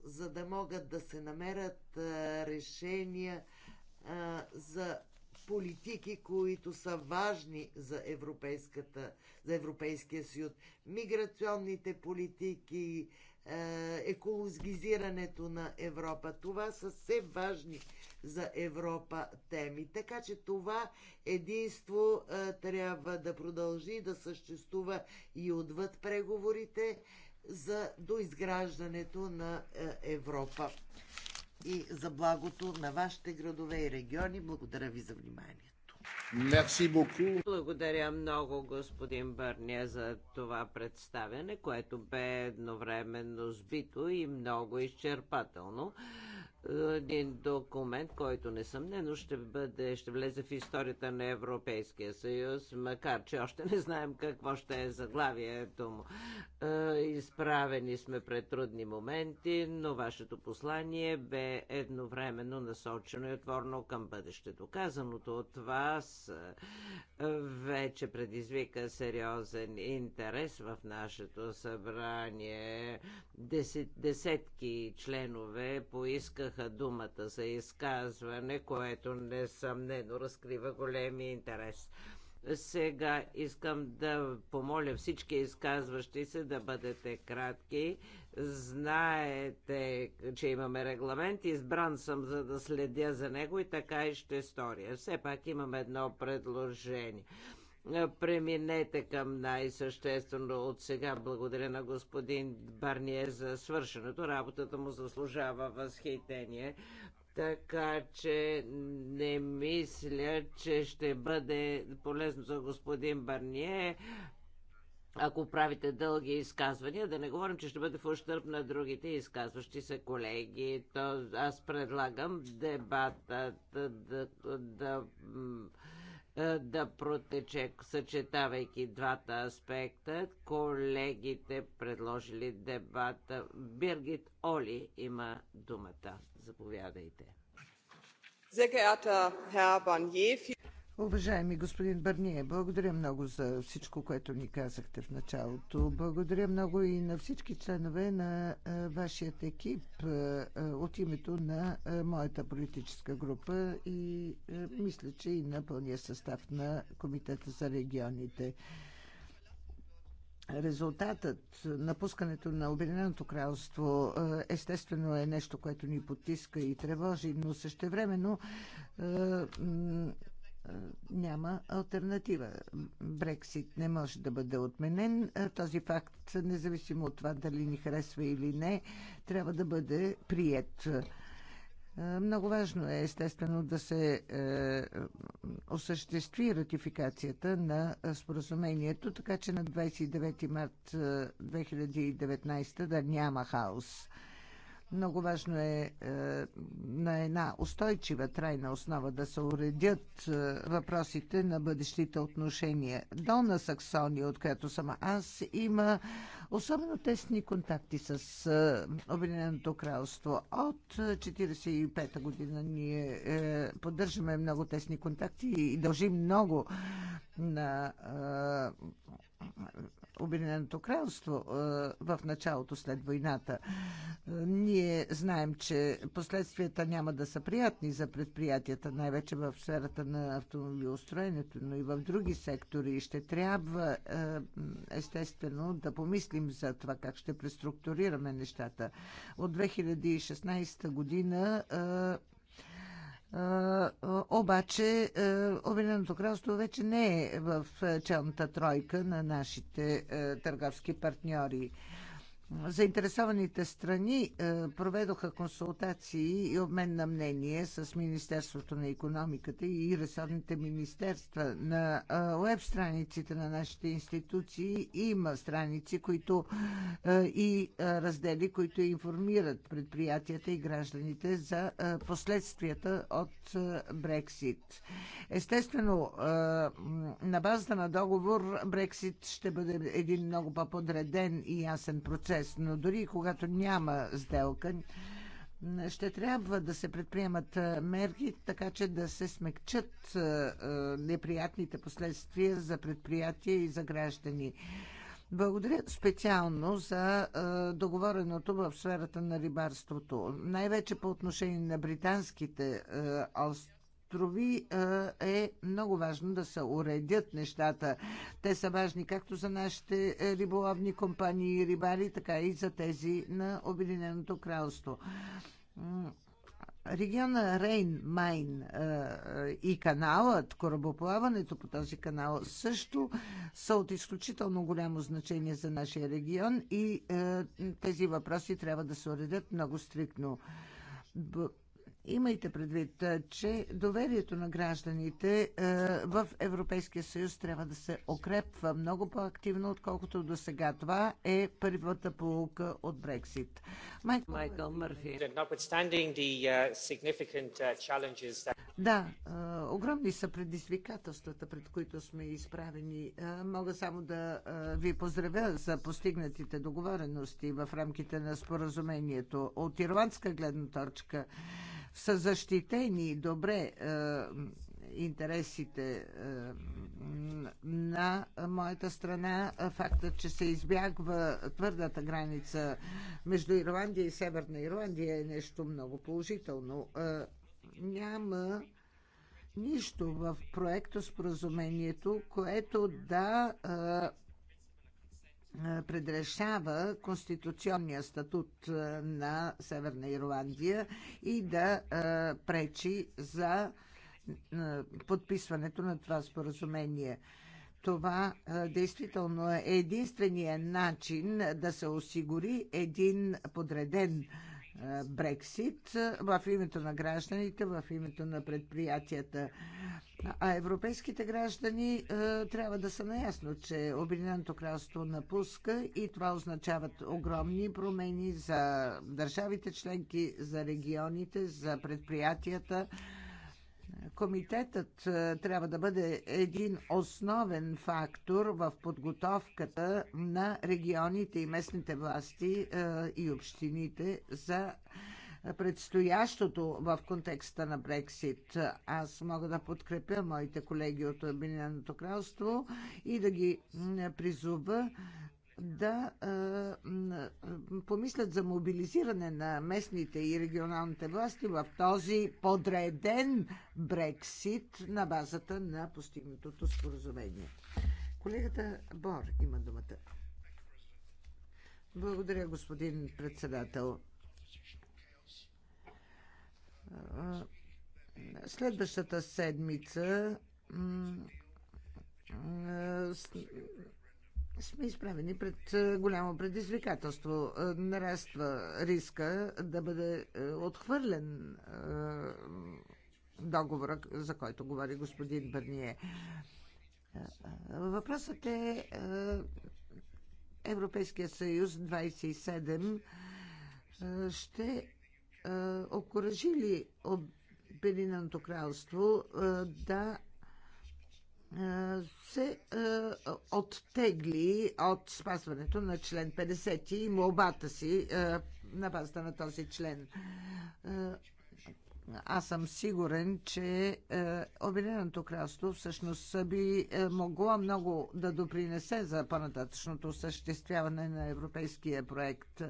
[SPEAKER 2] за да могат да се намерят а, решения за политики, които са важни за, европейската, за Европейския съюз. Миграционните политики, е, екологизирането на Европа. Това са все важни за Европа теми. Така че това единство е, трябва да продължи да съществува и отвъд преговорите за доизграждането на е, Европа и за благото на вашите градове и региони. Благодаря ви за вниманието.
[SPEAKER 3] Мерси боку.
[SPEAKER 1] Благодаря много, господин Бърния, за това представяне, което бе едновременно сбито и много изчерпателно един документ, който несъмнено ще, бъде, ще влезе в историята на Европейския съюз, макар че още не знаем какво ще е заглавието му. Е, изправени сме пред трудни моменти, но вашето послание бе едновременно насочено и отворно към бъдещето. Казаното от вас е, вече предизвика сериозен интерес в нашето събрание. Десет, десетки членове поиска поискаха думата за изказване, което несъмнено разкрива големи интерес. Сега искам да помоля всички изказващи се да бъдете кратки. Знаете, че имаме регламент. Избран съм за да следя за него и така и ще сторя. Все пак имам едно предложение. Е, преминете към най-съществено от сега. Благодаря на господин Барние за свършеното. Работата му заслужава възхитение. Така че не мисля, че ще бъде полезно за господин Барние ако правите дълги изказвания, да не говорим, че ще бъде в ущърп на другите изказващи се колеги. То аз предлагам дебатът да, да, да е, да протече, съчетавайки двата аспекта. Колегите предложили дебата. Биргит Оли има думата. Заповядайте.
[SPEAKER 3] Уважаеми господин Бърние, благодаря много за всичко, което ни казахте в началото. Благодаря много и на всички членове на вашият екип от името на моята политическа група и мисля, че и на пълния състав на Комитета за регионите. Резултатът на пускането на Обединеното кралство естествено е нещо, което ни потиска и тревожи, но същевременно няма альтернатива. Брексит не може да бъде отменен. Този факт, независимо от това дали ни харесва или не, трябва да бъде прият. Много важно е, естествено, да се е, осъществи ратификацията на споразумението, така че на 29 март 2019 е, да няма хаос. Много важно е, е, на една устойчива трайна основа да се уредят е, въпросите на бъдещите отношения. Долна Саксония, от която съм аз, има особено тесни контакти с е, Обединеното кралство. От 1945 година ние поддържаме много тесни контакти и дължим много на Обединеното кралство е, в началото след войната. Е, ние знаем, че последствията няма да са приятни за предприятията, най-вече в сферата на автомобилостроенето, но и в други сектори. Ще трябва е, естествено да помислим за това как ще преструктурираме нещата. От 2016 година обаче Обединеното кралство вече не е в челната тройка на нашите търговски партньори. Заинтересованите страни е, проведоха консултации и обмен на мнение с Министерството на економиката и ресорните министерства. На е, уеб страниците на нашите институции има страници, които е, и раздели, които информират предприятията и гражданите за последствията от Брексит. Естествено, на базата на договор Брексит ще бъде един много по-подреден и ясен процес процес, но дори когато няма сделка, ще трябва да се предприемат мерки, така че да се смекчат неприятните последствия за предприятия и за граждани. Благодаря специално за договореното в сферата на рибарството, най-вече по отношение на британските ост острови е много важно да се уредят нещата. Те са важни както за нашите е, риболовни компании и рибари, така и за тези на Обединеното кралство. Региона Рейн-Майн е, е, и каналът, корабоплаването по този канал също са от изключително голямо значение за нашия регион и тези въпроси трябва да се уредят много стриктно. Имайте предвид, че доверието на гражданите в Европейския съюз трябва да се окрепва много по-активно, отколкото до сега. Това е първата полука от Брексит. Майкъл,
[SPEAKER 1] Майкъл Мърфи. Uh, uh,
[SPEAKER 3] да, огромни са предизвикателствата, пред които сме изправени. Мога само да ви поздравя за постигнатите договорености в рамките на споразумението. От ирландска гледна точка са защитени добре е, интересите е, на моята страна. Фактът, че се избягва твърдата граница между Ирландия и Северна Ирландия е нещо много положително. Е, няма нищо в проекто споразумението, което да предрешава конституционния статут на Северна Ирландия и да пречи за подписването на това споразумение. Това действително е единствения начин да се осигури един подреден Брексит в името на гражданите, в името на предприятията. А европейските граждани трябва да са наясно, че Обединеното кралство напуска и това означават огромни промени за държавите членки, за регионите, за предприятията. Комитетът е, трябва да бъде един основен фактор в подготовката на регионите и местните власти е, и общините за предстоящото в контекста на Брексит. Аз мога да подкрепя моите колеги от Обединеното кралство и да ги призова да помислят за мобилизиране на местните и регионалните власти в този подреден Брексит на базата на постигнатото споразумение. Колегата Бор има думата. Благодаря, господин председател. Следващата седмица сме изправени пред е, голямо предизвикателство. Е, нараства риска да бъде е, отхвърлен договора, за който говори господин Бърние. Въпросът е Европейския съюз 27 ще окоръжи ли Обединеното кралство да се оттегли от спазването на член 50 и молбата си на базата на този член аз съм сигурен, че е, Обединеното кралство всъщност би е, могло много да допринесе за по-нататъчното съществяване на европейския проект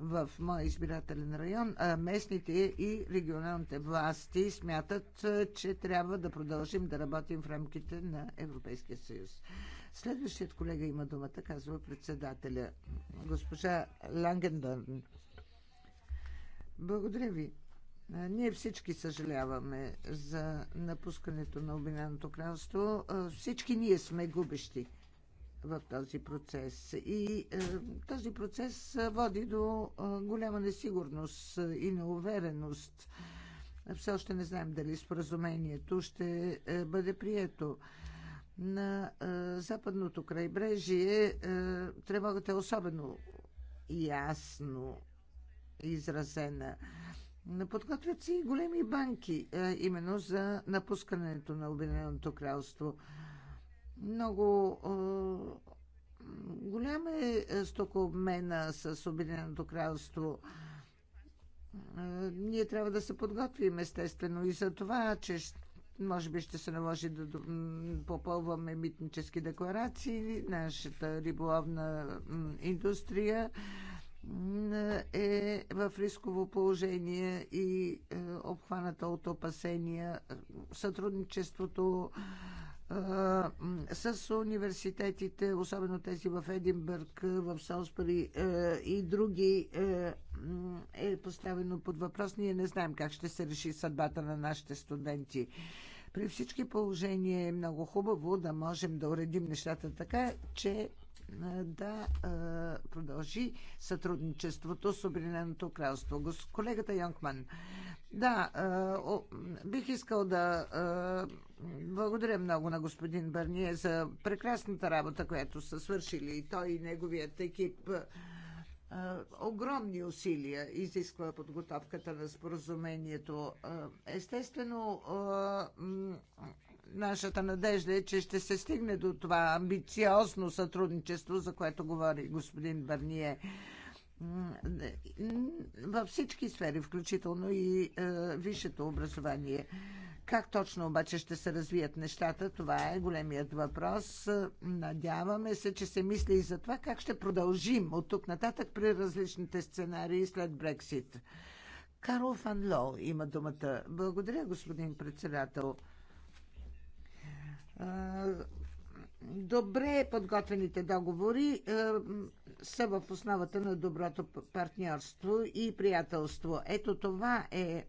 [SPEAKER 3] в моя избирателен район. А местните и регионалните власти смятат, е, че трябва да продължим да работим в рамките на Европейския съюз. Следващият колега има думата, казва председателя, госпожа Лангендърн. Благодаря ви. Ние всички съжаляваме за напускането на Обединеното кралство. Всички ние сме губещи в този процес. И този процес води до голяма несигурност и неувереност. Все още не знаем дали споразумението ще бъде прието. На западното крайбрежие тревогата е особено ясно изразена. Подготвят си и големи банки, е, именно за напускането на Обединеното кралство. Много е, голям е, е стокообмена с Обединеното кралство. Ние трябва да се подготвим, естествено, и за това, че може би ще се наложи да попълваме митнически декларации, нашата риболовна индустрия е в рисково положение и е, обхваната от опасения. Сътрудничеството е, с университетите, особено тези в Единбърг, е, в е, и други, е поставено под въпрос. Ние не знаем как ще се реши съдбата на нашите студенти. При всички положения е много хубаво да можем да уредим нещата така, че да продължи сътрудничеството с Обединеното кралство. Колегата Йонкман. Да, бих искал да благодаря много на господин Бърние за прекрасната работа, която са свършили и той и неговият екип. Огромни усилия изисква подготовката на споразумението. Естествено, нашата надежда е, че ще се стигне до това амбициозно сътрудничество, за което говори господин Барние във всички сфери, включително и е, висшето образование. Как точно обаче ще се развият нещата, това е големият въпрос. Надяваме се, че се мисли и за това как ще продължим от тук нататък при различните сценарии след Брексит. Карл Фан Ло има думата. Благодаря, господин председател добре подготвените договори са в основата на доброто партньорство и приятелство. Ето това е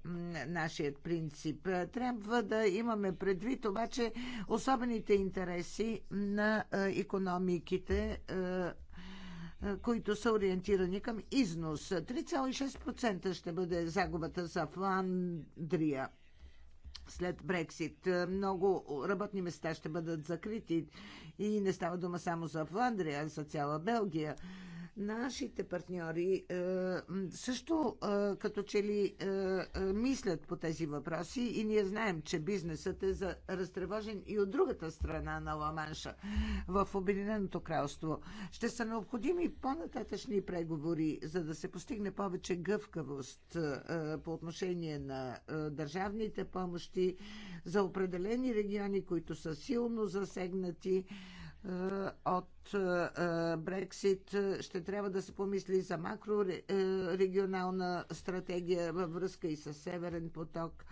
[SPEAKER 3] нашият принцип. Трябва да имаме предвид обаче особените интереси на економиките които са ориентирани към износ. 3,6% ще бъде загубата за Фландрия след Брексит. Е, много работни места ще бъдат закрити и не става дума само за Фландрия, а за цяла Белгия. Нашите партньори е, също е, като че ли е, мислят по тези въпроси и ние знаем, че бизнесът е за разтревожен и от другата страна на Ламанша в Обединеното кралство. Ще са необходими по-нататъчни преговори, за да се постигне повече гъвкавост по отношение на държавните помощи за определени региони, които са силно засегнати. Е, от е, Брексит. Е, ще трябва да се помисли за макрорегионална стратегия във връзка и с Северен поток.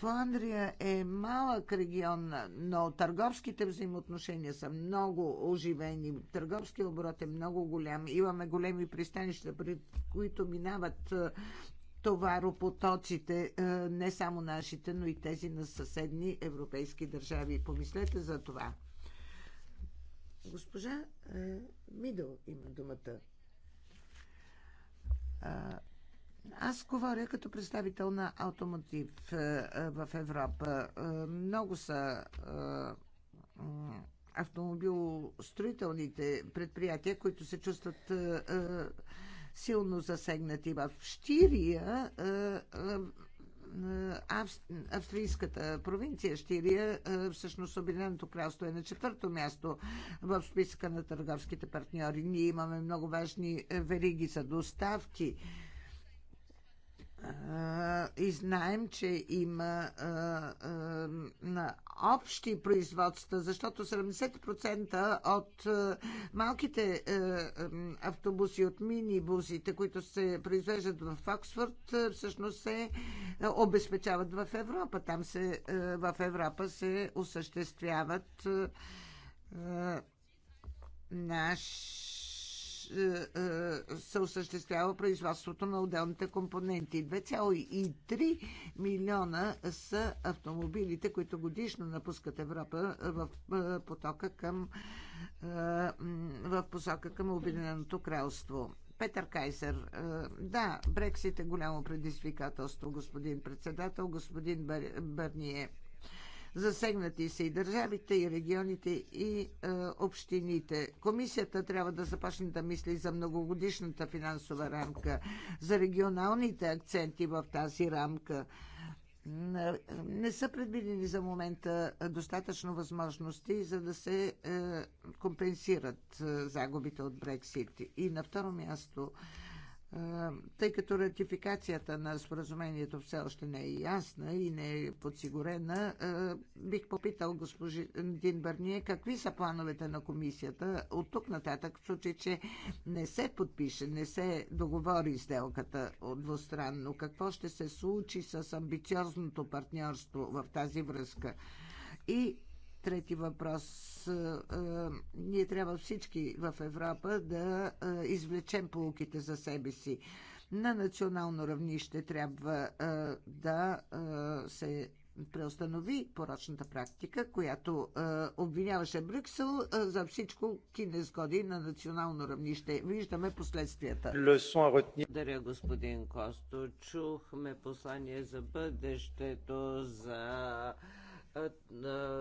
[SPEAKER 3] Фландрия е малък регион, но търговските взаимоотношения са много оживени. Търговски оборот е много голям. Имаме големи пристанища, при които минават товаропотоците, не само нашите, но и тези на съседни европейски държави. Помислете за това. Госпожа е, Мидъл има думата. А, аз говоря като представител на Автомотив е, е, в Европа. Е, много са е, автомобилостроителните предприятия, които се чувстват е, е, силно засегнати. В Штирия е, е, австрийската провинция Штирия, всъщност Обединеното кралство е на четвърто място в списъка на търговските партньори. Ние имаме много важни вериги за доставки и знаем, че има на общи производства, защото 70% от малките автобуси, от минибусите, които се произвеждат в Оксфорд, всъщност се обезпечават в Европа. Там се, в Европа се осъществяват наш е, е, се осъществява производството на отделните компоненти. 2,3 милиона са автомобилите, които годишно напускат Европа е, в потока към в посока към Обединеното кралство. Петър Кайсер. Да, Брексит е голямо предизвикателство, господин председател, господин Бер... Берние. Засегнати са и държавите, и регионите, и е, общините. Комисията трябва да започне да мисли за многогодишната финансова рамка, за регионалните акценти в тази рамка. Не са предвидени за момента достатъчно възможности, за да се е, компенсират е, загубите от Брексит. И на второ място, е, тъй като ратификацията на споразумението все още не е ясна и не е подсигурена, бих попитал господин Бърние какви са плановете на комисията от тук нататък, в случай, че не се подпише, не се договори сделката от двустранно. Какво ще се случи с амбициозното партньорство в тази връзка? И Трети въпрос. Е, е, ние трябва всички в Европа да е, извлечем полуките за себе си. На национално равнище трябва да се преустанови порочната практика, която обвиняваше Брюксел за всичко ти незгоди на национално равнище. Виждаме последствията.
[SPEAKER 1] Благодаря, господин Косто. Чухме послание за бъдещето, за е, е,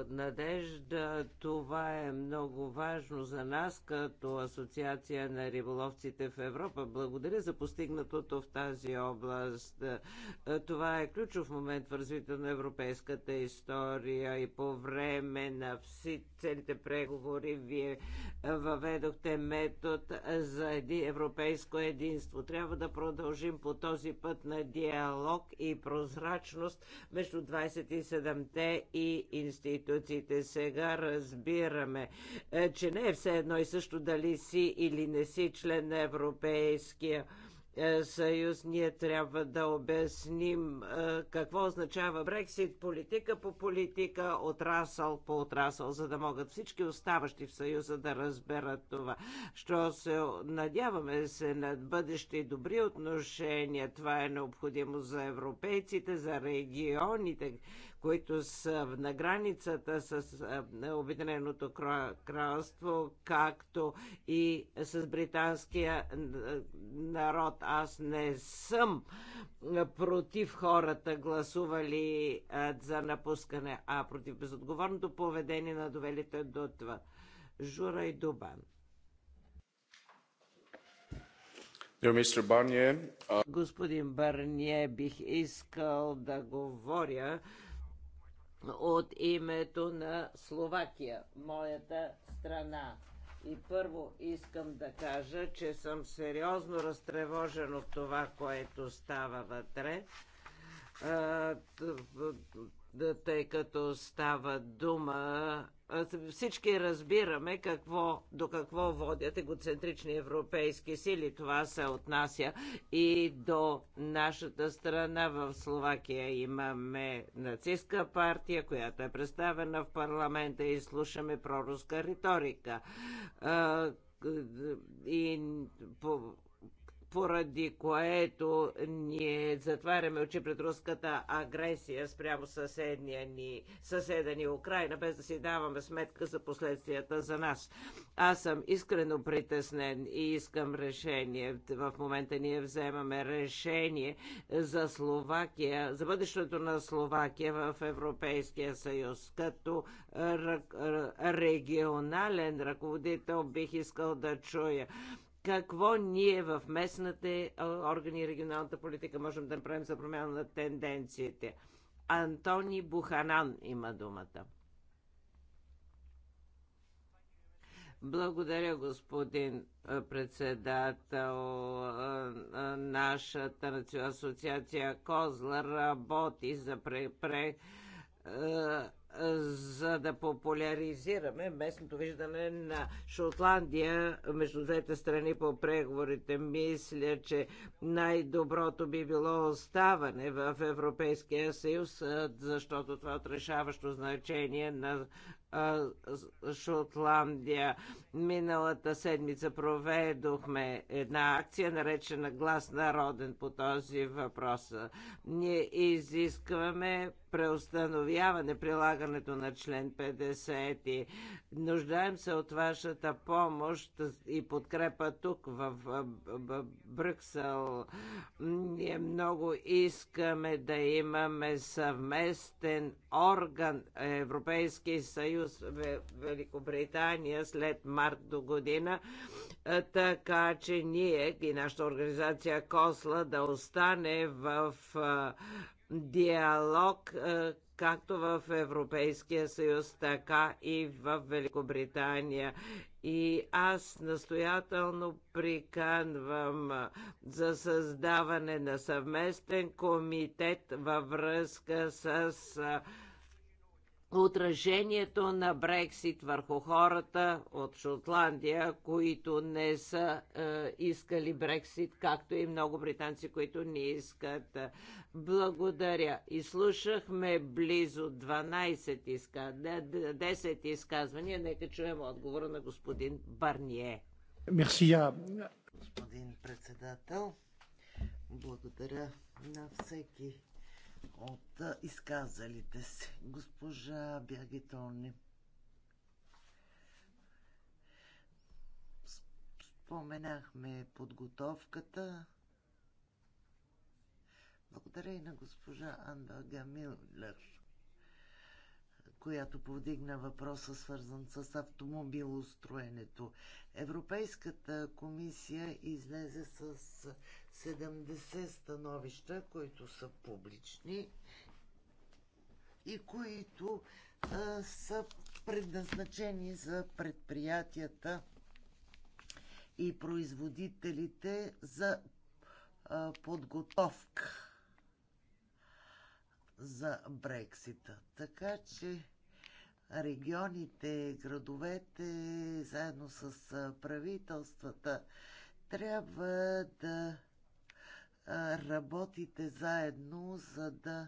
[SPEAKER 1] надежда. Това е много важно за нас като Асоциация на риболовците в Европа. Благодаря за постигнатото в тази област. Е, това е ключов момент в развитието на европейската история и по време на всички целите преговори вие въведохте метод за еди европейско единство. Трябва да продължим по този път на диалог и прозрачност между 27-те и институциите. Сега разбираме, е, че не е все едно и също дали си или не си член на Европейския е, съюз, ние трябва да обясним е, какво означава Брексит, политика по политика, отрасъл по отрасъл, за да могат всички оставащи в съюза да разберат това. Що се надяваме се на бъдещи добри отношения, това е необходимо за европейците, за регионите, които са на границата с Обединеното кралство, както и с британския народ. Аз не съм против хората гласували за напускане, а против безотговорното поведение на довелите до това. Жура и Дубан. Uh, Господин Барние, бих искал да говоря от името на Словакия, моята страна. И първо искам да кажа, че съм сериозно разтревожен от това, което става вътре, тъй като става дума всички разбираме какво, до какво водят егоцентрични европейски сили. Това се отнася и до нашата страна. В Словакия имаме нацистска партия, която е представена в парламента и слушаме проруска риторика. И поради което ние затваряме очи пред руската агресия спрямо съседния ни, съседа ни Украина, без да си даваме сметка за последствията за нас. Аз съм искрено притеснен и искам решение. В момента ние вземаме решение за Словакия, за бъдещето на Словакия в Европейския съюз. Като регионален ръководител бих искал да чуя какво ние в местните органи и регионалната политика можем да направим за промяна на тенденциите. Антони Буханан има думата. Благодаря, господин председател. Нашата асоциация Козла работи за пре, пре, за да популяризираме местното виждане на Шотландия между двете страни по преговорите. Мисля, че най-доброто би било оставане в Европейския съюз, защото това е отрешаващо значение на Шотландия. Миналата седмица проведохме една акция, наречена Глас народен по този въпрос. Ние изискваме преустановяване прилагането на член 50. Нуждаем се от вашата помощ и подкрепа тук в Брюксел. Ние много искаме да имаме съвместен орган Европейски съюз в Великобритания след март до година, е, така че ние и нашата организация Косла да остане в е, диалог е, както в Европейския съюз, така и в Великобритания. И аз настоятелно приканвам е, за създаване на съвместен комитет във връзка с е, отражението на Брексит върху хората от Шотландия, които не са е, искали Брексит, както и много британци, които не искат. Благодаря. И слушахме близо 12 иска, 10 изказвания. Нека чуем отговора на господин Барние.
[SPEAKER 2] Мерсия. Господин председател, благодаря на всеки от изказалите се. Госпожа Бягитони. Споменахме подготовката. Благодаря и на госпожа Анда Гамилер която повдигна въпроса, свързан с автомобилостроенето. Европейската комисия излезе с 70 становища, които са публични и които а, са предназначени за предприятията и производителите за а, подготовка за Брексита. Така че регионите, градовете, заедно с правителствата. Трябва да работите заедно, за да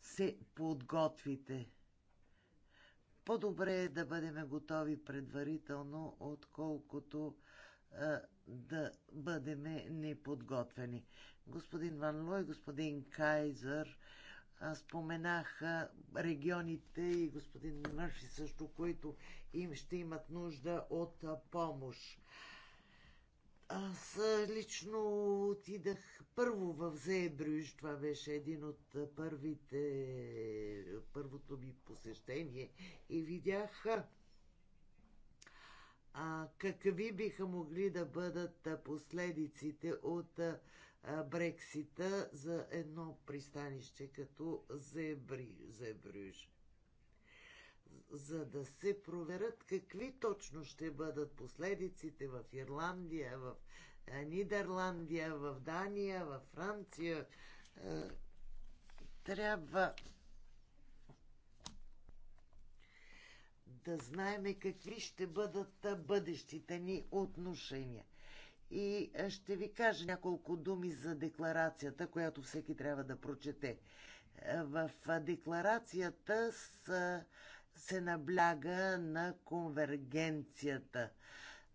[SPEAKER 2] се подготвите. По-добре е да бъдем готови предварително, отколкото да бъдем неподготвени. Господин Ван Лой, господин Кайзър споменах регионите и господин Мърши също, които им ще имат нужда от помощ. Аз лично отидах първо в Зебрюж. Това беше един от първите, първото ми посещение и видях а, какви биха могли да бъдат последиците от Брексита за едно пристанище като Зебри, Зебрюж. За да се проверят какви точно ще бъдат последиците в Ирландия, в Нидерландия, в Дания, в Франция, трябва да знаеме какви ще бъдат бъдещите ни отношения и е, ще ви кажа няколко думи за декларацията, която всеки трябва да прочете. Е, в е, декларацията са, се набляга на конвергенцията,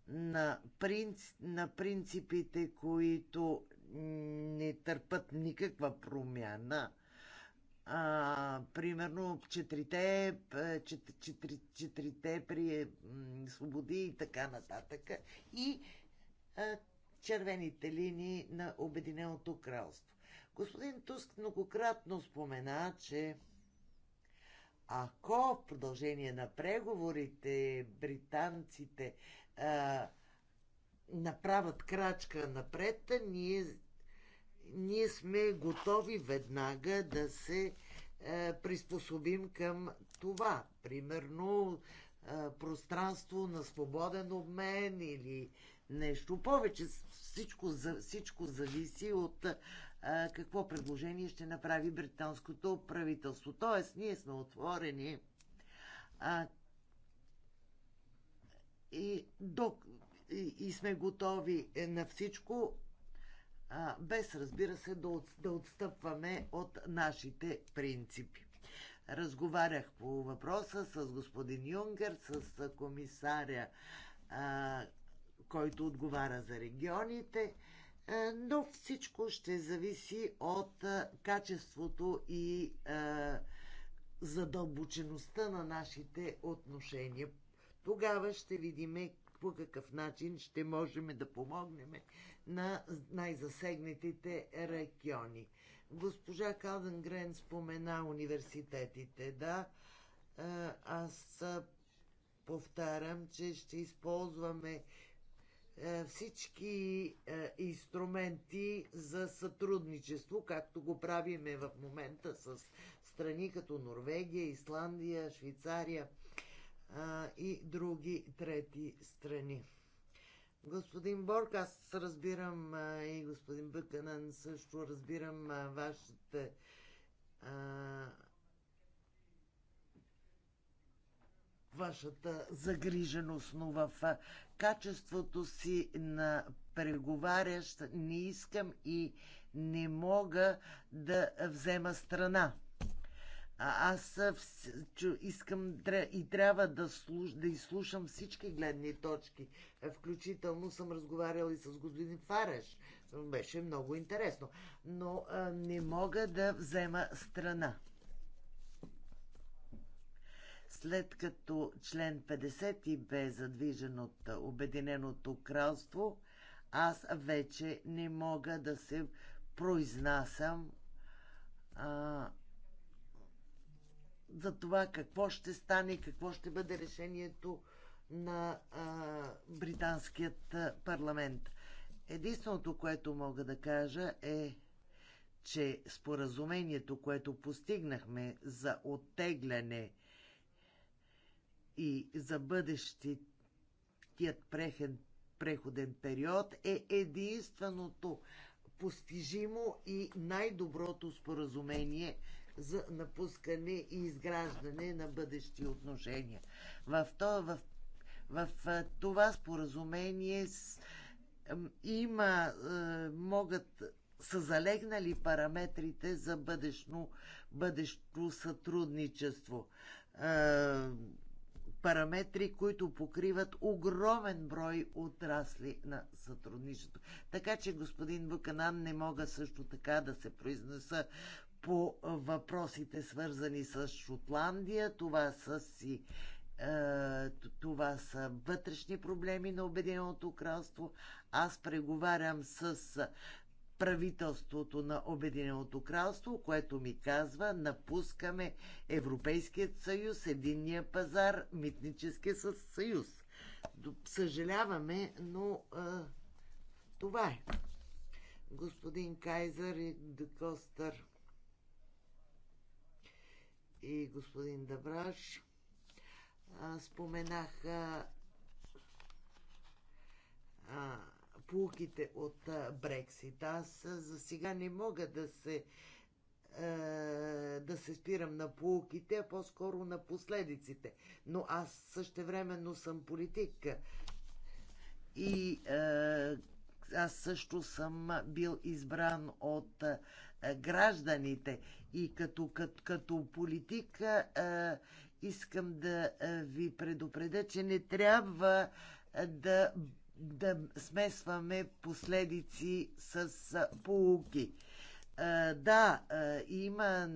[SPEAKER 2] на, принц, на принципите, които не търпат никаква промяна. А, примерно, четирите, четирите, четирите при свободи и така нататък. И червените линии на Обединеното кралство. Господин Туск многократно спомена, че ако в продължение на преговорите британците а, направят крачка напред, ние, ние сме готови веднага да се а, приспособим към това. Примерно а, пространство на свободен обмен или нещо повече. Всичко, всичко зависи от а, какво предложение ще направи британското правителство. Тоест, ние сме отворени а, и, до, и, и сме готови на всичко, а, без, разбира се, да, от, да отстъпваме от нашите принципи. Разговарях по въпроса с господин Юнгер, с комисаря който отговаря за регионите, е, но всичко ще зависи от е, качеството и е, задълбочеността на нашите отношения. Тогава ще видим по какъв начин ще можем да помогнем на най-засегнатите региони. Госпожа Калденгрен спомена университетите. Да, аз повтарям, че ще използваме е, всички е, инструменти за сътрудничество, както го правиме в момента с страни като Норвегия, Исландия, Швейцария и други трети страни. Господин Борг, аз разбирам и господин Бъканан също разбирам вашите вашата загриженост, но в качеството си на преговарящ не искам и не мога да взема страна. А аз искам и трябва да, слуш, да изслушам всички гледни точки. Е, включително съм разговаряла и с господин Фареш. Беше много интересно. Но а, не мога да взема страна след като член 50 бе задвижен от Обединеното кралство, аз вече не мога да се произнасям а, за това какво ще стане, какво ще бъде решението на а, британският парламент. Единственото, което мога да кажа е, че споразумението, което постигнахме за оттегляне и за бъдещият прехен, преходен период е единственото постижимо и най-доброто споразумение за напускане и изграждане на бъдещи отношения. В, това, в, в, това споразумение с, има, могат, са залегнали параметрите за бъдещо, бъдещо сътрудничество параметри, които покриват огромен брой отрасли на сътрудничество. Така че, господин Буканан, не мога също така да се произнеса по въпросите, свързани с Шотландия. Това са си е, това са вътрешни проблеми на Обединеното кралство. Аз преговарям с правителството на Обединеното кралство, което ми казва, напускаме Европейският съюз, единния пазар, митническия съюз. Съжаляваме, но а, това е. Господин Кайзер и Декостър и господин Дабраш споменаха а, пулките от Брексит. Аз за сега не мога да се да се спирам на полуките, а по-скоро на последиците. Но аз същевременно съм политик. И аз също съм бил избран от гражданите. И като, като, като политик искам да ви предупредя, че не трябва да да смесваме последици с полуки. Да, има,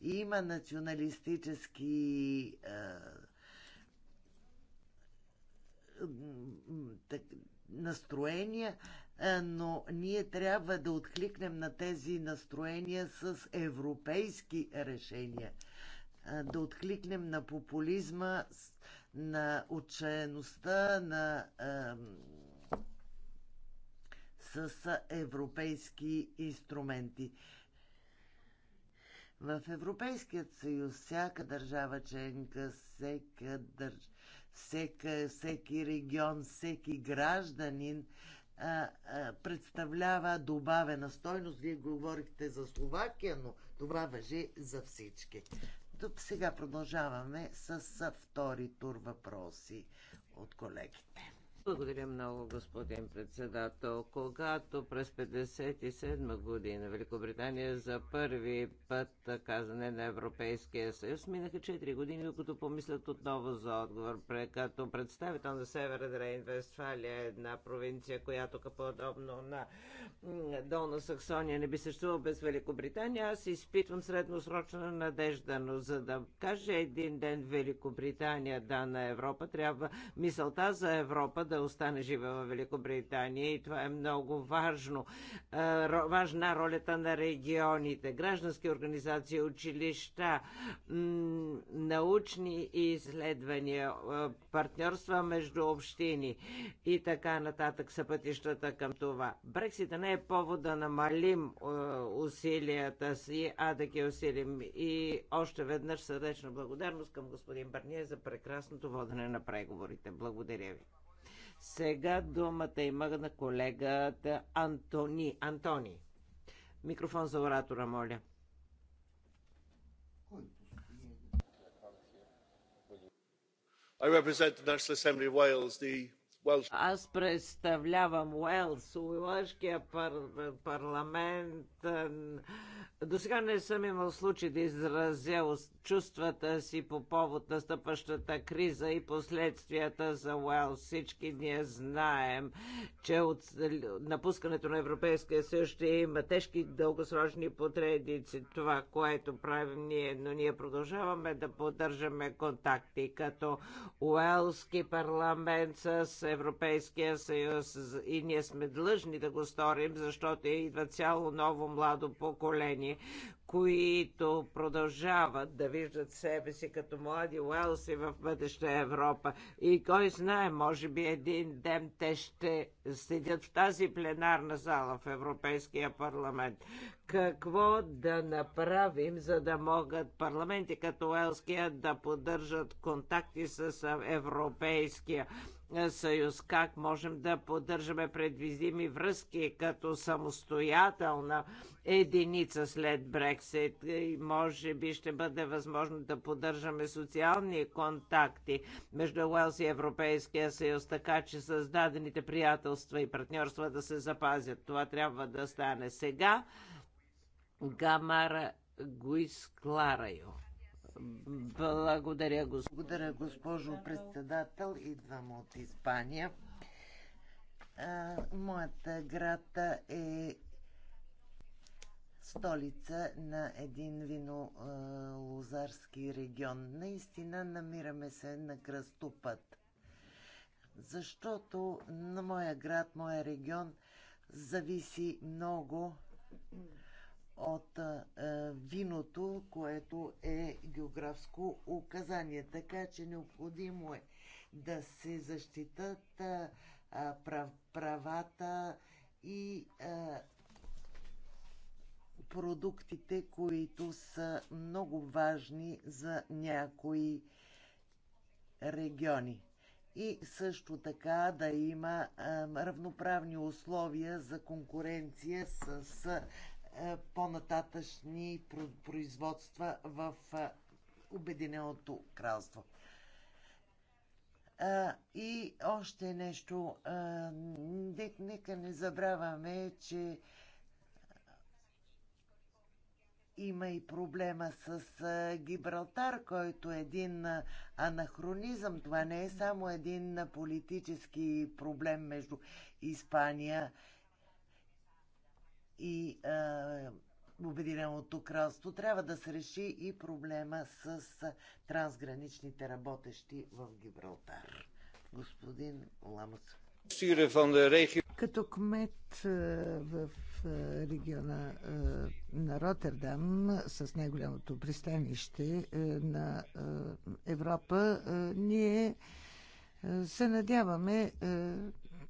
[SPEAKER 2] има националистически настроения, но ние трябва да откликнем на тези настроения с европейски решения, да откликнем на популизма на отчаяността на, а, с европейски инструменти. В Европейският съюз всяка държава членка, всека, дър... всека, всеки регион, всеки гражданин а, а, представлява добавена стойност. Вие говорихте за Словакия, но това въжи за всички. Сега продължаваме с втори тур въпроси
[SPEAKER 1] от колегите. Благодаря много, господин председател. Когато през 1957 година Великобритания за първи път казане на Европейския съюз, минаха 4 години, докато помислят отново за отговор. Като представител на Севера Дрейн вестфалия е една провинция, която подобно на Долна Саксония не би съществувала без Великобритания, аз изпитвам средносрочна надежда, но за да каже един ден Великобритания да на Европа, трябва мисълта за Европа да да остане жива в Великобритания и това е много важно. Важна ролята на регионите, граждански организации, училища, научни изследвания, партньорства между общини и така нататък са пътищата към това. Брексита не е повод да намалим усилията си, а да ги усилим. И още веднъж сърдечна благодарност към господин Барния за прекрасното водене на преговорите. Благодаря ви. Сега думата има на колегата Антони. Антони. Микрофон за оратора, моля.
[SPEAKER 3] I represent the National Assembly of Wales, the
[SPEAKER 1] аз представлявам Уелс, Уелшкия пар, парламент. До сега не съм имал случай да изразя чувствата си по повод настъпащата криза и последствията за Уелс. Всички ние знаем, че от напускането на Европейския съюз ще има тежки дългосрочни потредици. Това, което правим ние, но ние продължаваме да поддържаме контакти като Уелски парламент с Европейския съюз и ние сме длъжни да го сторим, защото идва цяло ново младо поколение, които продължават да виждат себе си като млади Уелси в бъдеща Европа. И кой знае, може би един ден те ще седят в тази пленарна зала в Европейския парламент. Какво да направим, за да могат парламенти като Уелския да поддържат контакти с Европейския? съюз, как можем да поддържаме предвидими връзки като самостоятелна единица след Брексит. И може би ще бъде възможно да поддържаме социални контакти между Уелс и Европейския съюз, така че създадените приятелства и партньорства да се запазят. Това трябва да стане сега. Гамара Гуис Кларайо. Благодаря, Благодаря, госпожо председател.
[SPEAKER 2] Идвам от Испания. А, моята град е столица на един винолозарски регион. Наистина намираме се на кръстопът. Защото на моя град, моя регион зависи много от а, виното, което е географско указание. Така че необходимо е да се защитат а, прав, правата и а, продуктите, които са много важни за някои региони. И също така да има а, равноправни условия за конкуренция с, с е, по-нататъчни производства в е, Обединеното кралство. Е, и още нещо. нека не забравяме, че има и проблема с Гибралтар, който е един анахронизъм. Това не е само един политически проблем между Испания и и а, Обединеното кралство. Трябва да се реши и проблема с трансграничните работещи в Гибралтар. Господин Ламос.
[SPEAKER 3] Като кмет в региона на Роттердам с най-голямото пристанище на Европа, ние се надяваме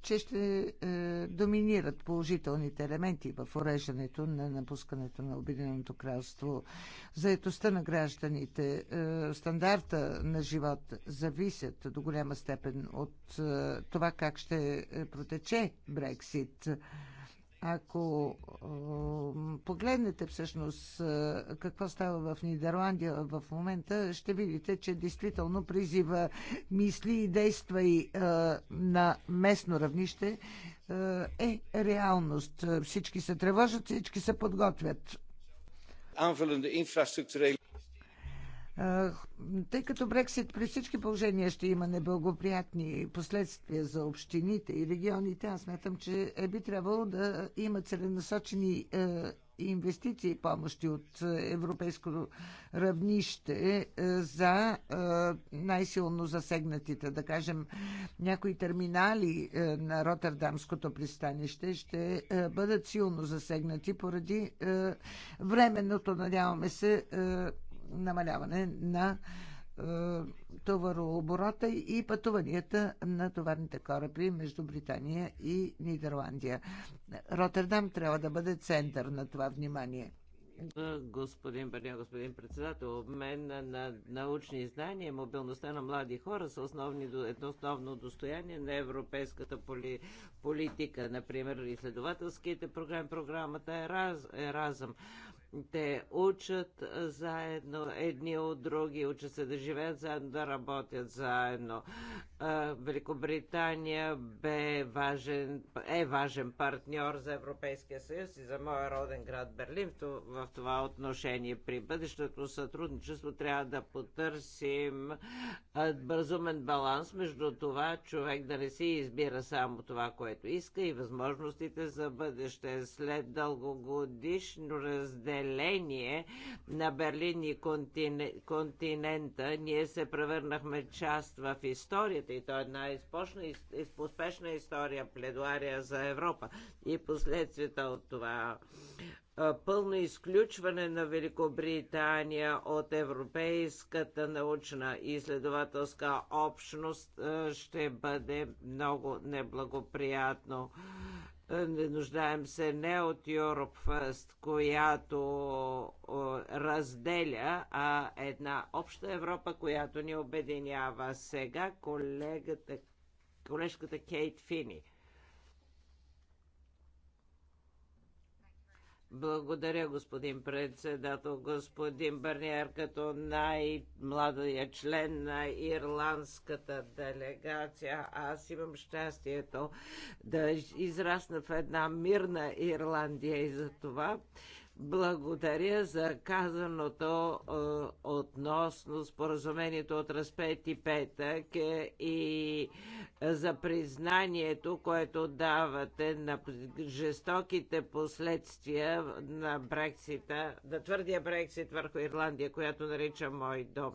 [SPEAKER 3] че ще е, доминират положителните елементи в уреждането на напускането на Обединеното кралство. Заетостта на гражданите, е, стандарта на живот зависят до голяма степен от е, това как ще протече Брексит. Ако погледнете всъщност какво става в Нидерландия в момента, ще видите, че действително призива мисли и действа и на местно равнище е реалност. Всички се тревожат, всички се подготвят.
[SPEAKER 1] Aanvullende infrastructurele
[SPEAKER 3] тъй като Брексит при всички положения ще има неблагоприятни последствия за общините и регионите, аз смятам, че е би трябвало да има целенасочени е, инвестиции и помощи от е, европейско равнище за най-силно засегнатите. Да кажем, някои терминали на Ротърдамското пристанище ще бъдат силно засегнати поради временното, надяваме се, намаляване на е, товарооборота и пътуванията на товарните кораби между Британия и Нидерландия. Роттердам трябва да бъде център на това внимание.
[SPEAKER 1] Е, господин Берня, господин председател, обмен на, на научни знания и мобилността на млади хора са основни, едно основно достояние на европейската поли, политика. Например, изследователските програми, програмата Ераз, Е разъм. Те учат заедно едни от други, учат се да живеят заедно, да работят заедно. Великобритания бе важен, е важен партньор за Европейския съюз и за моя роден град Берлин в това отношение. При бъдещото сътрудничество трябва да потърсим разумен баланс между това човек да не си избира само това, което иска и възможностите за бъдеще. След дългогодишно разделение население на Берлин и континента, ние се превърнахме част в историята и то е една изпочна, успешна история, пледуария за Европа и последствията от това пълно изключване на Великобритания от Европейската научна и изследователска общност ще бъде много неблагоприятно. Не нуждаем се не от Europe First, която разделя, а една обща Европа, която ни обединява. Сега колегата, колежката Кейт Фини. Благодаря, господин председател. Господин Барниер, като най-младия член на ирландската делегация, аз имам щастието да израсна в една мирна Ирландия и за това благодаря за казаното е, относно споразумението от разпети петък е, и за признанието, което давате на жестоките последствия на Брексита, на твърдия Брексит върху Ирландия, която нарича мой дом.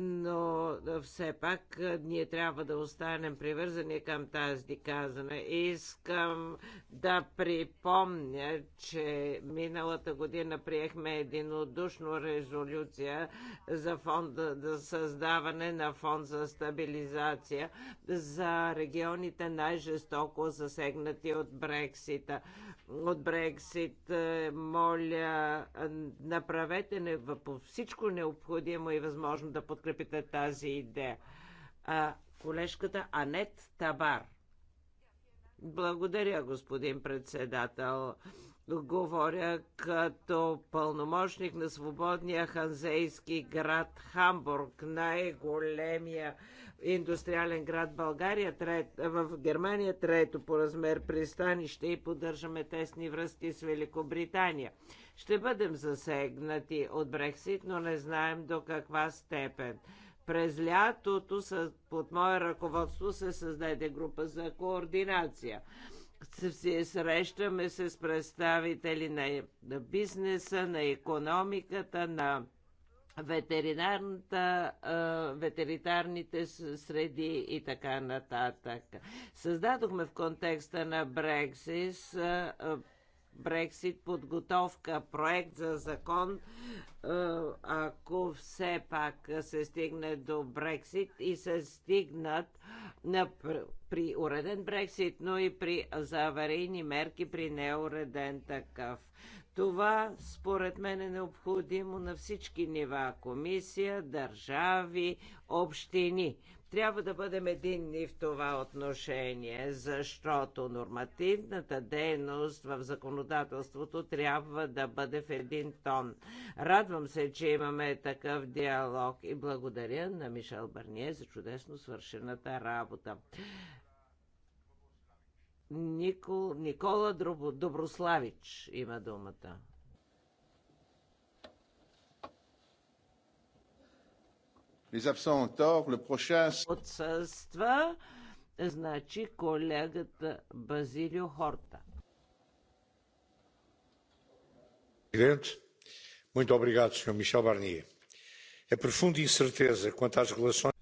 [SPEAKER 1] Но все пак ние трябва да останем привързани към тази казана. Искам да припомня, че миналата година приехме единодушно резолюция за фонда за създаване на фонд за стабилизация за регионите най-жестоко засегнати от Брексита. От Брексит, е, моля, направете не, по всичко необходимо и възможно да подкрепите тази идея. А, колежката Анет Табар. Благодаря, господин председател. Говоря като пълномощник на свободния ханзейски град Хамбург, най-големия индустриален град България, трет, в Германия трето по размер пристанище и поддържаме тесни връзки с Великобритания. Ще бъдем засегнати от Брексит, но не знаем до каква степен. През лятото под мое ръководство се създаде група за координация – се срещаме с представители на, бизнеса, на економиката, на ветеринарната, ветеринарните среди и така нататък. Създадохме в контекста на Брексис Брексит, подготовка, проект за закон, е, ако все пак се стигне до Брексит и се стигнат на, при уреден Брексит, но и при за аварийни мерки при неуреден такъв. Това, според мен, е необходимо на всички нива комисия, държави, общини трябва да бъдем единни в това отношение, защото нормативната дейност в законодателството трябва да бъде в един тон. Радвам се, че имаме такъв диалог и благодаря на Мишел Барние за чудесно свършената работа. Никол, Никола Доброславич има думата. Отсъства, значи колегата Базилио Хорта.
[SPEAKER 2] Presidente, muito obrigado, Sr. Michel Barnier. profunda incerteza quanto às relações.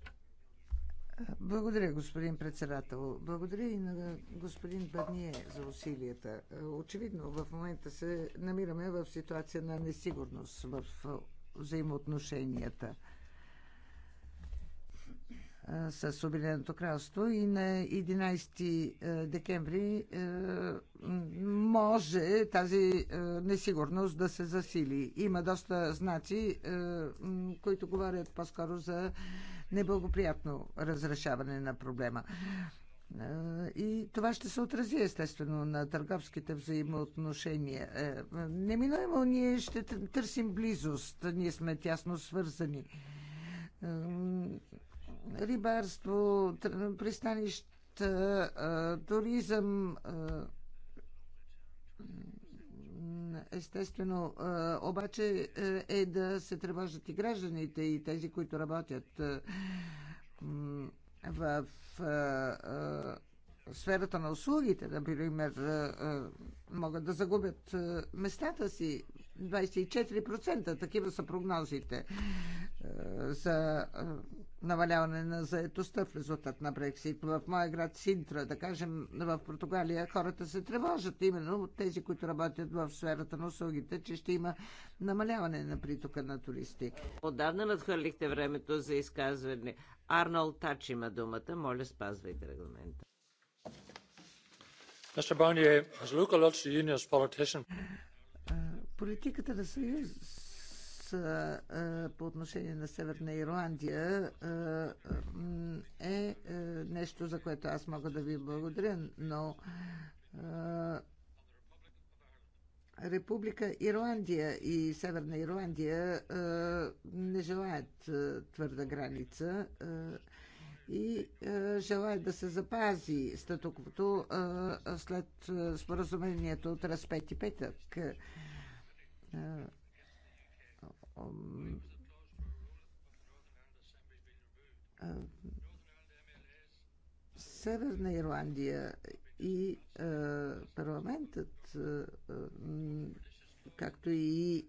[SPEAKER 3] Благодаря, господин председател. Благодаря и на господин Барние за усилията. Очевидно, в момента се намираме в ситуация на несигурност в взаимоотношенията с Обединеното кралство и на 11 е, декември е, може тази е, несигурност да се засили. Има доста знаци, които говорят по-скоро за неблагоприятно разрешаване на проблема. И това ще се отрази естествено на търговските взаимоотношения. Неминуемо ние ще търсим близост. Ние сме тясно свързани рибарство, пристанища, туризъм, естествено, обаче е да се тревожат и гражданите и тези, които работят в сферата на услугите, например, могат да загубят местата си. 24% такива са прогнозите за намаляване на заетостта в резултат на Брексит. В моя град Синтра, да кажем, в Португалия, хората се тревожат, именно от тези, които работят в сферата на услугите, че ще има намаляване на притока на туристи.
[SPEAKER 1] Отдавна надхвърлихте времето за изказване. Арнолд Тач има думата. Моля, спазвайте регламента.
[SPEAKER 3] Политиката на Съюз по отношение на Северна Ирландия е, е нещо, за което аз мога да ви благодаря, но Република Ирландия и Северна Ирландия не желаят твърда граница и желаят да се запази статуквото след споразумението от разпети петък. Северна Ирландия и парламентът, както и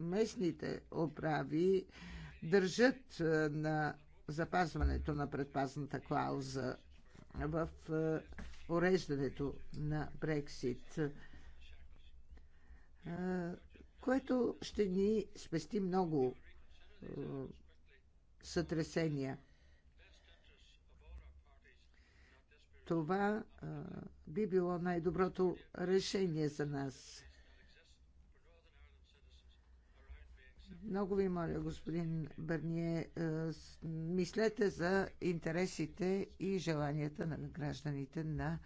[SPEAKER 3] местните оправи, държат на запазването на предпазната клауза в уреждането на Брексит което ще ни спести много е, сътресения. Това е, би било най-доброто решение за нас. Много ви моля, господин Бърние, е, мислете за интересите и желанията на гражданите на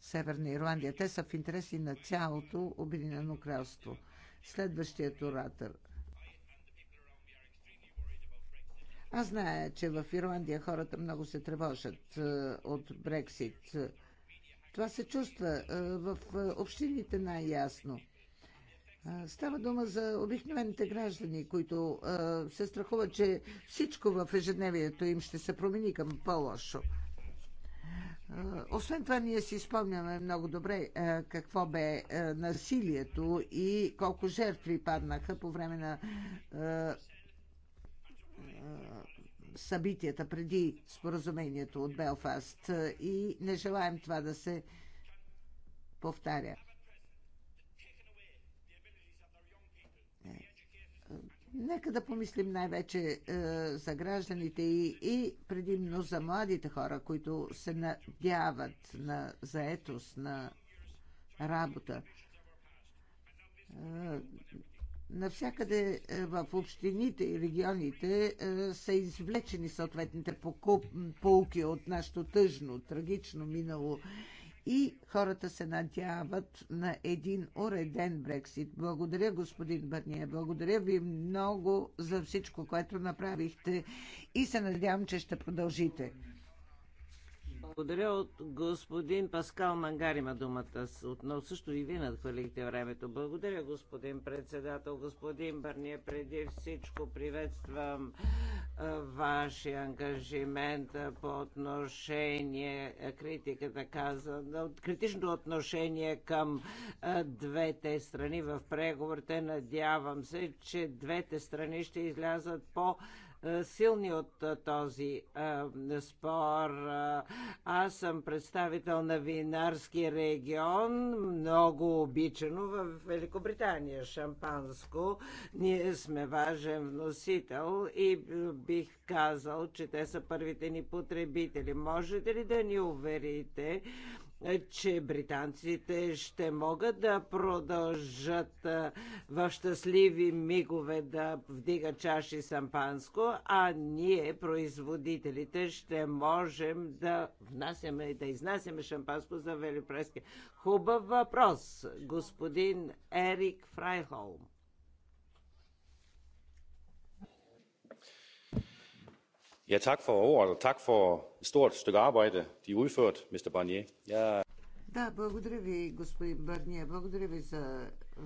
[SPEAKER 3] Северна Ирландия. Те са в интереси на цялото Обединено кралство. Следващият оратор. Аз знае, че в Ирландия хората много се тревожат е, от Брексит. Това се чувства е, в е, общините най-ясно. Става дума за обикновените граждани, които се страхуват, че всичко в ежедневието им ще се промени към по-лошо. Е, освен това, ние си спомняме много добре е, какво бе е, насилието и колко жертви паднаха по време на събитията преди споразумението от Белфаст и не желаем това да се повтаря. Нека да помислим най-вече е, за гражданите и, и предимно за младите хора, които се надяват на заетост, на работа. Е, навсякъде е, в общините и регионите е, са извлечени съответните покуп, полки от нашето тъжно, трагично минало. Е, и хората се надяват на един уреден Брексит. Благодаря, господин Бърния. Благодаря ви много за всичко, което направихте и се надявам, че ще продължите.
[SPEAKER 1] Благодаря от господин Паскал Мангар има думата. Отново също и вие надхвърлихте времето. Благодаря, господин председател. Господин Бърния, преди всичко приветствам вашия ангажимент по отношение критиката каза, критичното отношение към двете страни в преговорите. Надявам се, че двете страни ще излязат по силни от този спор. Аз съм представител на винарски регион, много обичано в Великобритания шампанско. Ние сме важен вносител и бих казал, че те са първите ни потребители. Можете ли да ни уверите, е, че британците ще могат да продължат е, в щастливи мигове да вдигат чаши сампанско, а ние, производителите, ще можем да внасяме и да изнасяме шампанско за Велипрески. Хубав въпрос, господин Ерик Фрайхолм.
[SPEAKER 3] tak for ordet, og tak for et stort stykke arbejde, de har udført, Mr. Barnier. Jeg... Да, благодаря ви, господин Барния. Благодаря ви за е,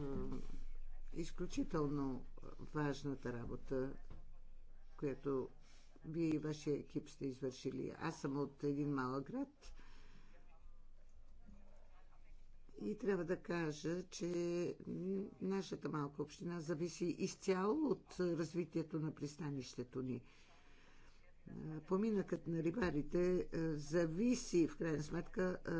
[SPEAKER 3] изключително е, важната работа, която вие и вашия екип сте извършили. Аз съм от един малък град и трябва да кажа, че нашата малка община зависи изцяло от е, развитието на пристанището ни. Е, поминъкът на рибарите е, зависи в крайна сметка е,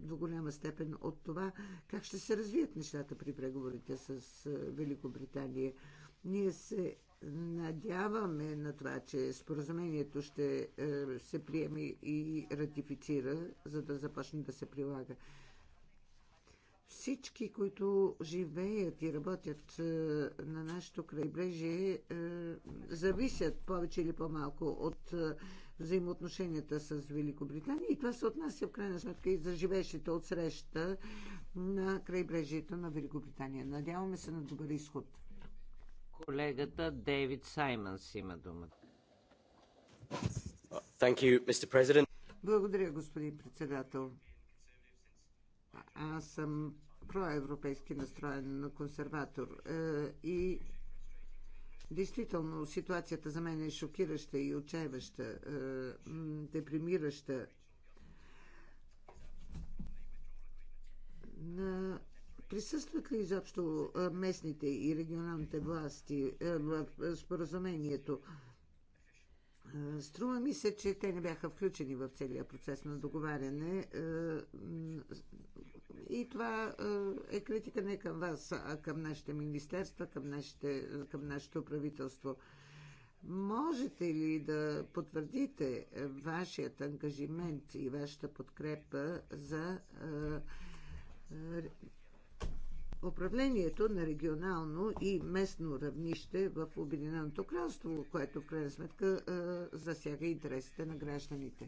[SPEAKER 3] до голяма степен от това как ще се развият нещата при преговорите с Великобритания. Ние се надяваме на това, че споразумението ще се приеме и ратифицира, за да започне да се прилага. Всички, които живеят и работят е, на нашето крайбрежие, е, зависят повече или по-малко от е, взаимоотношенията с Великобритания. И това се отнася в крайна сметка и за живеещите от среща на крайбрежието на Великобритания. Надяваме се на добър изход.
[SPEAKER 1] Колегата Дейвид Саймънс има думата.
[SPEAKER 3] Благодаря, господин председател. Аз съм проевропейски настроен консерватор е, и действително ситуацията за мен е шокираща и отчаяваща, е, депримираща. На Присъстват ли изобщо е, местните и регионалните власти в споразумението? Струва ми се, че те не бяха включени в целия процес на договаряне. И това е, е критика не към вас, а към нашите министерства, към, нашите, към нашето правителство. Можете ли да потвърдите вашият ангажимент и вашата подкрепа за е, е, управлението на регионално и местно равнище в Обединеното кралство, което в крайна сметка засяга интересите на гражданите.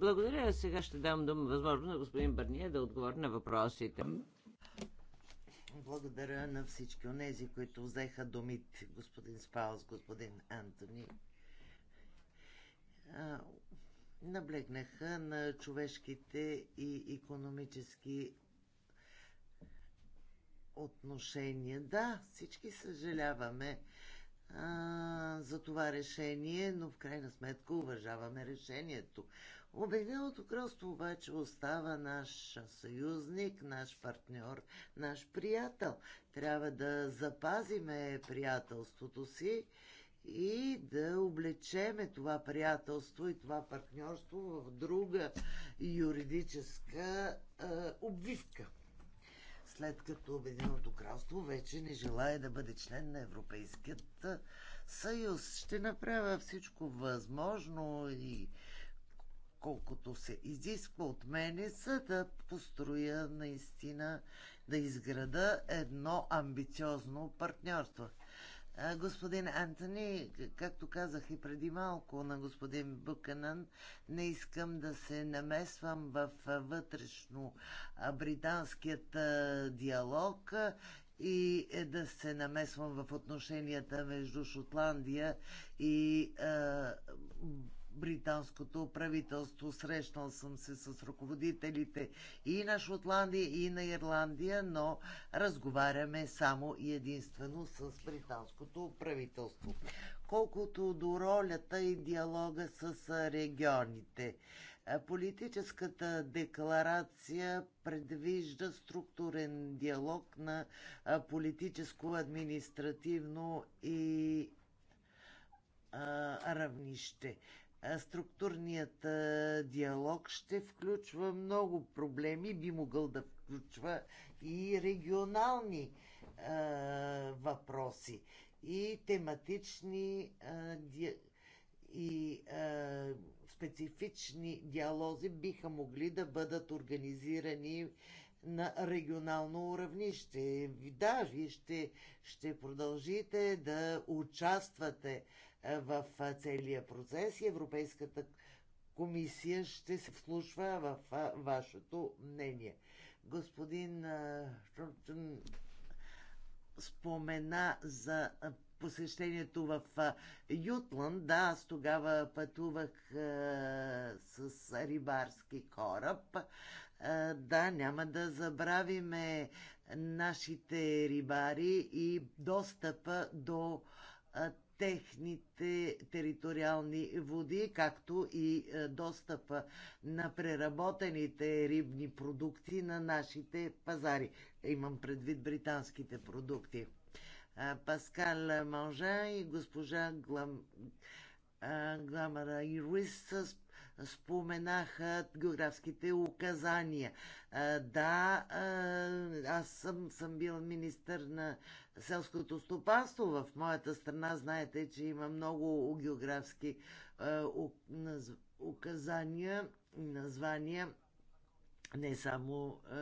[SPEAKER 1] Благодаря. Сега ще дам дума възможно на господин Бърния да отговори на въпросите.
[SPEAKER 2] Благодаря на всички онези, които взеха думите, господин Спаус, господин Антони. Наблегнаха на човешките и економически отношения. Да, всички съжаляваме а, за това решение, но в крайна сметка уважаваме решението. Обединеното кралство обаче остава наш съюзник, наш партньор, наш приятел. Трябва да запазиме приятелството си и да облечеме това приятелство и това партньорство в друга юридическа а, обвивка след като Обединеното кралство вече не желая да бъде член на Европейският съюз. Ще направя всичко възможно и колкото се изисква от мене, за да построя наистина, да изграда едно амбициозно партньорство. Господин Антони, както казах и преди малко на господин Буканан, не искам да се намесвам в вътрешно британският диалог и е да се намесвам в отношенията между Шотландия и британското правителство. Срещнал съм се с ръководителите и на Шотландия, и на Ирландия, но разговаряме само и единствено с британското правителство. Колкото до ролята и диалога с регионите. Политическата декларация предвижда структурен диалог на политическо, административно и равнище структурният диалог ще включва много проблеми, би могъл да включва и регионални а, въпроси, и тематични а, ди, и а, специфични диалози биха могли да бъдат организирани на регионално уравнище. Да, вие ще, ще продължите да участвате в целия процес и Европейската комисия ще се вслушва в вашето мнение. Господин спомена за посещението в Ютланд. Да, аз тогава пътувах е, с рибарски кораб. Е, да, няма да забравиме нашите рибари и достъпа до е, техните териториални води, както и е, достъпа на преработените рибни продукти на нашите пазари. Имам предвид британските продукти. Е, Паскал Манжа и госпожа Глам... Е, Гламара Ирис споменаха географските указания. Да, аз съм, съм бил министър на селското стопанство. В моята страна знаете, че има много географски е, указания и названия, не само е,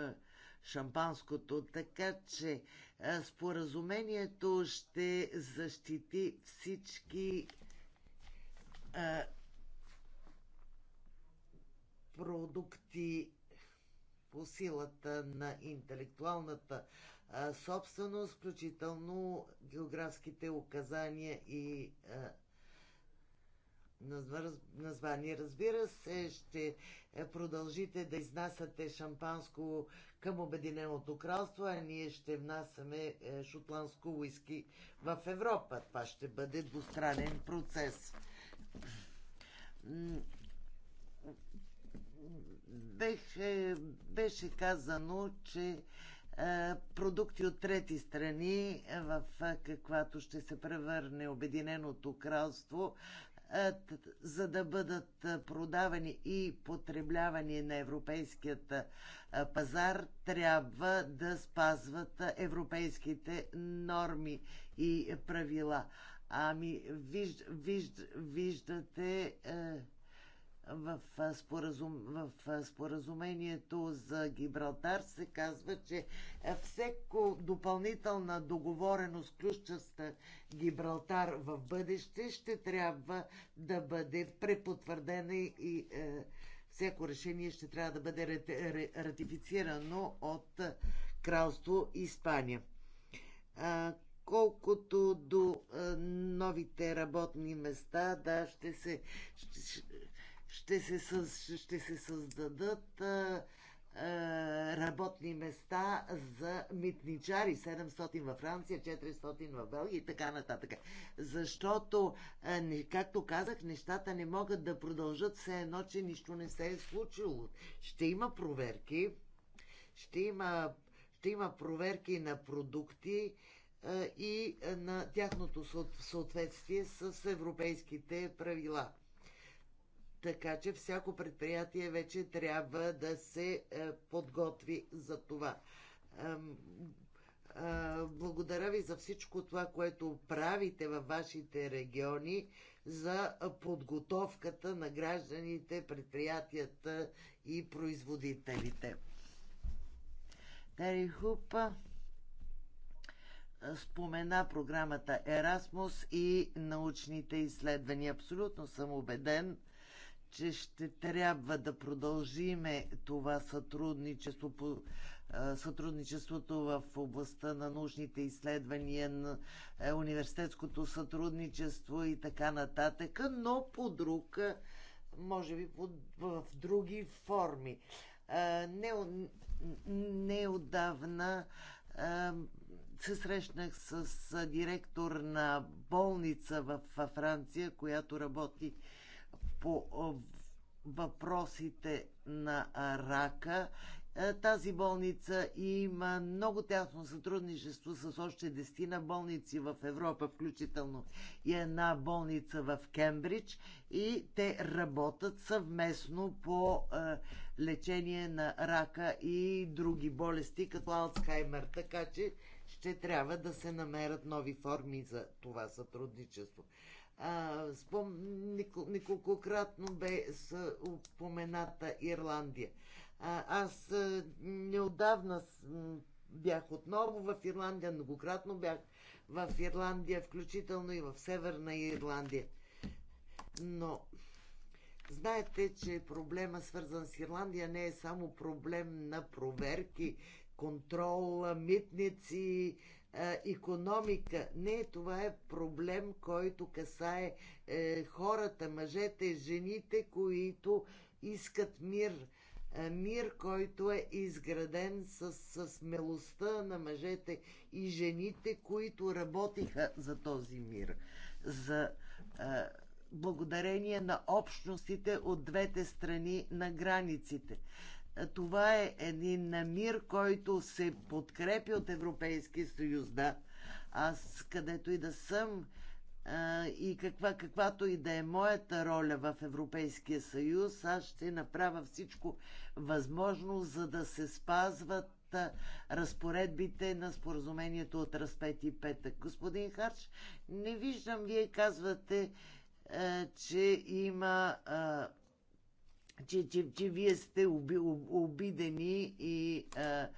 [SPEAKER 2] шампанското. Така че е, споразумението ще защити всички продукти по силата на интелектуалната собственост, включително географските указания и названия. Разбира се, ще е, продължите да изнасяте шампанско към Обединеното кралство, а ние ще внасяме е, шотландско уиски в Европа. Това ще бъде двустранен процес. беше, беше казано, че е, продукти от трети страни, е, в е, каквато ще се превърне Обединеното кралство, за да бъдат продавани и потреблявани на европейският пазар, трябва да спазват европейските норми и правила. Ами, вижд, вижд, виждате. Е, в, споразум, в споразумението за Гибралтар се казва, че е, всеко допълнителна договореност, включваща Гибралтар в бъдеще, ще трябва да бъде препотвърдена и е, всяко решение ще трябва да бъде ратифицирано от е, Кралство Испания. А, колкото до а, е, новите работни места, да, ще се. Ще, ще се, ще се създадат работни места за митничари. 700 във Франция, 400 в Белгия и така нататък. Защото, както казах, нещата не могат да продължат все едно, че нищо не се е случило. Ще има проверки, ще има, ще има проверки на продукти и на тяхното съответствие с европейските правила. Така че всяко предприятие вече трябва да се е, подготви за това. Благодаря ви за всичко това, което правите във вашите региони за подготовката на гражданите, предприятията и производителите. Тери Хупа спомена програмата Erasmus и научните изследвания. Абсолютно съм убеден, че ще трябва да продължиме това сътрудничество по сътрудничеството в областта на научните изследвания, на е, университетското сътрудничество и така нататък, но по друг, може би по, в други форми. Не, не отдавна се срещнах с директор на болница в Франция, която работи по въпросите на рака. Тази болница има много тясно сътрудничество с още десетина болници в Европа, включително и една болница в Кембридж. И те работят съвместно по лечение на рака и други болести, като Алцхаймер. Така че ще трябва да се намерят нови форми за това сътрудничество. Неколкократно бе спомената Ирландия. Аз неодавна бях отново в Ирландия, многократно бях в Ирландия, включително и в Северна Ирландия. Но знаете, че проблема свързан с Ирландия не е само проблем на проверки, контрол, митници, економика. Не, това е проблем, който касае е, хората, мъжете, жените, които искат мир. Е, мир, който е изграден с, с смелостта на мъжете и жените, които работиха за този мир. За е, благодарение на общностите от двете страни на границите. Това е един мир, който се подкрепи от Европейския съюз, да. Аз където и да съм а, и каква, каквато и да е моята роля в Европейския съюз, аз ще направя всичко възможно, за да се спазват разпоредбите на споразумението от разпет и петък. Господин Харч, не виждам, вие казвате, че има че, че, че вие сте уби, обидени и а,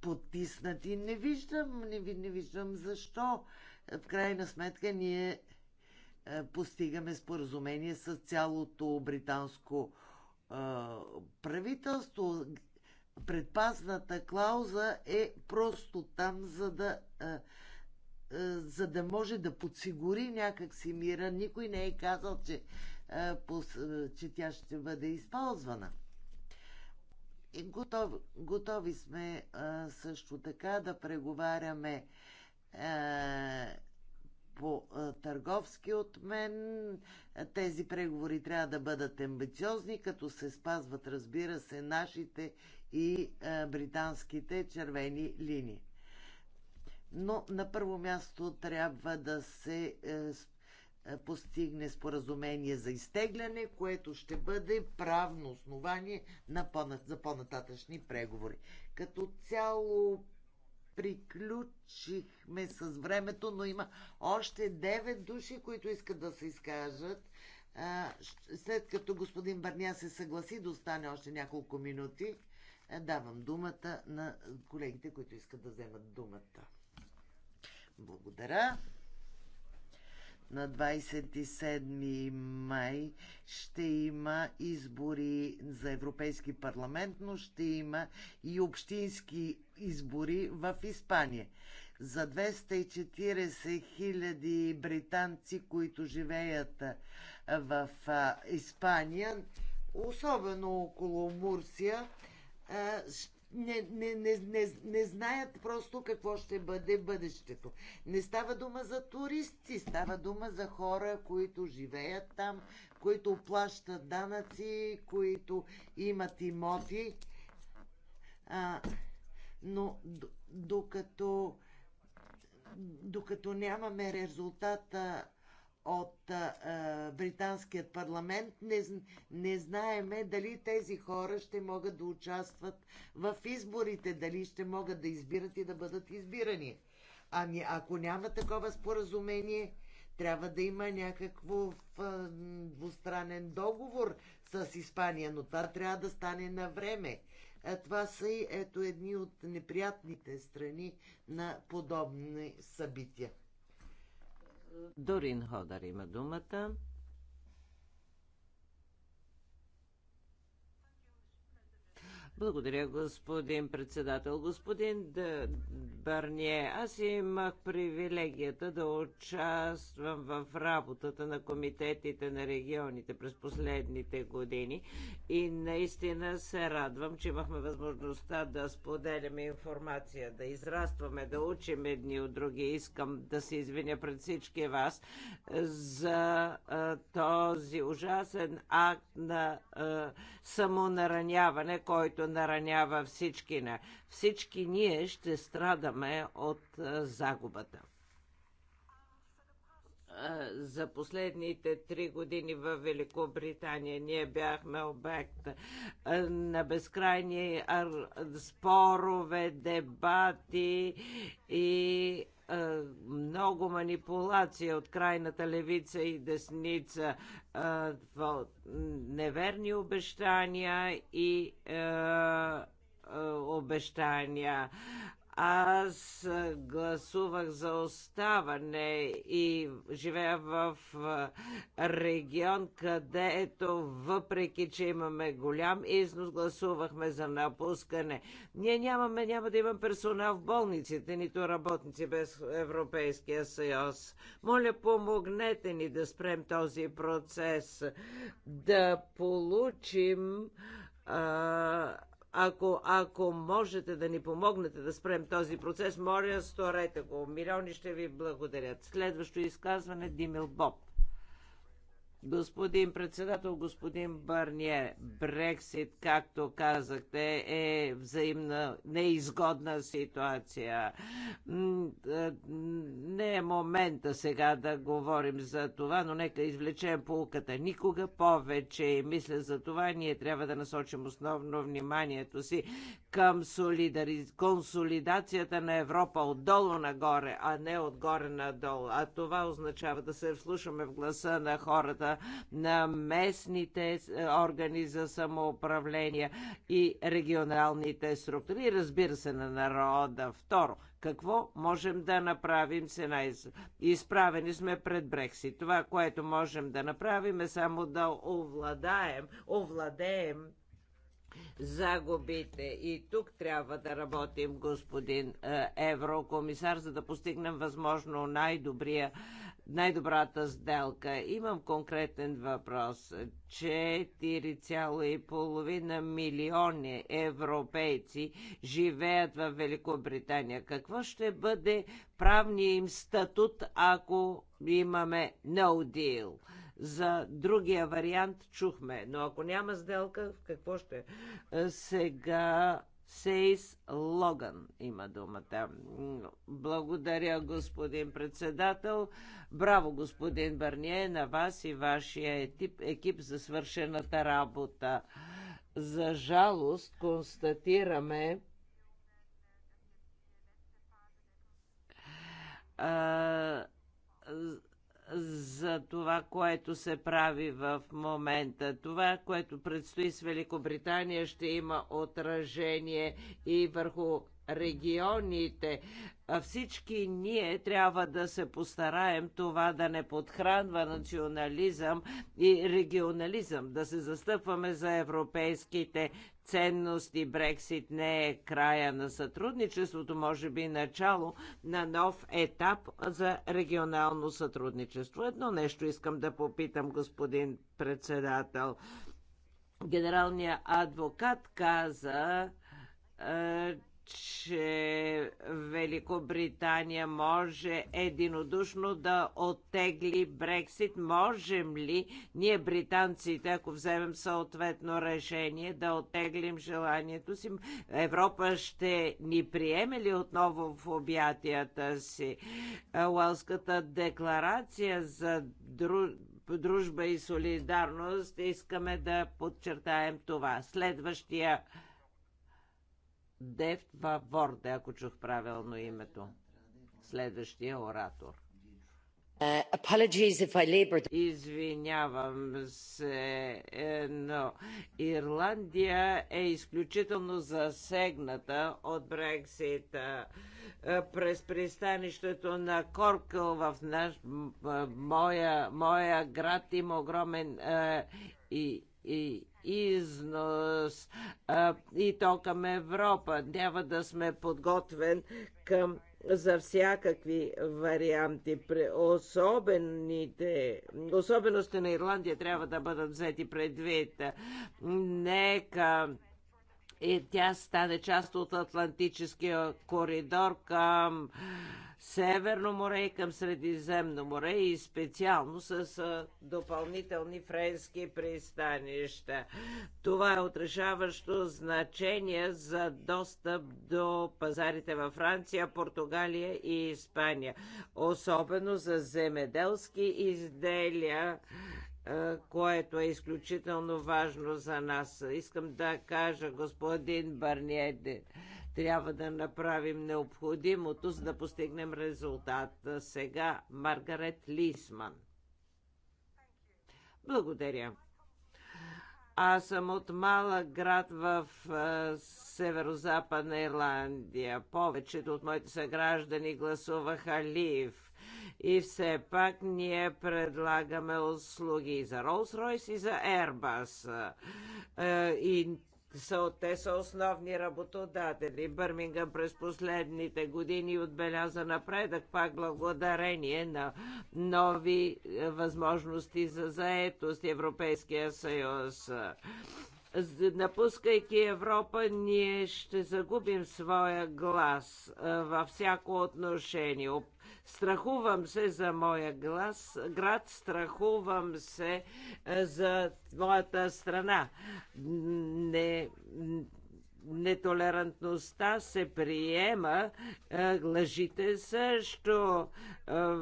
[SPEAKER 2] потиснати. Не виждам, не, не виждам защо. В крайна сметка ние а, постигаме споразумение с цялото британско а, правителство. Предпазната клауза е просто там, за да. А, за да може да подсигури някакси мира. Никой не е казал, че че тя ще бъде използвана. И готов, готови сме а, също така да преговаряме а, по а, търговски мен. Тези преговори трябва да бъдат амбициозни, като се спазват, разбира се, нашите и а, британските червени линии. Но на първо място трябва да се а, е, е, постигне споразумение за изтегляне, което ще бъде правно основание на по за по-нататъчни преговори. Като цяло приключихме с времето, но има още 9 души, които искат да се изкажат. След като господин Барня се съгласи да остане още няколко минути, е, давам думата на колегите, които искат да вземат думата. Благодаря на 27 май ще има избори за Европейски парламент, но ще има и общински избори в Испания. За 240 хиляди британци, които живеят в Испания, особено около Мурсия, не, не, не, не, не знаят просто какво ще бъде бъдещето. Не става дума за туристи, става дума за хора, които живеят там, които плащат данъци, които имат имоти. А, но докато, докато нямаме резултата от а, британският парламент. Не, не знаеме дали тези хора ще могат да участват в изборите, дали ще могат да избират и да бъдат избирани. Ами ако няма такова споразумение, трябва да има някакво двустранен договор с Испания, но това трябва да стане на време. Това са и ето едни от неприятните страни на подобни събития.
[SPEAKER 1] Дорин Ходар има думата. Благодаря, господин председател. Господин Д... Барние, аз имах привилегията да участвам в работата на комитетите на регионите през последните години и наистина се радвам, че имахме възможността да споделяме информация, да израстваме, да учим едни от други. Искам да се извиня пред всички вас за а, този ужасен акт на а, самонараняване, който наранява всички на. Всички ние ще страдаме от е, загубата е, за последните три години в Великобритания. Ние бяхме обект е, на безкрайни спорове, дебати и е, много манипулация от крайната левица и десница, е, неверни обещания и е, обещания. Аз гласувах за оставане и живея в регион, където въпреки, че имаме голям износ, гласувахме за напускане. Ние нямаме, няма да имам персонал в болниците, нито работници без Европейския съюз. Моля, помогнете ни да спрем този процес, да получим а, ако, ако можете да ни помогнете да спрем този процес, моля, сторете го. Милиони ще ви благодарят. Следващо изказване Димил Боб. Господин председател, господин Барние, Брексит, както казахте, е взаимна неизгодна ситуация. Е, не е момента сега да говорим за това, но нека извлечем полката. Никога повече. И мисля за това, ние трябва да насочим основно вниманието си към солидари... консолидацията на Европа отдолу нагоре, а не отгоре надолу. А това означава да се вслушаме в гласа на хората, на местните е, органи за самоуправление и регионалните структури, и разбира се на народа. Второ, какво можем да направим с една изправени сме пред Брексит. Това, което можем да направим е само да овладаем, овладеем загубите. И тук трябва да работим, господин е, еврокомисар, за да постигнем възможно най-добрия най-добрата сделка. Имам конкретен въпрос. 4,5 милиони европейци живеят в Великобритания. Какво ще бъде правния им статут, ако имаме no deal? За другия вариант чухме, но ако няма сделка, какво ще? Сега Сейс Логан има думата. Благодаря, господин председател. Браво, господин Барние, на вас и вашия екип, екип за свършената работа. За жалост констатираме, а, за това, което се прави в момента. Това, което предстои с Великобритания, ще има отражение и върху регионите. Всички ние трябва да се постараем това да не подхранва национализъм и регионализъм, да се застъпваме за европейските ценности. Брексит не е края на сътрудничеството, може би начало на нов етап за регионално сътрудничество. Едно нещо искам да попитам, господин председател. Генералният адвокат каза, е, че Великобритания може единодушно да оттегли Брексит. Можем ли ние, британците, ако вземем съответно решение, да оттеглим желанието си? Европа ще ни приеме ли отново в обятията си? Уелската декларация за дру дружба и солидарност, искаме да подчертаем това. Следващия Девтва Ворде, ако чух правилно името. Следващия оратор. Uh, Извинявам се, е, но Ирландия е изключително засегната от Брексита. Е, през пристанището на Коркъл в наш, е, моя, моя град има огромен и, и износ а, и то към Европа. Трябва да сме подготвен към за всякакви варианти. Особените, особености на Ирландия трябва да бъдат взети предвид. Нека и тя стане част от Атлантическия коридор към Северно море и към Средиземно море и специално с допълнителни френски пристанища. Това е отрешаващо значение за достъп до пазарите във Франция, Португалия и Испания, особено за земеделски изделия което е изключително важно за нас. Искам да кажа, господин Барниеде, трябва да направим необходимото, за да постигнем резултат. Сега Маргарет Лисман. Благодаря. Аз съм от малък град в северо-западна Ирландия. Повечето от моите съграждани гласуваха Лив. И все пак ние предлагаме услуги за Rolls-Royce, и за Airbus. Е, и са, те са основни работодатели. Бърмингъм през последните години отбеляза напредък, пак е благодарение на нови е, възможности за заетост Европейския съюз. Е, напускайки Европа, ние ще загубим своя глас във всяко отношение. Страхувам се за моя глас, град, страхувам се е, за моята страна. Не, нетолерантността се приема, е, лъжите също. Е,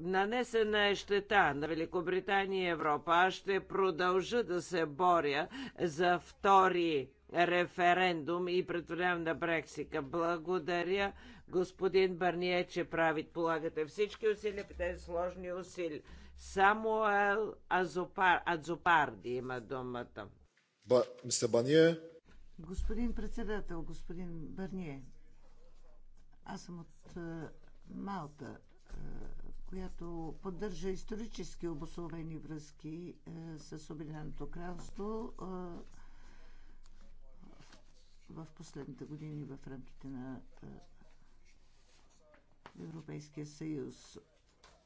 [SPEAKER 1] нанесена е щета на Великобритания и Европа. Аз ще продължа да се боря за втори референдум и претворявам на Брексика. Благодаря господин Барние, че прави, полагате всички усилия, тези сложни усилия. Самуел Азопар, Азопарди има думата. Ба, мистер Барние?
[SPEAKER 3] Господин председател, господин Барние, аз съм от е, Малта, е, която поддържа исторически обословени връзки е, с Обединеното кралство е, в последните години в рамките на е, на Европейския съюз.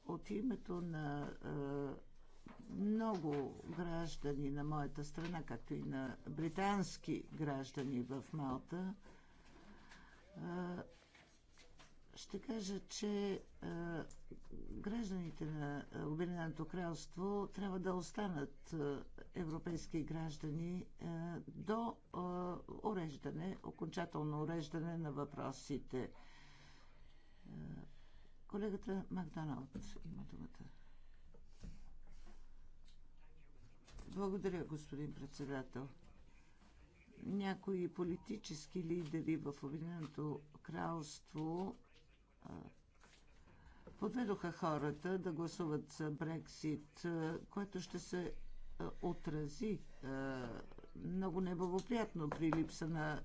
[SPEAKER 3] От името на много граждани на моята страна, както и на британски граждани в Малта, ще кажа, че гражданите на Обединеното кралство трябва да останат европейски граждани до уреждане, окончателно уреждане на въпросите е, колегата Макдоналд има думата. Благодаря, господин председател. Някои политически лидери в Обединеното кралство подведоха хората да гласуват за Брексит, което ще се отрази много неблагоприятно при липса на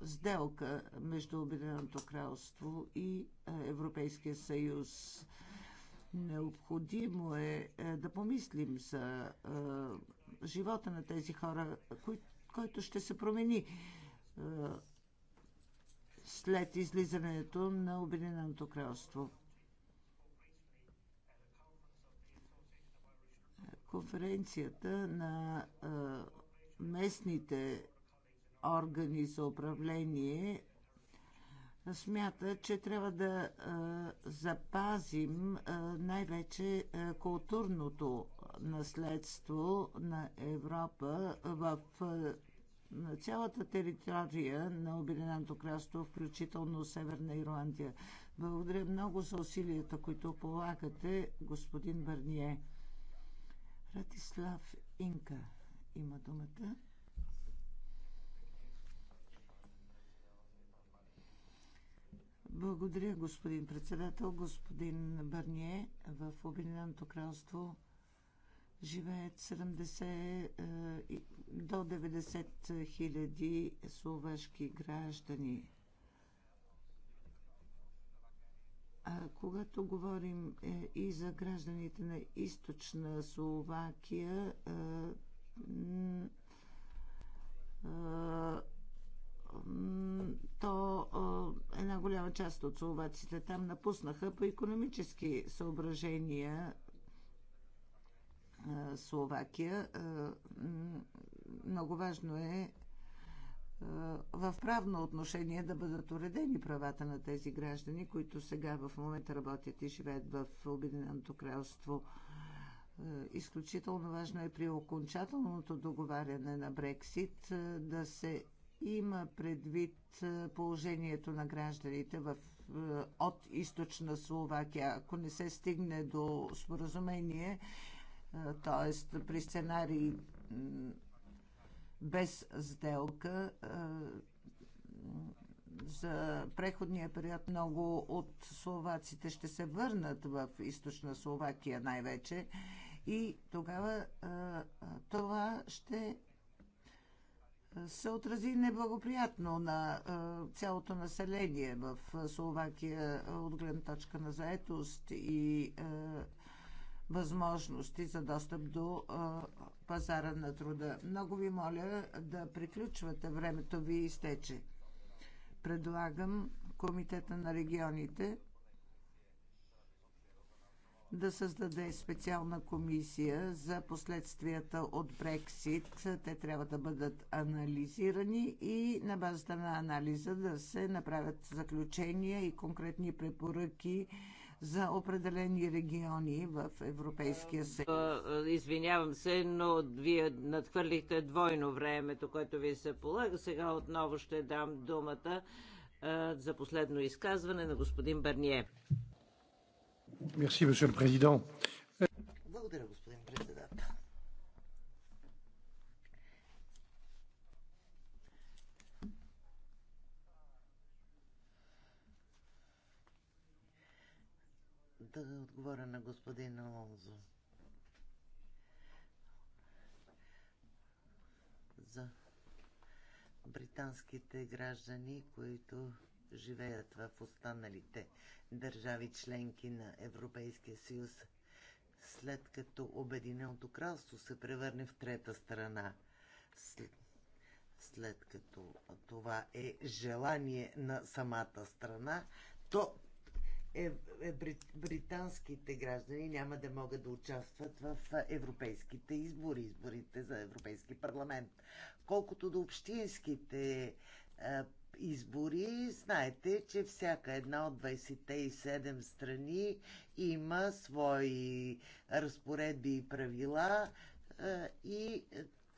[SPEAKER 3] сделка между Обединеното кралство и е, Европейския съюз. Необходимо е, е да помислим за е, живота на тези хора, който ще се промени след излизането на Обединеното кралство. Конференцията на местните органи за управление смята, че трябва да запазим най-вече културното наследство на Европа в на цялата територия на Обединеното кралство, включително Северна Ирландия. Благодаря много за усилията, които полагате, господин Барние. Ратислав Инка има думата. Благодаря, господин председател. Господин Бърние, в Обединеното кралство живеят 70 до 90 хиляди словашки граждани. А когато говорим е, и за гражданите на източна Словакия, е, е, то една голяма част от словаците там напуснаха по економически съображения Словакия. Много важно е в правно отношение да бъдат уредени правата на тези граждани, които сега в момента работят и живеят в Обединеното кралство. Изключително важно е при окончателното договаряне на Брексит да се има предвид положението на гражданите в, от източна Словакия. Ако не се стигне до споразумение, т.е. при сценарий без сделка, за преходния период много от словаците ще се върнат в източна Словакия най-вече. И тогава това ще се отрази неблагоприятно на цялото население в Словакия от гледна точка на заетост и възможности за достъп до пазара на труда. Много ви моля да приключвате. Времето ви изтече. Предлагам Комитета на регионите да създаде специална комисия за последствията от Брексит. Те трябва да бъдат анализирани и на базата на анализа да се направят заключения и конкретни препоръки за определени региони в Европейския съюз.
[SPEAKER 1] Е, е, извинявам се, но вие надхвърлихте двойно времето, което ви се полага. Сега отново ще дам думата е, за последно изказване на господин Барние. Благодаря, господин председател.
[SPEAKER 2] Да отговоря на господин Алонзо. За британските граждани, които живеят в останалите държави членки на Европейския съюз, след като Обединеното кралство се превърне в трета страна, след, като това е желание на самата страна, то е, е, британските граждани няма да могат да участват в европейските избори, изборите за Европейски парламент. Колкото до общинските избори. Знаете, че всяка една от 27 страни има свои разпоредби и правила и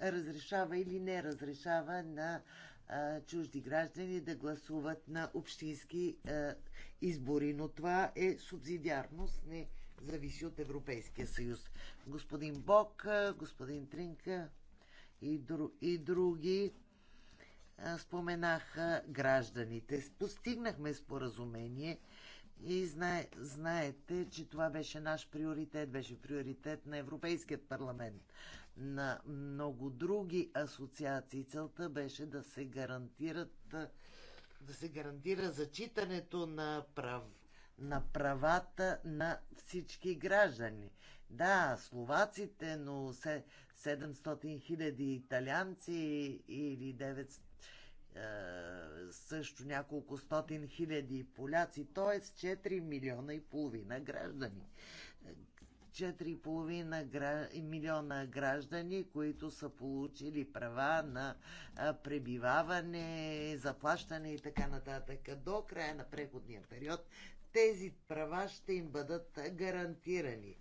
[SPEAKER 2] разрешава или не разрешава на чужди граждани да гласуват на общински избори. Но това е субсидиарност, не зависи от Европейския съюз. Господин Бог, господин Тринка и, дру, и други споменаха гражданите. Постигнахме споразумение и знае, знаете, че това беше наш приоритет, беше приоритет на Европейският парламент, на много други асоциации. Целта беше да се гарантират да се гарантира зачитането на, прав, на правата на всички граждани. Да, словаците, но 700 хиляди италианци или 900 е, също няколко стотин хиляди поляци, т.е. 4 милиона и половина граждани. 4,5 милиона граждани, които са получили права на е, пребиваване, заплащане и така нататък. До края на преходния период тези права ще им бъдат гарантирани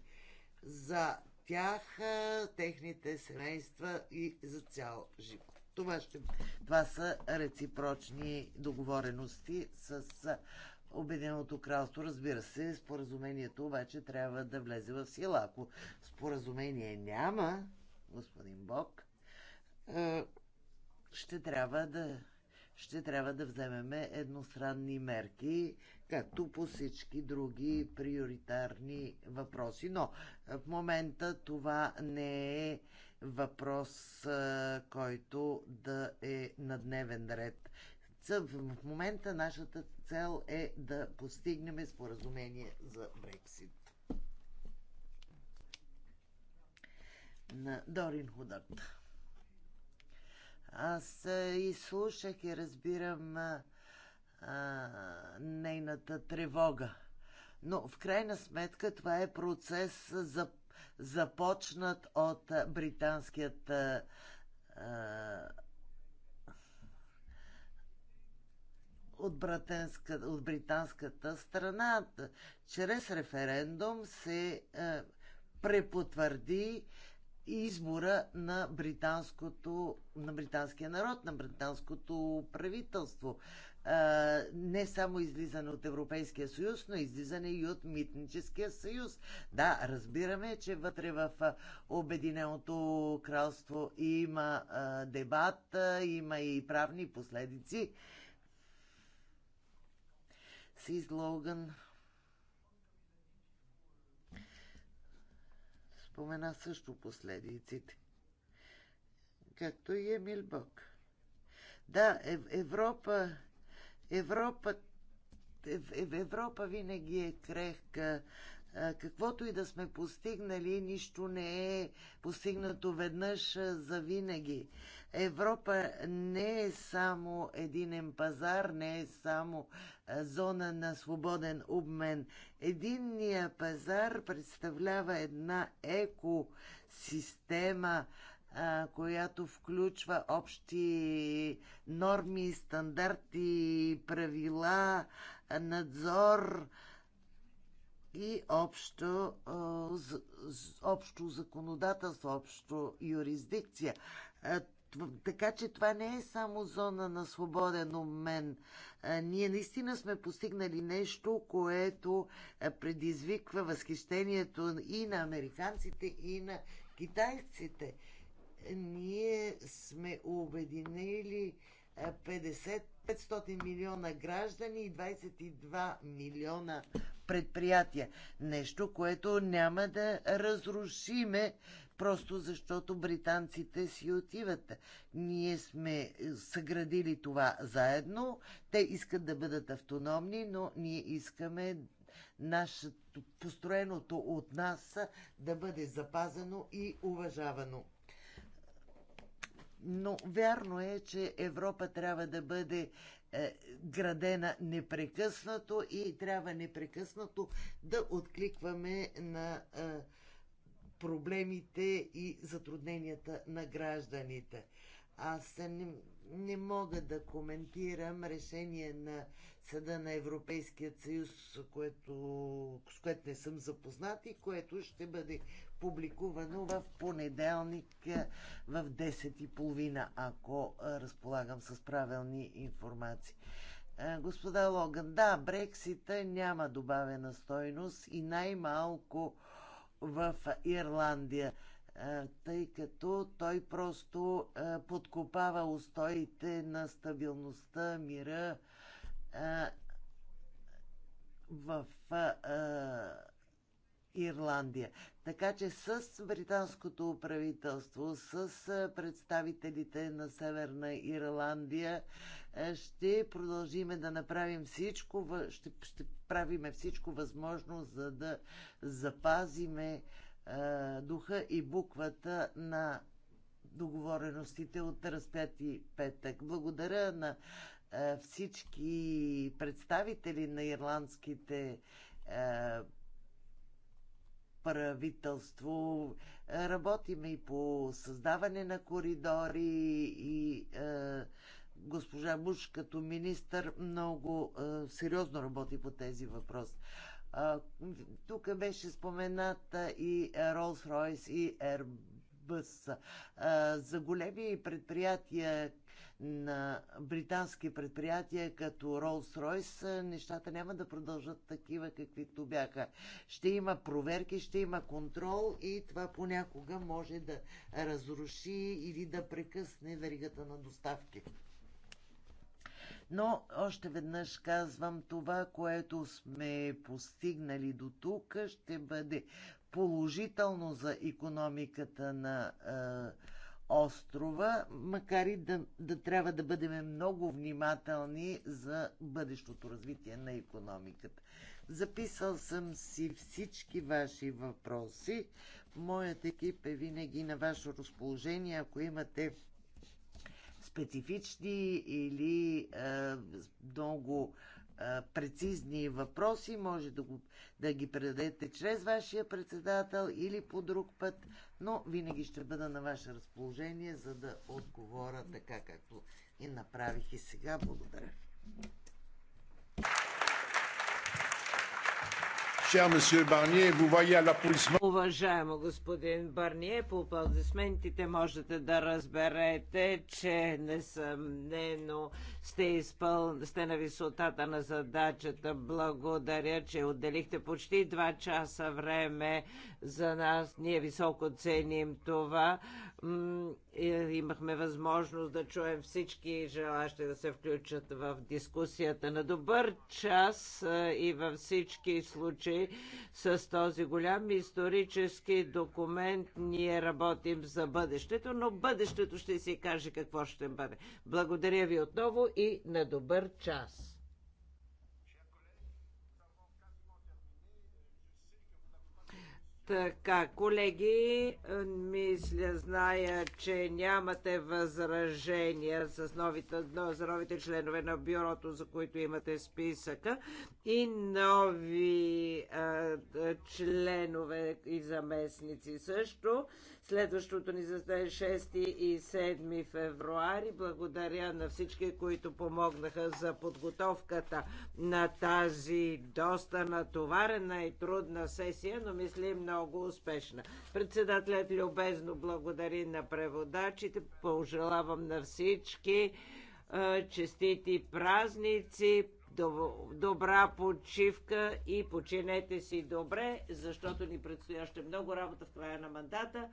[SPEAKER 2] за тях, е, техните семейства и за цял живот. Това, ще, това са реципрочни договорености с Обединеното кралство. Разбира се, споразумението обаче трябва да влезе в сила. Ако споразумение няма, господин Бог, ще трябва да ще трябва да вземеме едностранни мерки, както по всички други приоритарни въпроси. Но в момента това не е въпрос, който да е на дневен ред. В момента нашата цел е да постигнем споразумение за Брексит. на Дорин Худърт. Аз изслушах и разбирам а, а, нейната тревога. Но в крайна сметка това е процес за започнат от британският а, от, братенска, от британската страна. Чрез референдум се а, препотвърди избора на, британското, на британския народ, на британското правителство не само излизане от Европейския съюз, но излизане и от Митническия съюз. Да, разбираме, че вътре в Обединеното кралство има дебат, има и правни последици. Си Логан спомена също последиците, както и Емил Бок. Да, Европа Европа, е, е, Европа винаги е крехка. Каквото и да сме постигнали, нищо не е постигнато веднъж за винаги. Европа не е само единен пазар, не е само зона на свободен обмен. Единният пазар представлява една екосистема, която включва общи норми, стандарти, правила, надзор и общо, общо законодателство, общо юрисдикция. Така че това не е само зона на свободен обмен. Ние наистина сме постигнали нещо, което предизвиква възхищението и на американците, и на китайците ние сме обединили 500 е, милиона граждани и 22 милиона предприятия. Нещо, което няма да разрушиме, просто защото британците си отиват. Ние сме съградили това заедно. Те искат да бъдат автономни, но ние искаме нашето, построеното от нас да бъде запазено и уважавано. Но вярно е, че Европа трябва да бъде е, градена непрекъснато и трябва непрекъснато да откликваме на е, проблемите и затрудненията на гражданите. Аз не, не мога да коментирам решение на Съда на Европейския съюз, което, с което не съм запознат и което ще бъде публикувано в понеделник е, в 10.30, ако е, разполагам с правилни информации. Е, господа Логан, да, Брексита няма добавена стойност и най-малко в Ирландия, тъй като той просто подкопава устоите на стабилността, мира в Ирландия. Така че с британското правителство, с представителите на Северна Ирландия ще продължиме да направим всичко, ще, ще правиме всичко възможно, за да запазиме е, духа и буквата на договореностите от разпяти петък. Благодаря на е, всички представители на ирландските е, правителство. Работиме и по създаване на коридори и е, госпожа Буш като министър много е, сериозно работи по тези въпроси. Тук беше спомената и Ролс Ройс и Airbus бъс. За големи предприятия на британски предприятия като Rolls-Royce нещата няма да продължат такива, каквито бяха. Ще има проверки, ще има контрол и това понякога може да разруши или да прекъсне веригата на доставки. Но още веднъж казвам, това, което сме постигнали до тук, ще бъде положително за економиката на е, острова, макар и да, да трябва да бъдем много внимателни за бъдещото развитие на економиката. Записал съм си всички ваши въпроси. Моят екип е винаги на ваше разположение, ако имате специфични или е, много прецизни въпроси, може да, го, да ги предадете чрез вашия председател или по друг път, но винаги ще бъда на ваше разположение, за да отговоря така, както и направих и сега. Благодаря.
[SPEAKER 1] Уважаемо господин Барние, по аплодисментите можете да разберете, че несъмнено сте, изпъл... сте на висотата на задачата. Благодаря, че отделихте почти два часа време за нас. Ние високо ценим това. Имахме възможност да чуем всички желащи да се включат в дискусията на добър час и във всички случаи с този голям исторически документ ние работим за бъдещето, но бъдещето ще си каже какво ще бъде. Благодаря ви отново и на добър час! Така, колеги, е, мисля, зная, че нямате възражения с новите, за новите членове на бюрото, за които имате списъка и нови а, е, е, членове и заместници също. Следващото ни заседание 6 е и 7 февруари. Благодаря на всички, които помогнаха за подготовката на тази доста натоварена и трудна сесия, но мисля много успешна. Председателят любезно благодари на преводачите. Пожелавам на всички е, честити празници, добра почивка и починете си добре, защото ни предстояще много работа в края на мандата.